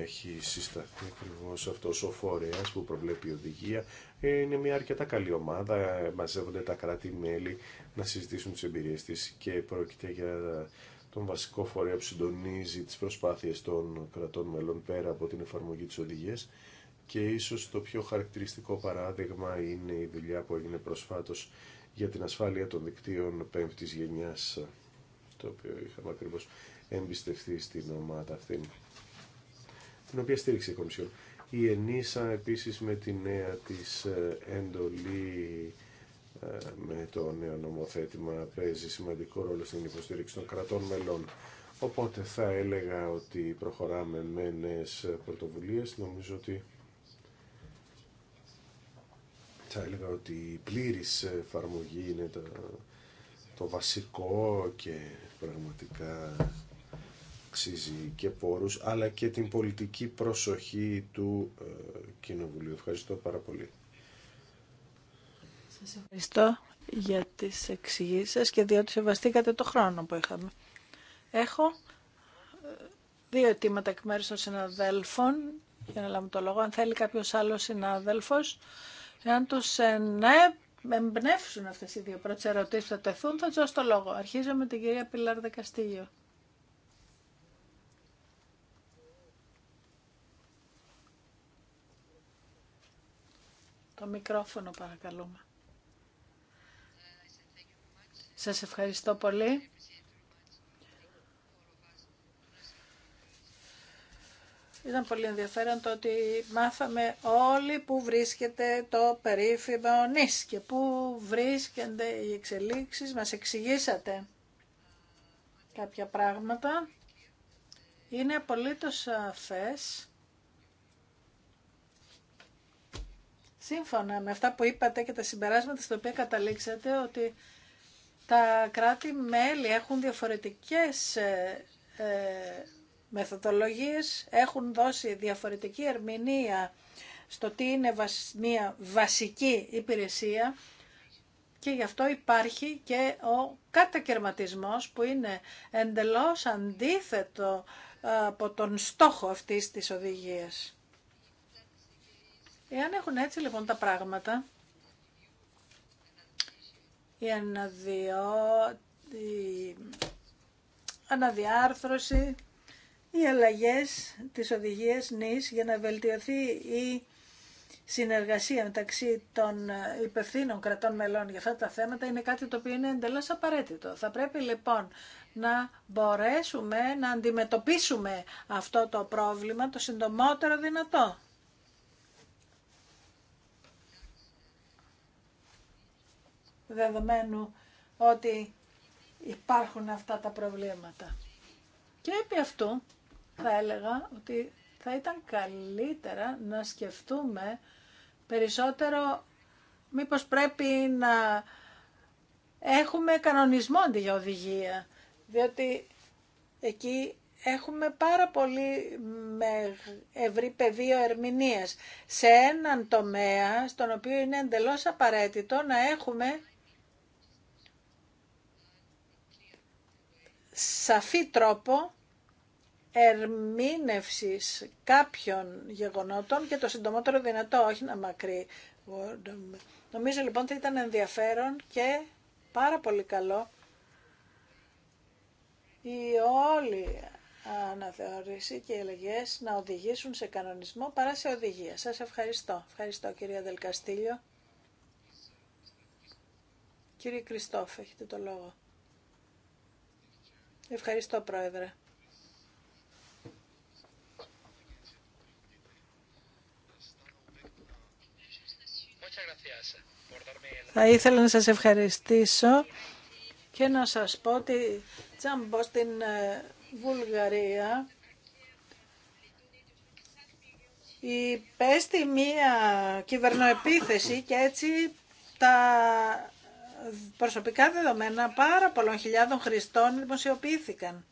S2: έχει συσταθεί ακριβώ αυτό ο φορέα που προβλέπει η οδηγία. Είναι μια αρκετά καλή ομάδα. Μαζεύονται τα κράτη-μέλη να συζητήσουν τι εμπειρίε τη και πρόκειται για τον βασικό φορέα που συντονίζει τι προσπάθειε των κρατών μελών πέρα από την εφαρμογή τη οδηγία. Και ίσω το πιο χαρακτηριστικό παράδειγμα είναι η δουλειά που έγινε προσφάτω για την ασφάλεια των δικτύων πέμπτη γενιά, το οποίο είχαμε ακριβώ εμπιστευτεί στην ομάδα αυτή, την οποία στήριξε η Κομισιόν. Η ΕΝΙΣΑ επίσης με τη νέα της ε, εντολή ε, με το νέο νομοθέτημα παίζει σημαντικό ρόλο στην υποστήριξη των κρατών μελών. Οπότε θα έλεγα ότι προχωράμε με νέες πρωτοβουλίες. Νομίζω ότι θα έλεγα ότι η πλήρης εφαρμογή είναι το, το βασικό και πραγματικά αξίζει και πόρους αλλά και την πολιτική προσοχή του ε, Κοινοβουλίου. Ευχαριστώ πάρα πολύ.
S1: Σας ευχαριστώ για τις εξηγήσεις σας και διότι σεβαστήκατε το χρόνο που είχαμε. Έχω ε, δύο αιτήματα εκ μέρους των συναδέλφων για να λάβω το λόγο. Αν θέλει κάποιος άλλος συνάδελφος, εάν τους εμπνεύσουν αυτές οι δύο πρώτες ερωτήσεις που θα τεθούν, θα δώσω το λόγο. Αρχίζω με την κυρία Πιλάρδα Καστίγιο. Το μικρόφωνο παρακαλούμε. Σας ευχαριστώ πολύ. Ήταν πολύ ενδιαφέρον το ότι μάθαμε όλοι που βρίσκεται το περίφημο νης και που βρίσκονται οι εξελίξεις. Μας εξηγήσατε κάποια πράγματα. Είναι απολύτως σαφές Σύμφωνα με αυτά που είπατε και τα συμπεράσματα στα οποία καταλήξατε ότι τα κράτη-μέλη έχουν διαφορετικές ε, ε μεθοδολογίες, έχουν δώσει διαφορετική ερμηνεία στο τι είναι μια βασική υπηρεσία και γι' αυτό υπάρχει και ο κατακαιρματισμός που είναι εντελώς αντίθετο ε, από τον στόχο αυτής της οδηγίας. Εάν έχουν έτσι λοιπόν τα πράγματα, η, αναδιο... αναδιάρθρωση, οι αλλαγές της οδηγίας νης για να βελτιωθεί η συνεργασία μεταξύ των υπευθύνων κρατών μελών για αυτά τα θέματα είναι κάτι το οποίο είναι εντελώς απαραίτητο. Θα πρέπει λοιπόν να μπορέσουμε να αντιμετωπίσουμε αυτό το πρόβλημα το συντομότερο δυνατό. δεδομένου ότι υπάρχουν αυτά τα προβλήματα. Και επί αυτού θα έλεγα ότι θα ήταν καλύτερα να σκεφτούμε περισσότερο μήπως πρέπει να έχουμε κανονισμό για οδηγία, διότι εκεί έχουμε πάρα πολύ με ευρύ πεδίο ερμηνείας σε έναν τομέα στον οποίο είναι εντελώς απαραίτητο να έχουμε σαφή τρόπο ερμήνευσης κάποιων γεγονότων και το συντομότερο δυνατό, όχι να μακρύ. Νομίζω λοιπόν ότι ήταν ενδιαφέρον και πάρα πολύ καλό η όλη αναθεώρηση και οι να οδηγήσουν σε κανονισμό παρά σε οδηγία. Σας ευχαριστώ. Ευχαριστώ κυρία Δελκαστήλιο. Κύριε Κριστόφ, έχετε το λόγο. Ευχαριστώ, Πρόεδρε. Θα ήθελα να σας ευχαριστήσω και να σας πω ότι τζάμπο στην ε, Βουλγαρία υπέστη μία κυβερνοεπίθεση και έτσι τα προσωπικά δεδομένα πάρα πολλών χιλιάδων χρηστών δημοσιοποιήθηκαν.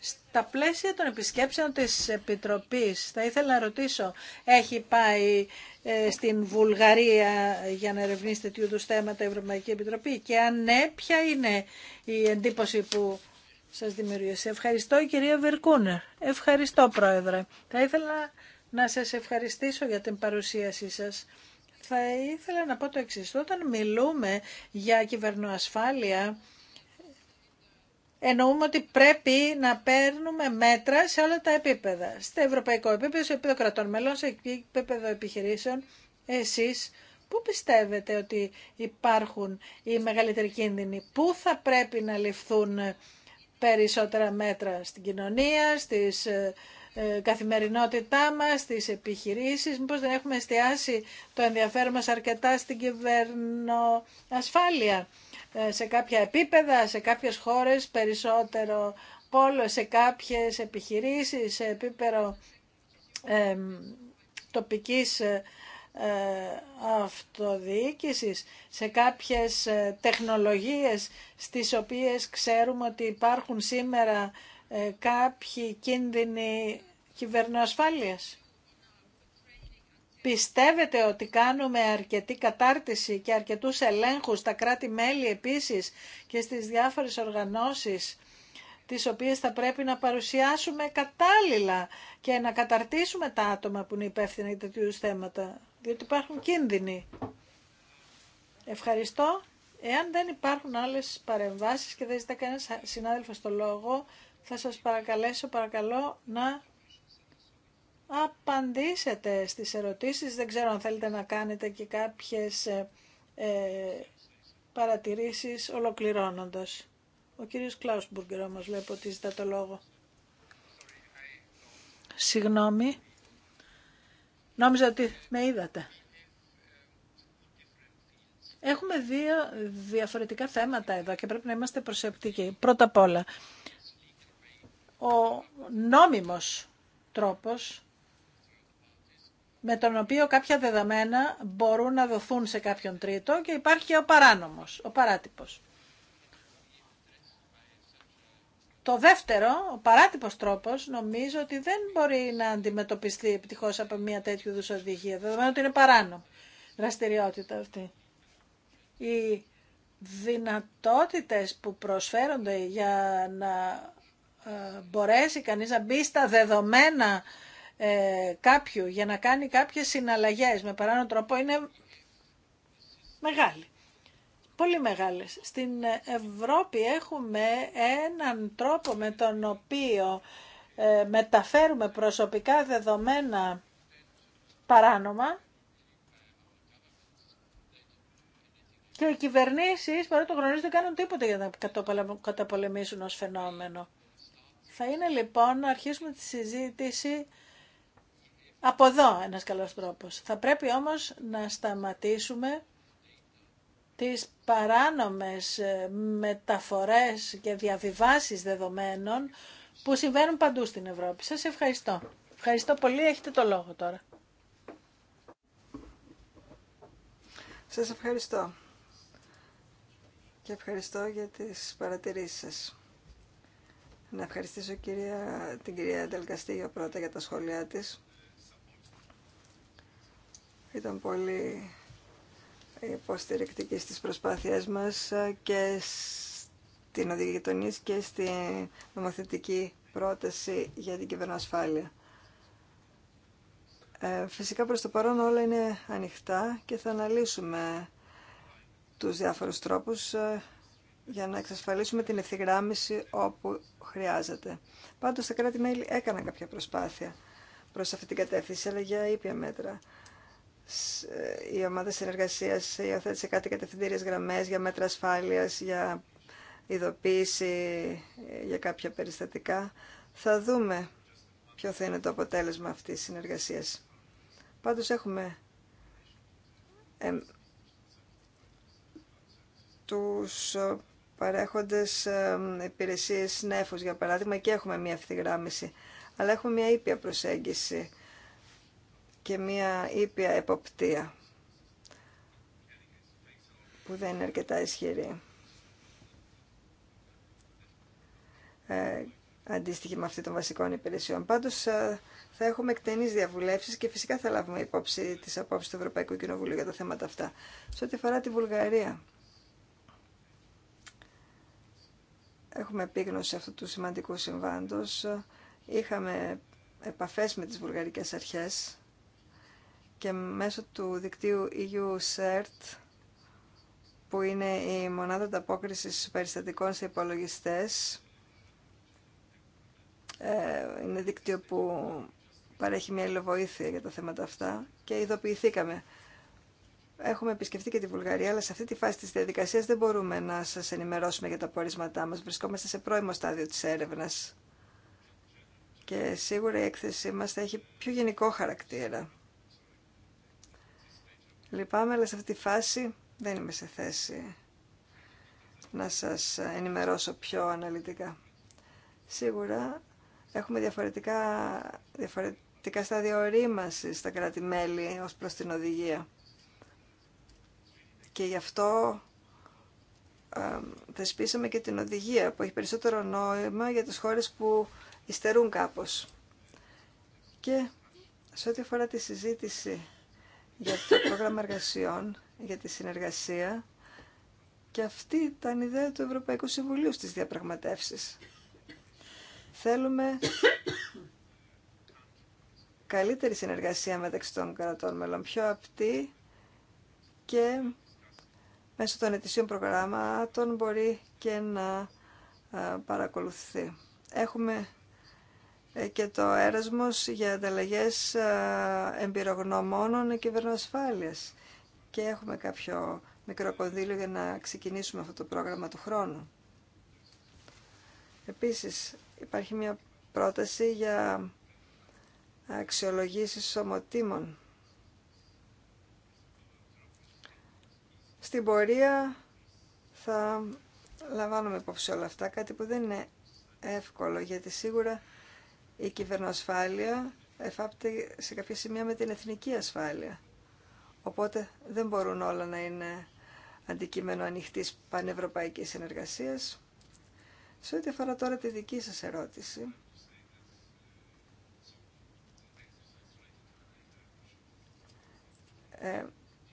S1: Στα πλαίσια των επισκέψεων της Επιτροπής, θα ήθελα να ρωτήσω, έχει πάει ε, στην Βουλγαρία για να ερευνήσει τέτοιου είδου θέματα η Ευρωπαϊκή Επιτροπή και αν ναι, ποια είναι η εντύπωση που σας δημιουργήσε. Ευχαριστώ κυρία Βερκούνερ. Ευχαριστώ Πρόεδρε. Θα ήθελα να σας ευχαριστήσω για την παρουσίασή σας. Θα ήθελα να πω το εξή. Όταν μιλούμε για κυβερνοασφάλεια, εννοούμε ότι πρέπει να παίρνουμε μέτρα σε όλα τα επίπεδα. Στο ευρωπαϊκό επίπεδο, σε επίπεδο κρατών μελών, σε επίπεδο επιχειρήσεων, εσείς πού πιστεύετε ότι υπάρχουν οι μεγαλύτεροι κίνδυνοι, πού θα πρέπει να ληφθούν περισσότερα μέτρα στην κοινωνία, στις ε, ε, καθημερινότητά μας, στις επιχειρήσεις, μήπως δεν έχουμε εστιάσει το ενδιαφέρον μας αρκετά στην κυβερνοασφάλεια ε, σε κάποια επίπεδα, σε κάποιες χώρες περισσότερο πόλο, σε κάποιες επιχειρήσεις, σε επίπεδο ε, τοπικής ε, αυτοδιοίκησης, σε κάποιες τεχνολογίες στις οποίες ξέρουμε ότι υπάρχουν σήμερα ε, κάποιοι κίνδυνοι κυβερνοασφάλειας. Πιστεύετε ότι κάνουμε αρκετή κατάρτιση και αρκετούς ελέγχους στα κράτη-μέλη επίσης και στις διάφορες οργανώσεις τις οποίες θα πρέπει να παρουσιάσουμε κατάλληλα και να καταρτήσουμε τα άτομα που είναι υπεύθυνα για τέτοιου θέματα, διότι υπάρχουν κίνδυνοι. Ευχαριστώ. Εάν δεν υπάρχουν άλλες παρεμβάσεις και δεν ζητά κανένας συνάδελφος το λόγο, θα σας παρακαλέσω παρακαλώ να απαντήσετε στις ερωτήσεις. Δεν ξέρω αν θέλετε να κάνετε και κάποιες ε, ε παρατηρήσεις ολοκληρώνοντας. Ο κύριος Κλάουσμπουργκερ όμως βλέπω ότι ζητά το λόγο. Συγγνώμη. Νόμιζα ότι με είδατε. Έχουμε δύο διαφορετικά θέματα εδώ και πρέπει να είμαστε προσεκτικοί. Πρώτα απ' όλα, ο νόμιμος τρόπος με τον οποίο κάποια δεδομένα μπορούν να δοθούν σε κάποιον τρίτο και υπάρχει και ο παράνομος, ο παράτυπος. Το δεύτερο, ο παράτυπος τρόπος, νομίζω ότι δεν μπορεί να αντιμετωπιστεί επιτυχώς από μια τέτοιου είδους οδηγία, δεδομένου ότι είναι παράνομη δραστηριότητα αυτή. Οι δυνατότητες που προσφέρονται για να ε, μπορέσει κανείς να μπει στα δεδομένα ε, κάποιου για να κάνει κάποιες συναλλαγές με παράνομο τρόπο είναι μεγάλη. Πολύ μεγάλες. Στην Ευρώπη έχουμε έναν τρόπο με τον οποίο ε, μεταφέρουμε προσωπικά δεδομένα παράνομα και οι κυβερνήσεις παρά το γνωρίζουν δεν κάνουν τίποτα για να καταπολεμήσουν ως φαινόμενο. Θα είναι λοιπόν να αρχίσουμε τη συζήτηση από εδώ ένας καλός τρόπος. Θα πρέπει όμως να σταματήσουμε τις παράνομες ε, μεταφορές και διαβιβάσεις δεδομένων που συμβαίνουν παντού στην Ευρώπη. Σας ευχαριστώ. Ευχαριστώ πολύ. Έχετε το λόγο τώρα. Σας ευχαριστώ. Και ευχαριστώ
S3: για τις παρατηρήσεις σας. Να ευχαριστήσω κυρία, την κυρία Ντελκαστήγιο πρώτα για τα σχόλιά της. Ήταν πολύ υποστηρικτική στις προσπάθειές μας και στην οδηγία και στην νομοθετική πρόταση για την κυβερνοασφάλεια. Ε, φυσικά προς το παρόν όλα είναι ανοιχτά και θα αναλύσουμε τους διάφορους τρόπους ε, για να εξασφαλίσουμε την ευθυγράμμιση όπου χρειάζεται. Πάντως τα κράτη-μέλη έκαναν κάποια προσπάθεια προ αυτή την κατεύθυνση, αλλά για ήπια μέτρα. Ε, η ομάδα συνεργασία υιοθέτησε κάτι κατευθυντήριε γραμμέ για μέτρα ασφάλεια, για ειδοποίηση, για κάποια περιστατικά. Θα δούμε ποιο θα είναι το αποτέλεσμα αυτή τη συνεργασία. Πάντω έχουμε τους παρέχοντες υπηρεσίες νέφους, για παράδειγμα, και έχουμε μία ευθυγράμμιση. Αλλά έχουμε μία ήπια προσέγγιση και μία ήπια εποπτεία που δεν είναι αρκετά ισχυρή. Ε, αντίστοιχη με αυτή των βασικών υπηρεσιών. Πάντως ε, θα έχουμε εκτενείς διαβουλεύσεις και φυσικά θα λάβουμε υπόψη τις απόψεις του Ευρωπαϊκού Κοινοβουλίου για τα θέματα αυτά. Σε ό,τι αφορά τη Βουλγαρία. έχουμε επίγνωση αυτού του σημαντικού συμβάντος. Είχαμε επαφές με τις βουλγαρικές αρχές και μέσω του δικτύου EU-CERT που είναι η μονάδα ανταπόκρισης περιστατικών σε υπολογιστές ε, είναι δίκτυο που παρέχει μια βοήθεια για τα θέματα αυτά και ειδοποιηθήκαμε Έχουμε επισκεφτεί και τη Βουλγαρία, αλλά σε αυτή τη φάση τη διαδικασία δεν μπορούμε να σα ενημερώσουμε για τα πορίσματά μα. Βρισκόμαστε σε πρώιμο στάδιο τη έρευνα. Και σίγουρα η έκθεσή μα θα έχει πιο γενικό χαρακτήρα. Λυπάμαι, αλλά σε αυτή τη φάση δεν είμαι σε θέση να σας ενημερώσω πιο αναλυτικά. Σίγουρα έχουμε διαφορετικά, διαφορετικά στάδια ορίμασης στα κράτη-μέλη ως προς την οδηγία. Και γι' αυτό θεσπίσαμε και την οδηγία που έχει περισσότερο νόημα για τις χώρες που υστερούν κάπως. Και σε ό,τι αφορά τη συζήτηση για το πρόγραμμα εργασιών, για τη συνεργασία, και αυτή ήταν η ιδέα του Ευρωπαϊκού Συμβουλίου στις διαπραγματεύσεις. Θέλουμε καλύτερη συνεργασία μεταξύ των κρατών μελών, πιο απτή και μέσω των ετησίων προγραμμάτων μπορεί και να ε, παρακολουθεί. Έχουμε ε, και το έρασμος για ανταλλαγές ε, εμπειρογνωμόνων κυβερνοασφάλειας και έχουμε κάποιο μικρό κονδύλιο για να ξεκινήσουμε αυτό το πρόγραμμα του χρόνου. Επίσης υπάρχει μια πρόταση για αξιολογήσεις ομοτήμων Στην πορεία θα λαμβάνουμε υπόψη όλα αυτά, κάτι που δεν είναι εύκολο, γιατί σίγουρα η κυβερνοασφάλεια εφάπτει σε κάποια σημεία με την εθνική ασφάλεια. Οπότε δεν μπορούν όλα να είναι αντικείμενο ανοιχτής πανευρωπαϊκής συνεργασίας. Σε ό,τι αφορά τώρα τη δική σας ερώτηση, ε,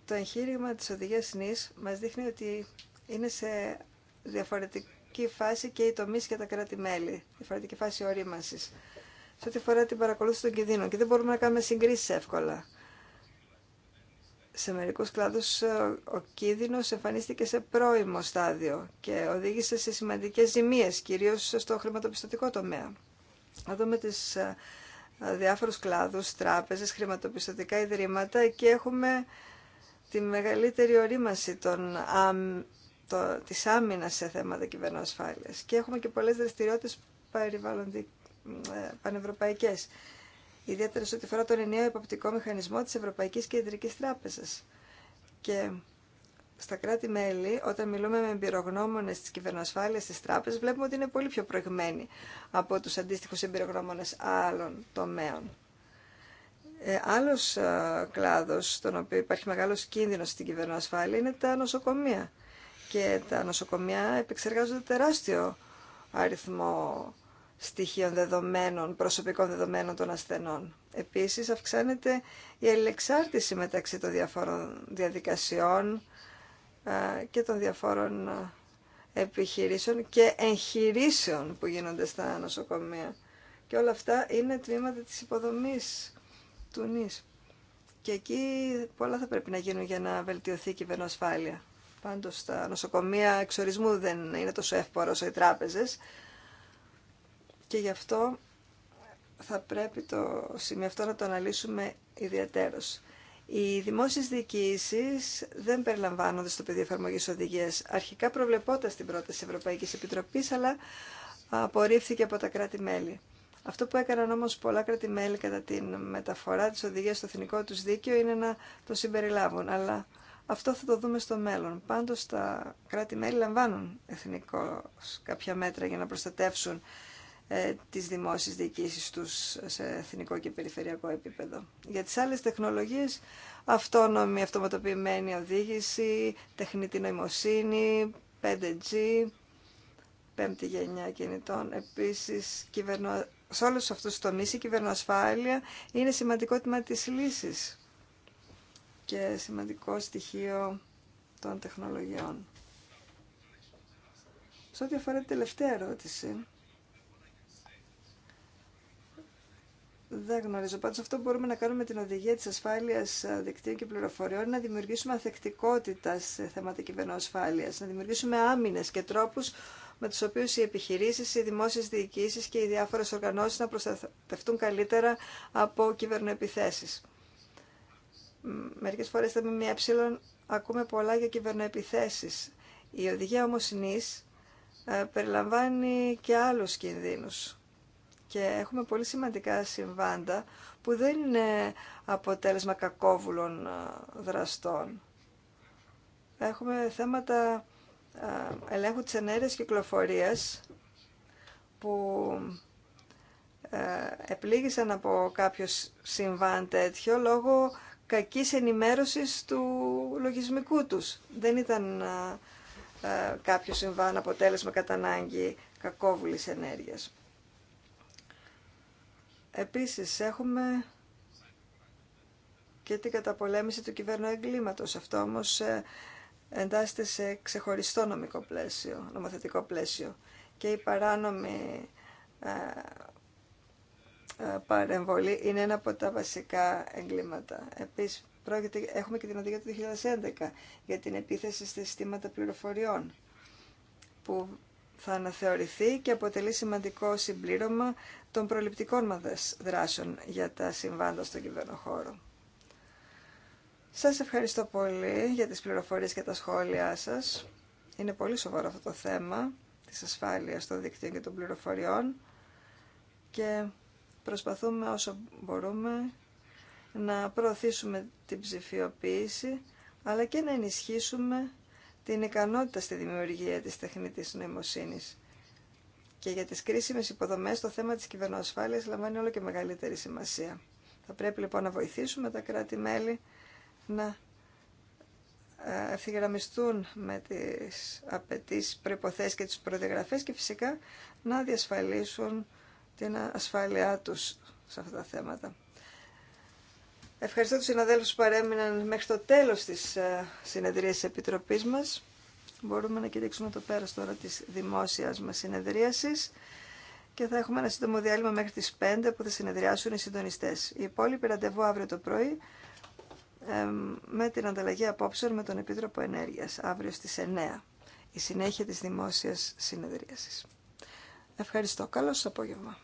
S3: το εγχείρημα της οδηγίας νης μας δείχνει ότι είναι σε διαφορετική φάση και οι τομείς και τα κράτη-μέλη, διαφορετική φάση ορίμασης. Σε ό,τι φορά την παρακολούθηση των κινδύνων και δεν μπορούμε να κάνουμε συγκρίσεις εύκολα. Σε μερικούς κλάδους ε, ο κίνδυνος εμφανίστηκε σε πρώιμο στάδιο και οδήγησε σε σημαντικές ζημίες, κυρίως στο χρηματοπιστωτικό τομέα. Να δούμε τις ε, διάφορους κλάδους, τράπεζες, χρηματοπιστωτικά ιδρύματα και έχουμε τη μεγαλύτερη ορίμαση των αμ, το, της άμυνας σε θέματα κυβερνοασφάλειας. Και έχουμε και πολλές δραστηριότητες ε, πανευρωπαϊκές, ιδιαίτερα σε ό,τι φορά τον ενιαίο υποπτικό μηχανισμό της Ευρωπαϊκής Κεντρικής Τράπεζας. Και στα κράτη-μέλη, όταν μιλούμε με εμπειρογνώμονες της κυβερνοασφάλειας της τράπεζας, βλέπουμε ότι είναι πολύ πιο προηγμένοι από τους αντίστοιχους εμπειρογνώμονες άλλων τομέων. Ε, άλλος ε, κλάδος, στον οποίο υπάρχει μεγάλος κίνδυνος στην κυβερνοασφάλεια, είναι τα νοσοκομεία. Και τα νοσοκομεία επεξεργάζονται τεράστιο αριθμό στοιχείων δεδομένων, προσωπικών δεδομένων των ασθενών. Επίσης, αυξάνεται η ελεξάρτηση μεταξύ των διαφόρων διαδικασιών ε, και των διαφόρων επιχειρήσεων και εγχειρήσεων που γίνονται στα νοσοκομεία. Και όλα αυτά είναι τμήματα της υποδομής και εκεί πολλά θα πρέπει να γίνουν για να βελτιωθεί η κυβερνοασφάλεια. Πάντως τα νοσοκομεία εξορισμού δεν είναι τόσο εύπορο όσο οι τράπεζες. Και γι' αυτό θα πρέπει το σημείο αυτό να το αναλύσουμε ιδιαίτερως. Οι δημόσιες διοικήσεις δεν περιλαμβάνονται στο πεδίο εφαρμογή οδηγία. Αρχικά προβλεπόταν στην πρόταση Ευρωπαϊκής Επιτροπής, αλλά απορρίφθηκε από τα κράτη-μέλη. Αυτό που εκαναν όμω όμως πολλά κράτη-μέλη κατά τη μεταφορά τη οδηγία στο εθνικό του δίκαιο είναι να το συμπεριλάβουν, αλλά αυτό θα το δούμε στο μέλλον. Πάντω τα κράτη-μέλη λαμβάνουν εθνικώ κάποια μέτρα για να προστατεύσουν ε, τις δημόσιες διοικήσεις τους σε εθνικό και περιφερειακό επίπεδο. Για τι άλλε τεχνολογίες, αυτόνομη, αυτοματοποιημένη οδήγηση, τεχνητή νοημοσύνη, 5G, πέμπτη γενιά κινητών, επίση κυβερνό σε όλους αυτούς τους τομείς η κυβερνοασφάλεια είναι σημαντικό τμήμα της λύσης και σημαντικό στοιχείο των τεχνολογιών. Σε ό,τι αφορά την τελευταία ερώτηση, δεν γνωρίζω. Πάντως αυτό που μπορούμε να κάνουμε με την οδηγία της ασφάλειας δικτύων και πληροφοριών είναι να δημιουργήσουμε αθεκτικότητα σε θέματα κυβερνοασφάλειας, να δημιουργήσουμε άμυνες και τρόπους με τους οποίους οι επιχειρήσεις, οι δημόσιες διοικήσεις και οι διάφορες οργανώσεις να προστατευτούν καλύτερα από κυβερνοεπιθέσεις. Μερικές φορές μια ΜΜΕ ακούμε πολλά για κυβερνοεπιθέσεις. Η οδηγία όμως νης ε, περιλαμβάνει και άλλους κινδύνους. Και έχουμε πολύ σημαντικά συμβάντα που δεν είναι αποτέλεσμα κακόβουλων ε, δραστών. Έχουμε θέματα ε, ελέγχου της ενέργειας κυκλοφορίας που ε, επλήγησαν από κάποιο συμβάν τέτοιο λόγω κακής ενημέρωσης του λογισμικού τους. Δεν ήταν ε, κάποιο συμβάν αποτέλεσμα κατά ανάγκη κακόβουλης ενέργειας. Επίσης έχουμε και την καταπολέμηση του εγκλήματος. Αυτό όμως εντάσσεται σε ξεχωριστό νομικό πλαίσιο, νομοθετικό πλαίσιο και η παράνομη ε, ε, παρεμβολή είναι ένα από τα βασικά εγκλήματα. Επίσης, πρόκειται, έχουμε και την οδηγία του 2011 για την επίθεση στα συστήματα πληροφοριών που θα αναθεωρηθεί και αποτελεί σημαντικό συμπλήρωμα των προληπτικών δράσεων για τα συμβάντα στον κυβερνοχώρο. Σας ευχαριστώ πολύ για τις πληροφορίες και τα σχόλιά σας. Είναι πολύ σοβαρό αυτό το θέμα της ασφάλειας των δικτύων και των πληροφοριών και προσπαθούμε όσο μπορούμε να προωθήσουμε την ψηφιοποίηση αλλά και να ενισχύσουμε την ικανότητα στη δημιουργία της τεχνητής νοημοσύνης. Και για τις κρίσιμες υποδομές το θέμα της κυβερνοασφάλειας λαμβάνει όλο και μεγαλύτερη σημασία. Θα πρέπει λοιπόν να βοηθήσουμε τα κράτη-μέλη να ε, ευθυγραμμιστούν με τις απαιτήσει, προϋποθέσεις και τις προδιαγραφές και φυσικά να διασφαλίσουν την ασφάλειά τους σε αυτά τα θέματα. Ευχαριστώ τους συναδέλφους που παρέμειναν μέχρι το τέλος της ε, συνεδρίας της Επιτροπής μας. Μπορούμε να κηρύξουμε το πέρας τώρα της δημόσιας μας συνεδρίασης και θα έχουμε ένα σύντομο διάλειμμα μέχρι τις 5 που θα συνεδριάσουν οι συντονιστές. Οι υπόλοιποι ραντεβού αύριο το πρωί με την ανταλλαγή απόψεων με τον Επίτροπο Ενέργειας αύριο στις 9 η συνέχεια της δημόσιας συνεδρίασης. Ευχαριστώ. καλός σας απόγευμα.